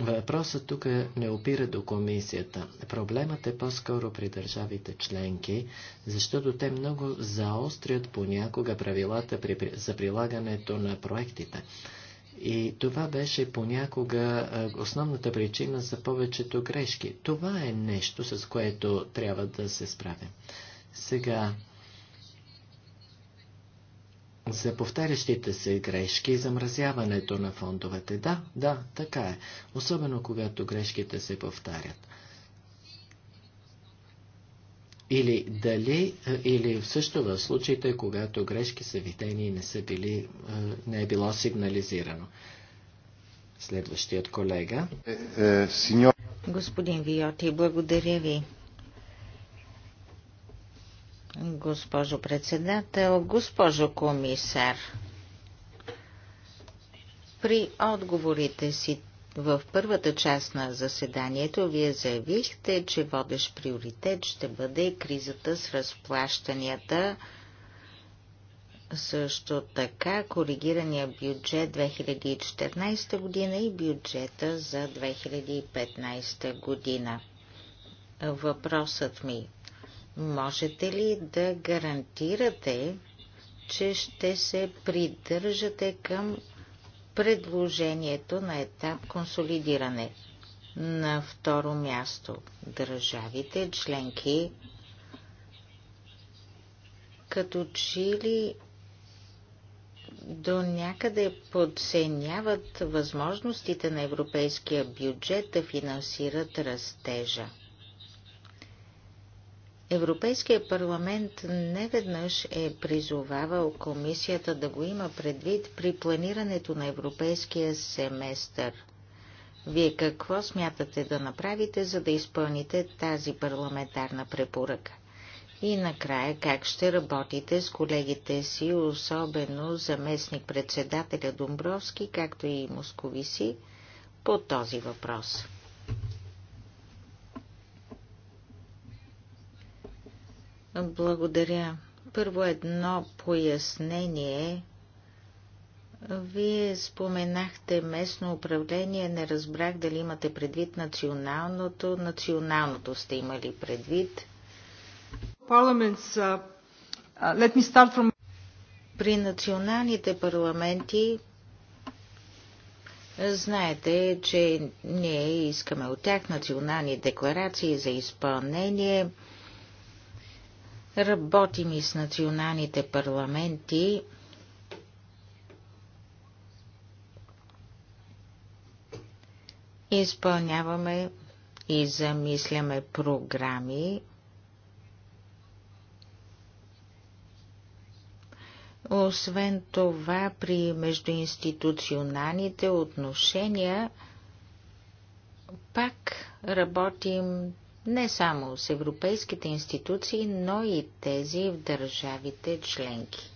Въпросът тук е, не опира до комисията. Проблемът е по-скоро при държавите членки, защото те много заострят понякога правилата при, за прилагането на проектите. И това беше понякога основната причина за повечето грешки. Това е нещо, с което трябва да се справим. Сега, за повтарящите се грешки и замразяването на фондовете. Да, да, така е. Особено когато грешките се повтарят. Или дали, е, или също в случаите, когато грешки са видени и не, са били, е, не е било сигнализирано. Следващият колега. Е, Господин Виоти, благодаря ви. Госпожо председател, госпожо комисар, при отговорите си в първата част на заседанието вие заявихте, че водещ приоритет ще бъде кризата с разплащанията. Също така коригирания бюджет 2014 година и бюджета за 2015 година. Въпросът ми. Можете ли да гарантирате, че ще се придържате към предложението на етап консолидиране. На второ място държавите членки като чили до някъде подценяват възможностите на европейския бюджет да финансират растежа. Европейският парламент неведнъж е призовавал комисията да го има предвид при планирането на европейския семестър. Вие какво смятате да направите, за да изпълните тази парламентарна препоръка? И накрая как ще работите с колегите си, особено заместник председателя Домбровски, както и московиси, по този въпрос? Благодаря. Първо едно пояснение. Вие споменахте местно управление, не разбрах дали имате предвид националното. Националното сте имали предвид. При националните парламенти знаете, че ние искаме от тях национални декларации за изпълнение – Работим и с националните парламенти. Изпълняваме и замисляме програми, Освен това, при междуинституционалните отношения пак работим не само с европейските институции, но и тези в държавите членки.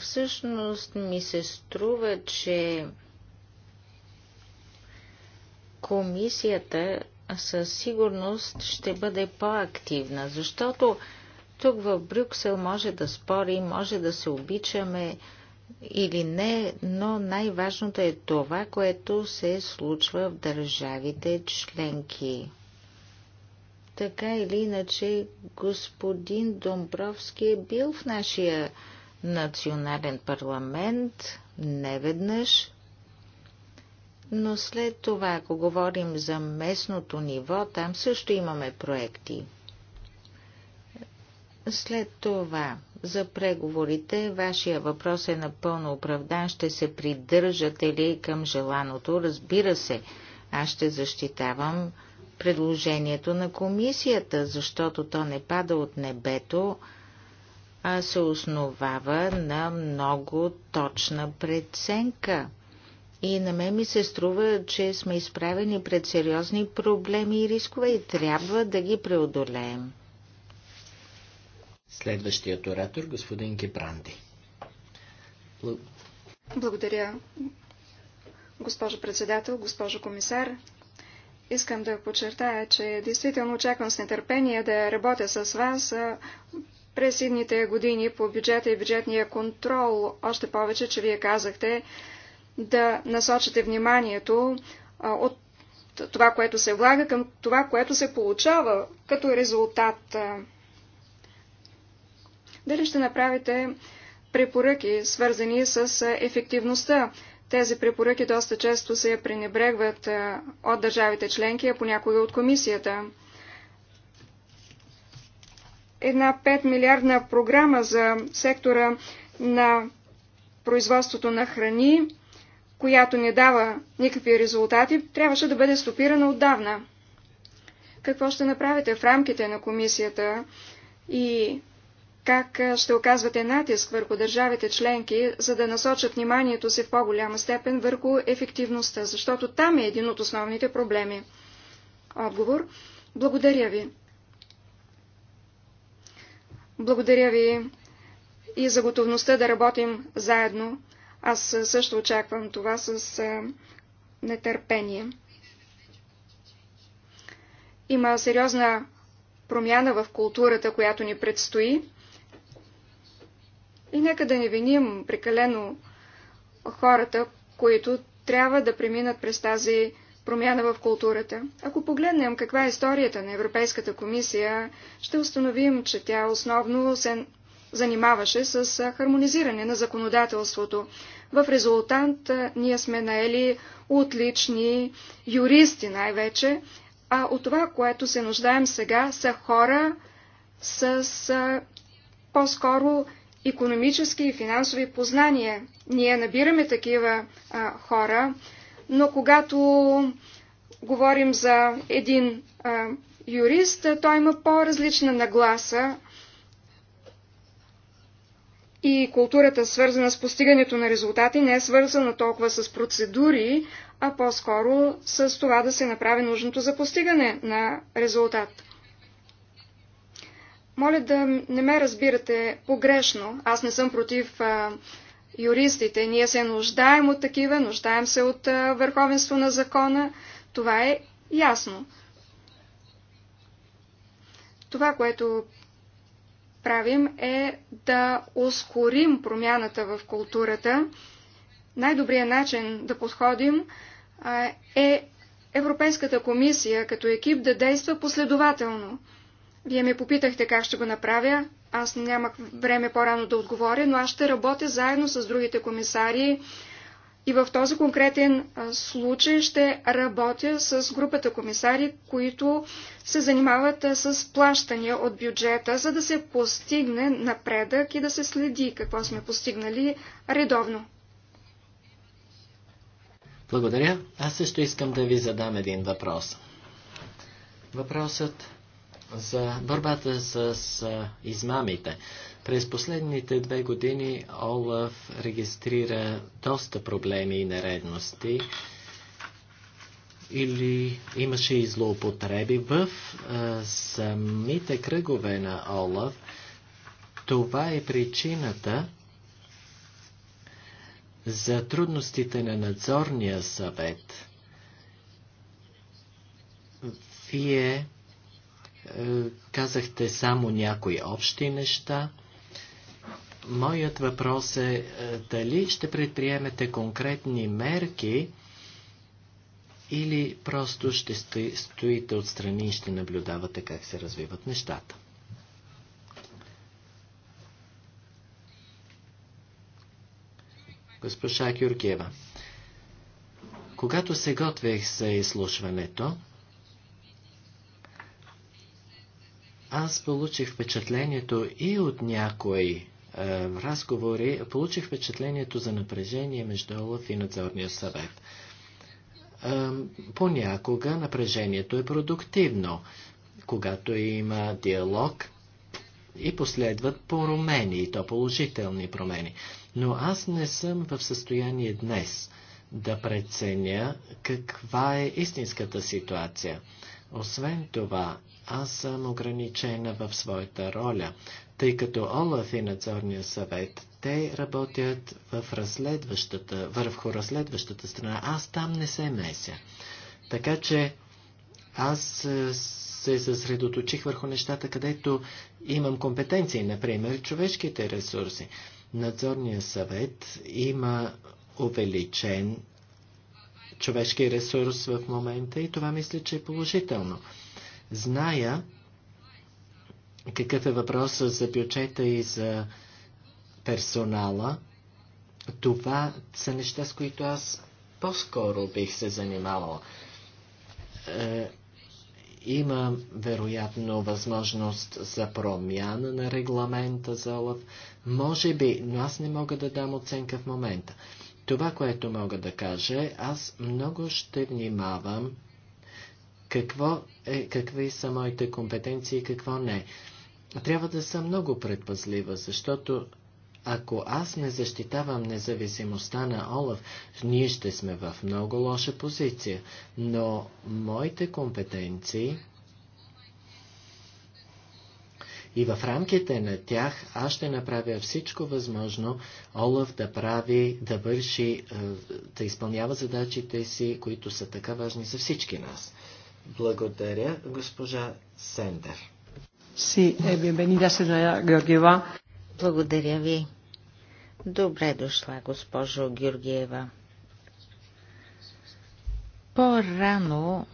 Всъщност ми се струва, че комисията със сигурност ще бъде по-активна, защото тук в Брюксел може да спори, може да се обичаме, или не, но най-важното е това, което се случва в държавите членки. Така или иначе, господин Домбровски е бил в нашия национален парламент неведнъж, но след това, ако говорим за местното ниво, там също имаме проекти. След това за преговорите. Вашия въпрос е напълно оправдан. Ще се придържате ли към желаното? Разбира се, аз ще защитавам предложението на комисията, защото то не пада от небето, а се основава на много точна преценка. И на мен ми се струва, че сме изправени пред сериозни проблеми и рискове и трябва да ги преодолеем. Следващият оратор, господин Гебранди. Благодаря, госпожо председател, госпожо комисар. Искам да подчертая, че действително очаквам с нетърпение да работя с вас през едните години по бюджета и бюджетния контрол. Още повече, че вие казахте да насочите вниманието от това, което се влага към това, което се получава като резултат. Дали ще направите препоръки, свързани с ефективността? Тези препоръки доста често се пренебрегват от държавите членки, а понякога от комисията. Една 5 милиардна програма за сектора на производството на храни, която не дава никакви резултати, трябваше да бъде стопирана отдавна. Какво ще направите в рамките на комисията и как ще оказвате натиск върху държавите членки, за да насочат вниманието си в по-голяма степен върху ефективността, защото там е един от основните проблеми. Отговор. Благодаря ви. Благодаря ви и за готовността да работим заедно. Аз също очаквам това с нетърпение. Има сериозна промяна в културата, която ни предстои. И нека да не виним прекалено хората, които трябва да преминат през тази промяна в културата. Ако погледнем каква е историята на Европейската комисия, ще установим, че тя основно се занимаваше с хармонизиране на законодателството. В резултат ние сме наели отлични юристи най-вече, а от това, което се нуждаем сега, са хора с по-скоро економически и финансови познания. Ние набираме такива а, хора, но когато говорим за един а, юрист, той има по-различна нагласа и културата, свързана с постигането на резултати, не е свързана толкова с процедури, а по-скоро с това да се направи нужното за постигане на резултат. Моля да не ме разбирате погрешно. Аз не съм против а, юристите. Ние се нуждаем от такива, нуждаем се от а, върховенство на закона. Това е ясно. Това, което правим е да ускорим промяната в културата. Най-добрият начин да подходим а, е Европейската комисия като екип да действа последователно – вие ме попитахте как ще го направя. Аз нямах време по-рано да отговоря, но аз ще работя заедно с другите комисари и в този конкретен случай ще работя с групата комисари, които се занимават с плащания от бюджета, за да се постигне напредък и да се следи какво сме постигнали редовно. Благодаря. Аз също искам да ви задам един въпрос. Въпросът за борбата с измамите. През последните две години Олаф регистрира доста проблеми и нередности или имаше и злоупотреби в а, самите кръгове на Олаф. Това е причината за трудностите на надзорния съвет. Вие е, казахте само някои общи неща. Моят въпрос е, е дали ще предприемете конкретни мерки или просто ще стоите отстрани и ще наблюдавате как се развиват нещата. Госпожа Георгиева, когато се готвех за изслушването, Аз получих впечатлението и от някои е, разговори получих впечатлението за напрежение между Олаф и надзорния съвет. Е, понякога напрежението е продуктивно, когато има диалог и последват промени, и то положителни промени. Но аз не съм в състояние днес да преценя каква е истинската ситуация. Освен това, аз съм ограничена в своята роля, тъй като Олаф и надзорния съвет, те работят в разследващата, върху разследващата страна. Аз там не се меся. Така че аз е, се съсредоточих върху нещата, където имам компетенции, например, човешките ресурси. Надзорния съвет има увеличен човешки ресурс в момента и това мисля, че е положително. Зная какъв е въпросът за бюджета и за персонала. Това са неща, с които аз по-скоро бих се занимавала. Е, има вероятно възможност за промяна на регламента за ОЛАФ. Може би, но аз не мога да дам оценка в момента. Това, което мога да кажа е, аз много ще внимавам какво е, какви са моите компетенции и какво не. Трябва да съм много предпазлива, защото ако аз не защитавам независимостта на Олаф, ние ще сме в много лоша позиция, но моите компетенции и в рамките на тях аз ще направя всичко възможно Олаф да прави, да върши, е, да изпълнява задачите си, които са така важни за всички нас. Благодаря, госпожа Сендер. Си, е, се на Георгиева. Благодаря ви. Добре дошла, госпожо Георгиева. По-рано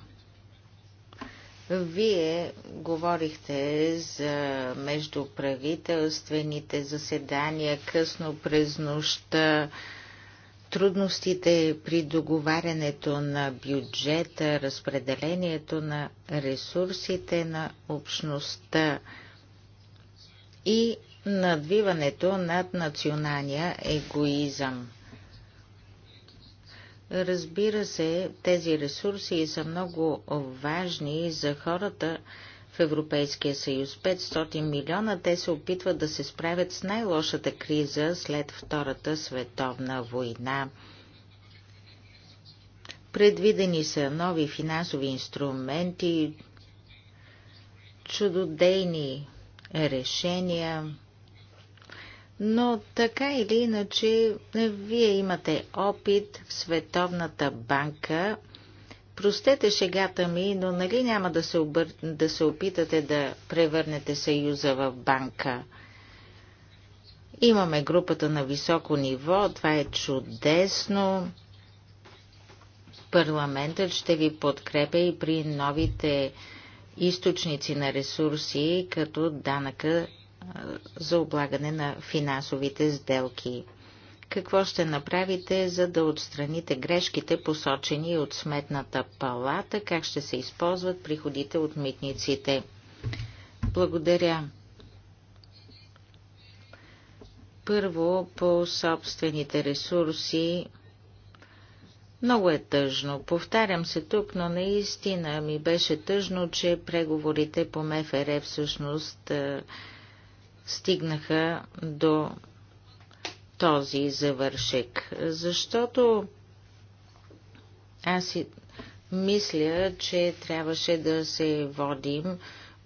вие говорихте за междуправителствените заседания късно през нощта, трудностите при договарянето на бюджета, разпределението на ресурсите на общността и надвиването над националния егоизъм. Разбира се, тези ресурси са много важни за хората, в Европейския съюз. 500 милиона те се опитват да се справят с най-лошата криза след Втората световна война. Предвидени са нови финансови инструменти, чудодейни решения, но така или иначе, вие имате опит в Световната банка Простете шегата ми, но нали няма да се, обър... да се опитате да превърнете съюза в банка? Имаме групата на високо ниво, това е чудесно. Парламентът ще ви подкрепя и при новите източници на ресурси, като данъка за облагане на финансовите сделки. Какво ще направите, за да отстраните грешките, посочени от сметната палата? Как ще се използват приходите от митниците? Благодаря. Първо, по собствените ресурси. Много е тъжно. Повтарям се тук, но наистина ми беше тъжно, че преговорите по МФР всъщност е, стигнаха до този завършек, защото аз си мисля, че трябваше да се водим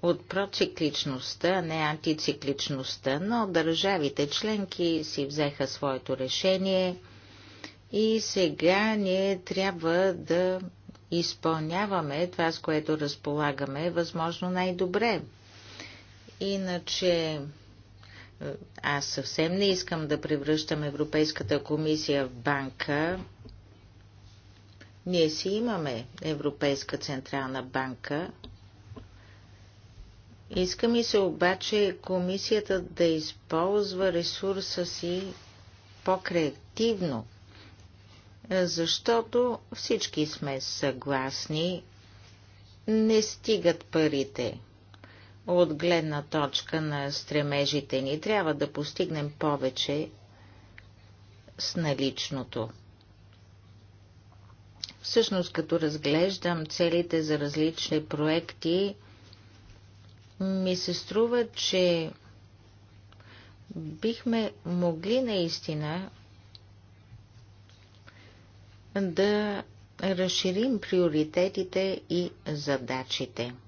от процикличността, а не антицикличността, но държавите членки си взеха своето решение и сега ние трябва да изпълняваме това, с което разполагаме, възможно най-добре. Иначе аз съвсем не искам да превръщам Европейската комисия в банка. Ние си имаме Европейска централна банка. Иска ми се обаче комисията да използва ресурса си по-креативно, защото всички сме съгласни, не стигат парите от гледна точка на стремежите ни. Трябва да постигнем повече с наличното. Всъщност, като разглеждам целите за различни проекти, ми се струва, че бихме могли наистина да разширим приоритетите и задачите –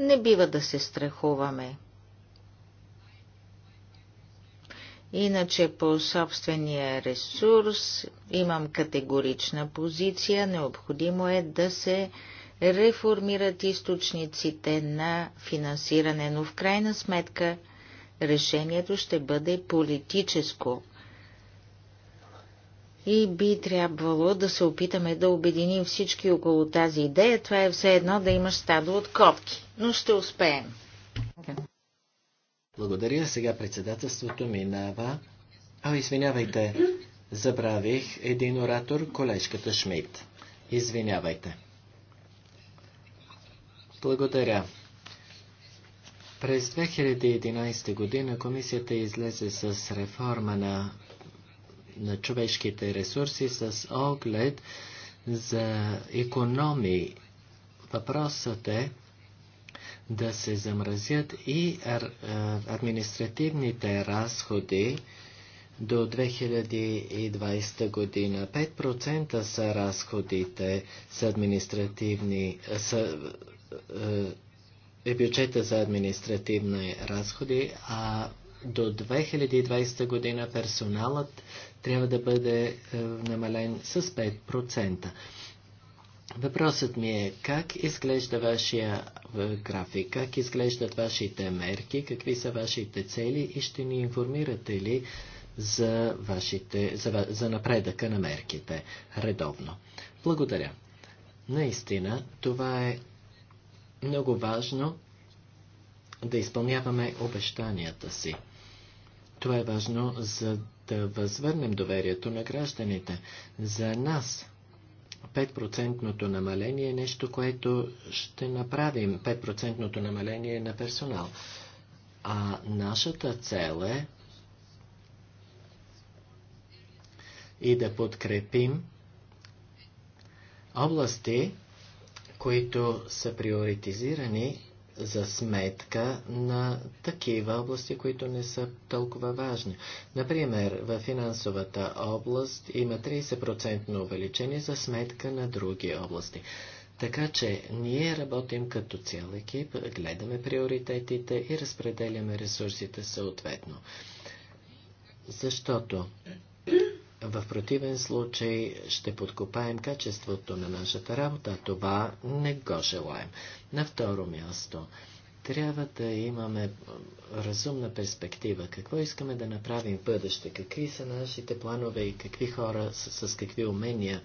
не бива да се страхуваме. Иначе по собствения ресурс имам категорична позиция. Необходимо е да се реформират източниците на финансиране, но в крайна сметка решението ще бъде политическо и би трябвало да се опитаме да обединим всички около тази идея. Това е все едно да имаш стадо от котки, но ще успеем. Благодаря. Сега председателството минава. А, извинявайте, забравих един оратор, колежката Шмидт. Извинявайте. Благодаря. През 2011 година комисията излезе с реформа на на човешките ресурси с оглед за економии. Въпросът е да се замразят и административните разходи до 2020 година. 5% са разходите с административни с, е бюджета за административни разходи, а до 2020 година персоналът трябва да бъде е, намален с 5%. Въпросът ми е как изглежда вашия е, график, как изглеждат вашите мерки, какви са вашите цели и ще ни информирате ли за, вашите, за, за напредъка на мерките редовно. Благодаря. Наистина, това е много важно да изпълняваме обещанията си. Това е важно, за да възвърнем доверието на гражданите. За нас 5 намаление е нещо, което ще направим. 5 намаление на персонал. А нашата цел е и да подкрепим области, които са приоритизирани за сметка на такива области, които не са толкова важни. Например, в финансовата област има 30% увеличение за сметка на други области. Така че ние работим като цял екип, гледаме приоритетите и разпределяме ресурсите съответно. Защото в противен случай ще подкопаем качеството на нашата работа. Това не го желаем. На второ място, трябва да имаме разумна перспектива. Какво искаме да направим в бъдеще? Какви са нашите планове и какви хора с, с какви умения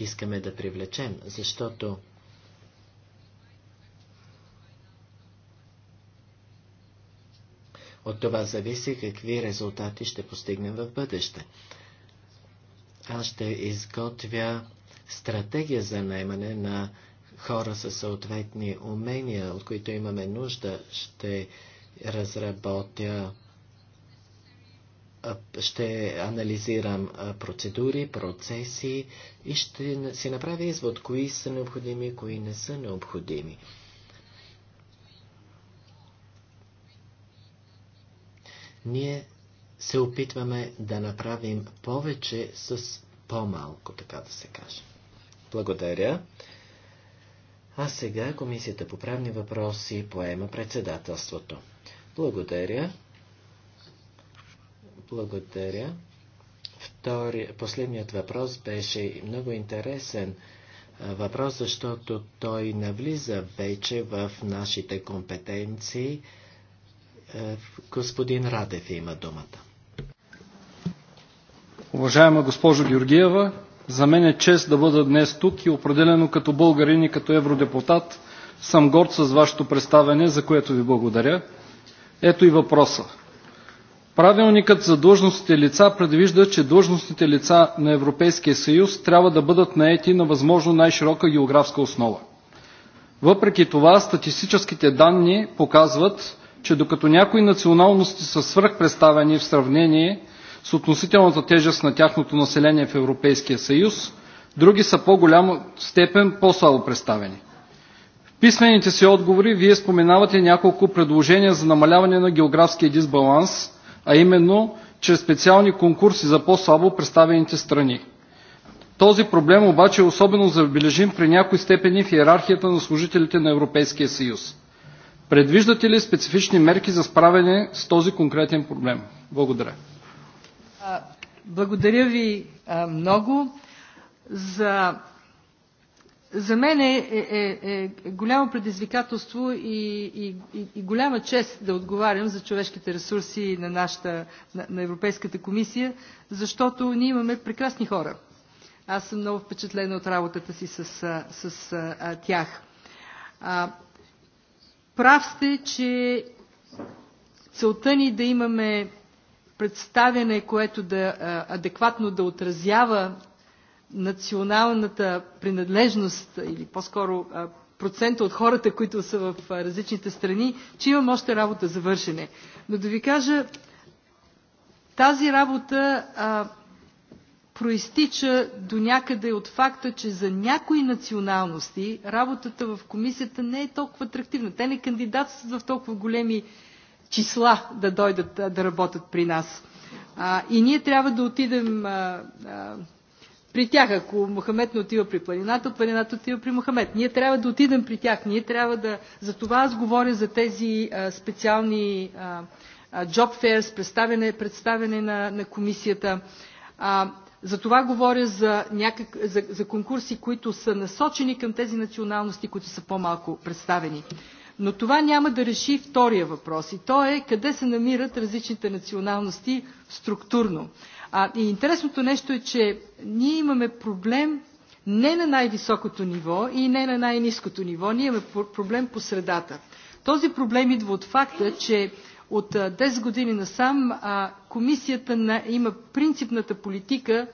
искаме да привлечем? Защото от това зависи какви резултати ще постигнем в бъдеще аз ще изготвя стратегия за наймане на хора с съответни умения, от които имаме нужда. Ще разработя, ще анализирам процедури, процеси и ще си направя извод, кои са необходими, кои не са необходими. Ние се опитваме да направим повече с по-малко, така да се каже. Благодаря. А сега Комисията по правни въпроси поема председателството. Благодаря. Благодаря. Втори, последният въпрос беше много интересен въпрос, защото той навлиза вече в нашите компетенции Господин Радев има думата. Уважаема госпожо Георгиева, за мен е чест да бъда днес тук и определено като българин и като евродепутат съм горд с вашето представяне, за което ви благодаря. Ето и въпроса. Правилникът за длъжностите лица предвижда, че длъжностните лица на Европейския съюз трябва да бъдат наети на възможно най-широка географска основа. Въпреки това, статистическите данни показват, че докато някои националности са свръхпредставени в сравнение с относителната тежест на тяхното население в Европейския съюз, други са по-голяма степен по-слабо представени. В писмените си отговори Вие споменавате няколко предложения за намаляване на географския дисбаланс, а именно чрез специални конкурси за по-слабо представените страни. Този проблем обаче е особено забележим при някои степени в иерархията на служителите на Европейския съюз. Предвиждате ли специфични мерки за справяне с този конкретен проблем? Благодаря. Благодаря ви много. За, за мен е, е, е, е голямо предизвикателство и, и, и голяма чест да отговарям за човешките ресурси на, нашата, на, на Европейската комисия, защото ние имаме прекрасни хора. Аз съм много впечатлена от работата си с, с, с тях. А, Прав сте, че целта ни да имаме представяне, което да адекватно да отразява националната принадлежност или по-скоро процента от хората, които са в различните страни, че имам още работа за вършене. Но да ви кажа, тази работа проистича до някъде от факта, че за някои националности работата в комисията не е толкова атрактивна. Те не кандидатстват в толкова големи числа да дойдат да работят при нас. А, и ние трябва да отидем а, а, при тях. Ако Мохамед не отива при планината, планината отива при Мохамед. Ние трябва да отидем при тях. Ние трябва да... За това аз говоря за тези а, специални а, а, job fairs, представяне, представяне на, на комисията. А, затова говоря за, някак, за, за конкурси, които са насочени към тези националности, които са по-малко представени. Но това няма да реши втория въпрос и то е къде се намират различните националности структурно. А, и интересното нещо е, че ние имаме проблем не на най-високото ниво и не на най-низкото ниво, ние имаме проблем по средата. Този проблем идва от факта, че от 10 години насам комисията има принципната политика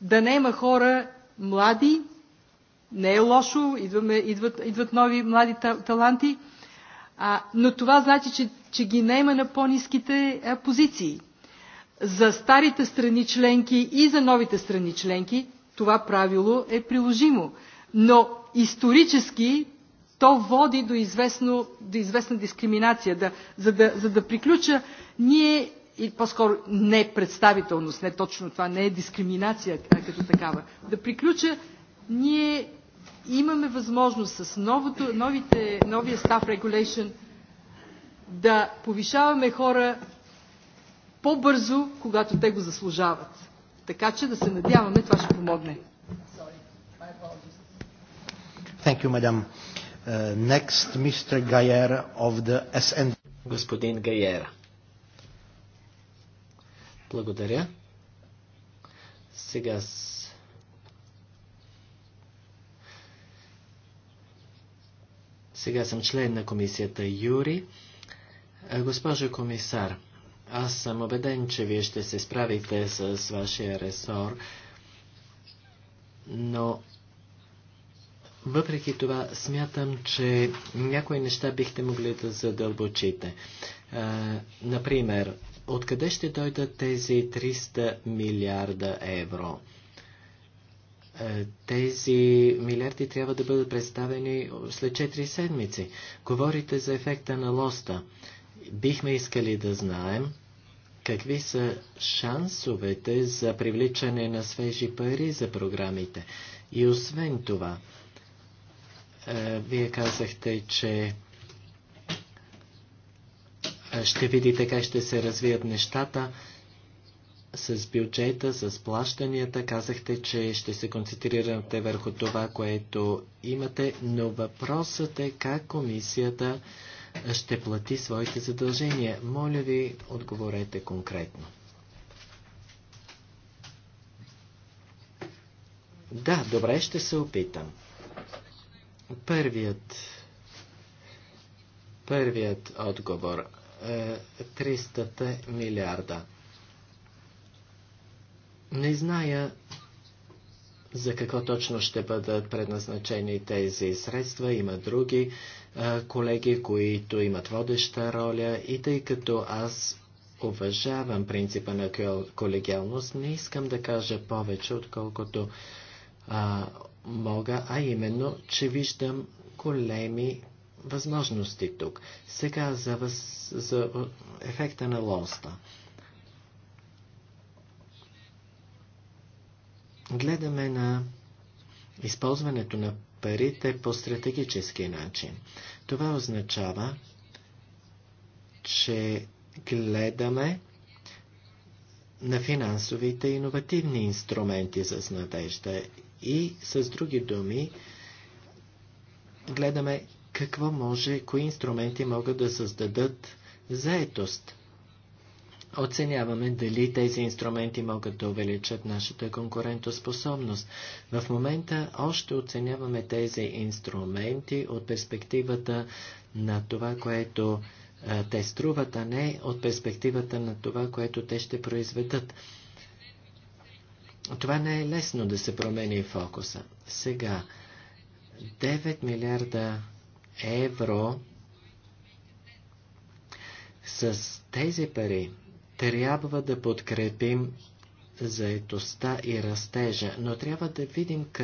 да не има хора млади, не е лошо, идваме, идват, идват нови млади таланти, а, но това значи, че, че ги нема на по-низките позиции. За старите страни членки и за новите страни членки това правило е приложимо. Но исторически то води до, известно, до известна дискриминация. Да, за, да, за да приключа, ние и по-скоро не представителност, не точно това, не е дискриминация а като такава. Да приключа, ние имаме възможност с новото, новите, новия staff regulation да повишаваме хора по-бързо, когато те го заслужават. Така че да се надяваме, това ще помогне. Thank you, madam. Е, next, Mr. Gayer of the Господин Гайер. Благодаря. Сега с... Сега съм член на комисията Юри. Е, госпожо комисар, аз съм убеден, че вие ще се справите с вашия ресор, но въпреки това, смятам, че някои неща бихте могли да задълбочите. А, например, откъде ще дойдат тези 300 милиарда евро? тези милиарди трябва да бъдат представени след 4 седмици. Говорите за ефекта на лоста. Бихме искали да знаем какви са шансовете за привличане на свежи пари за програмите. И освен това, е, вие казахте, че е, ще видите как ще се развият нещата с бюджета, с плащанията. Казахте, че ще се концентрирате върху това, което имате, но въпросът е как комисията ще плати своите задължения. Моля ви, отговорете конкретно. Да, добре, ще се опитам. Първият, първият отговор е 300 милиарда. Не зная за какво точно ще бъдат предназначени тези средства. Има други е, колеги, които имат водеща роля и тъй като аз уважавам принципа на колегиалност, не искам да кажа повече, отколкото а, мога, а именно, че виждам големи възможности тук. Сега за, въз, за ефекта на лоста. Гледаме на използването на парите по стратегически начин. Това означава, че гледаме на финансовите иновативни инструменти за надежда и с други думи гледаме какво може, кои инструменти могат да създадат заетост. Оценяваме дали тези инструменти могат да увеличат нашата конкурентоспособност. В момента още оценяваме тези инструменти от перспективата на това, което те струват, а не от перспективата на това, което те ще произведат това не е лесно да се промени фокуса. Сега, 9 милиарда евро с тези пари трябва да подкрепим заетостта и растежа, но трябва да видим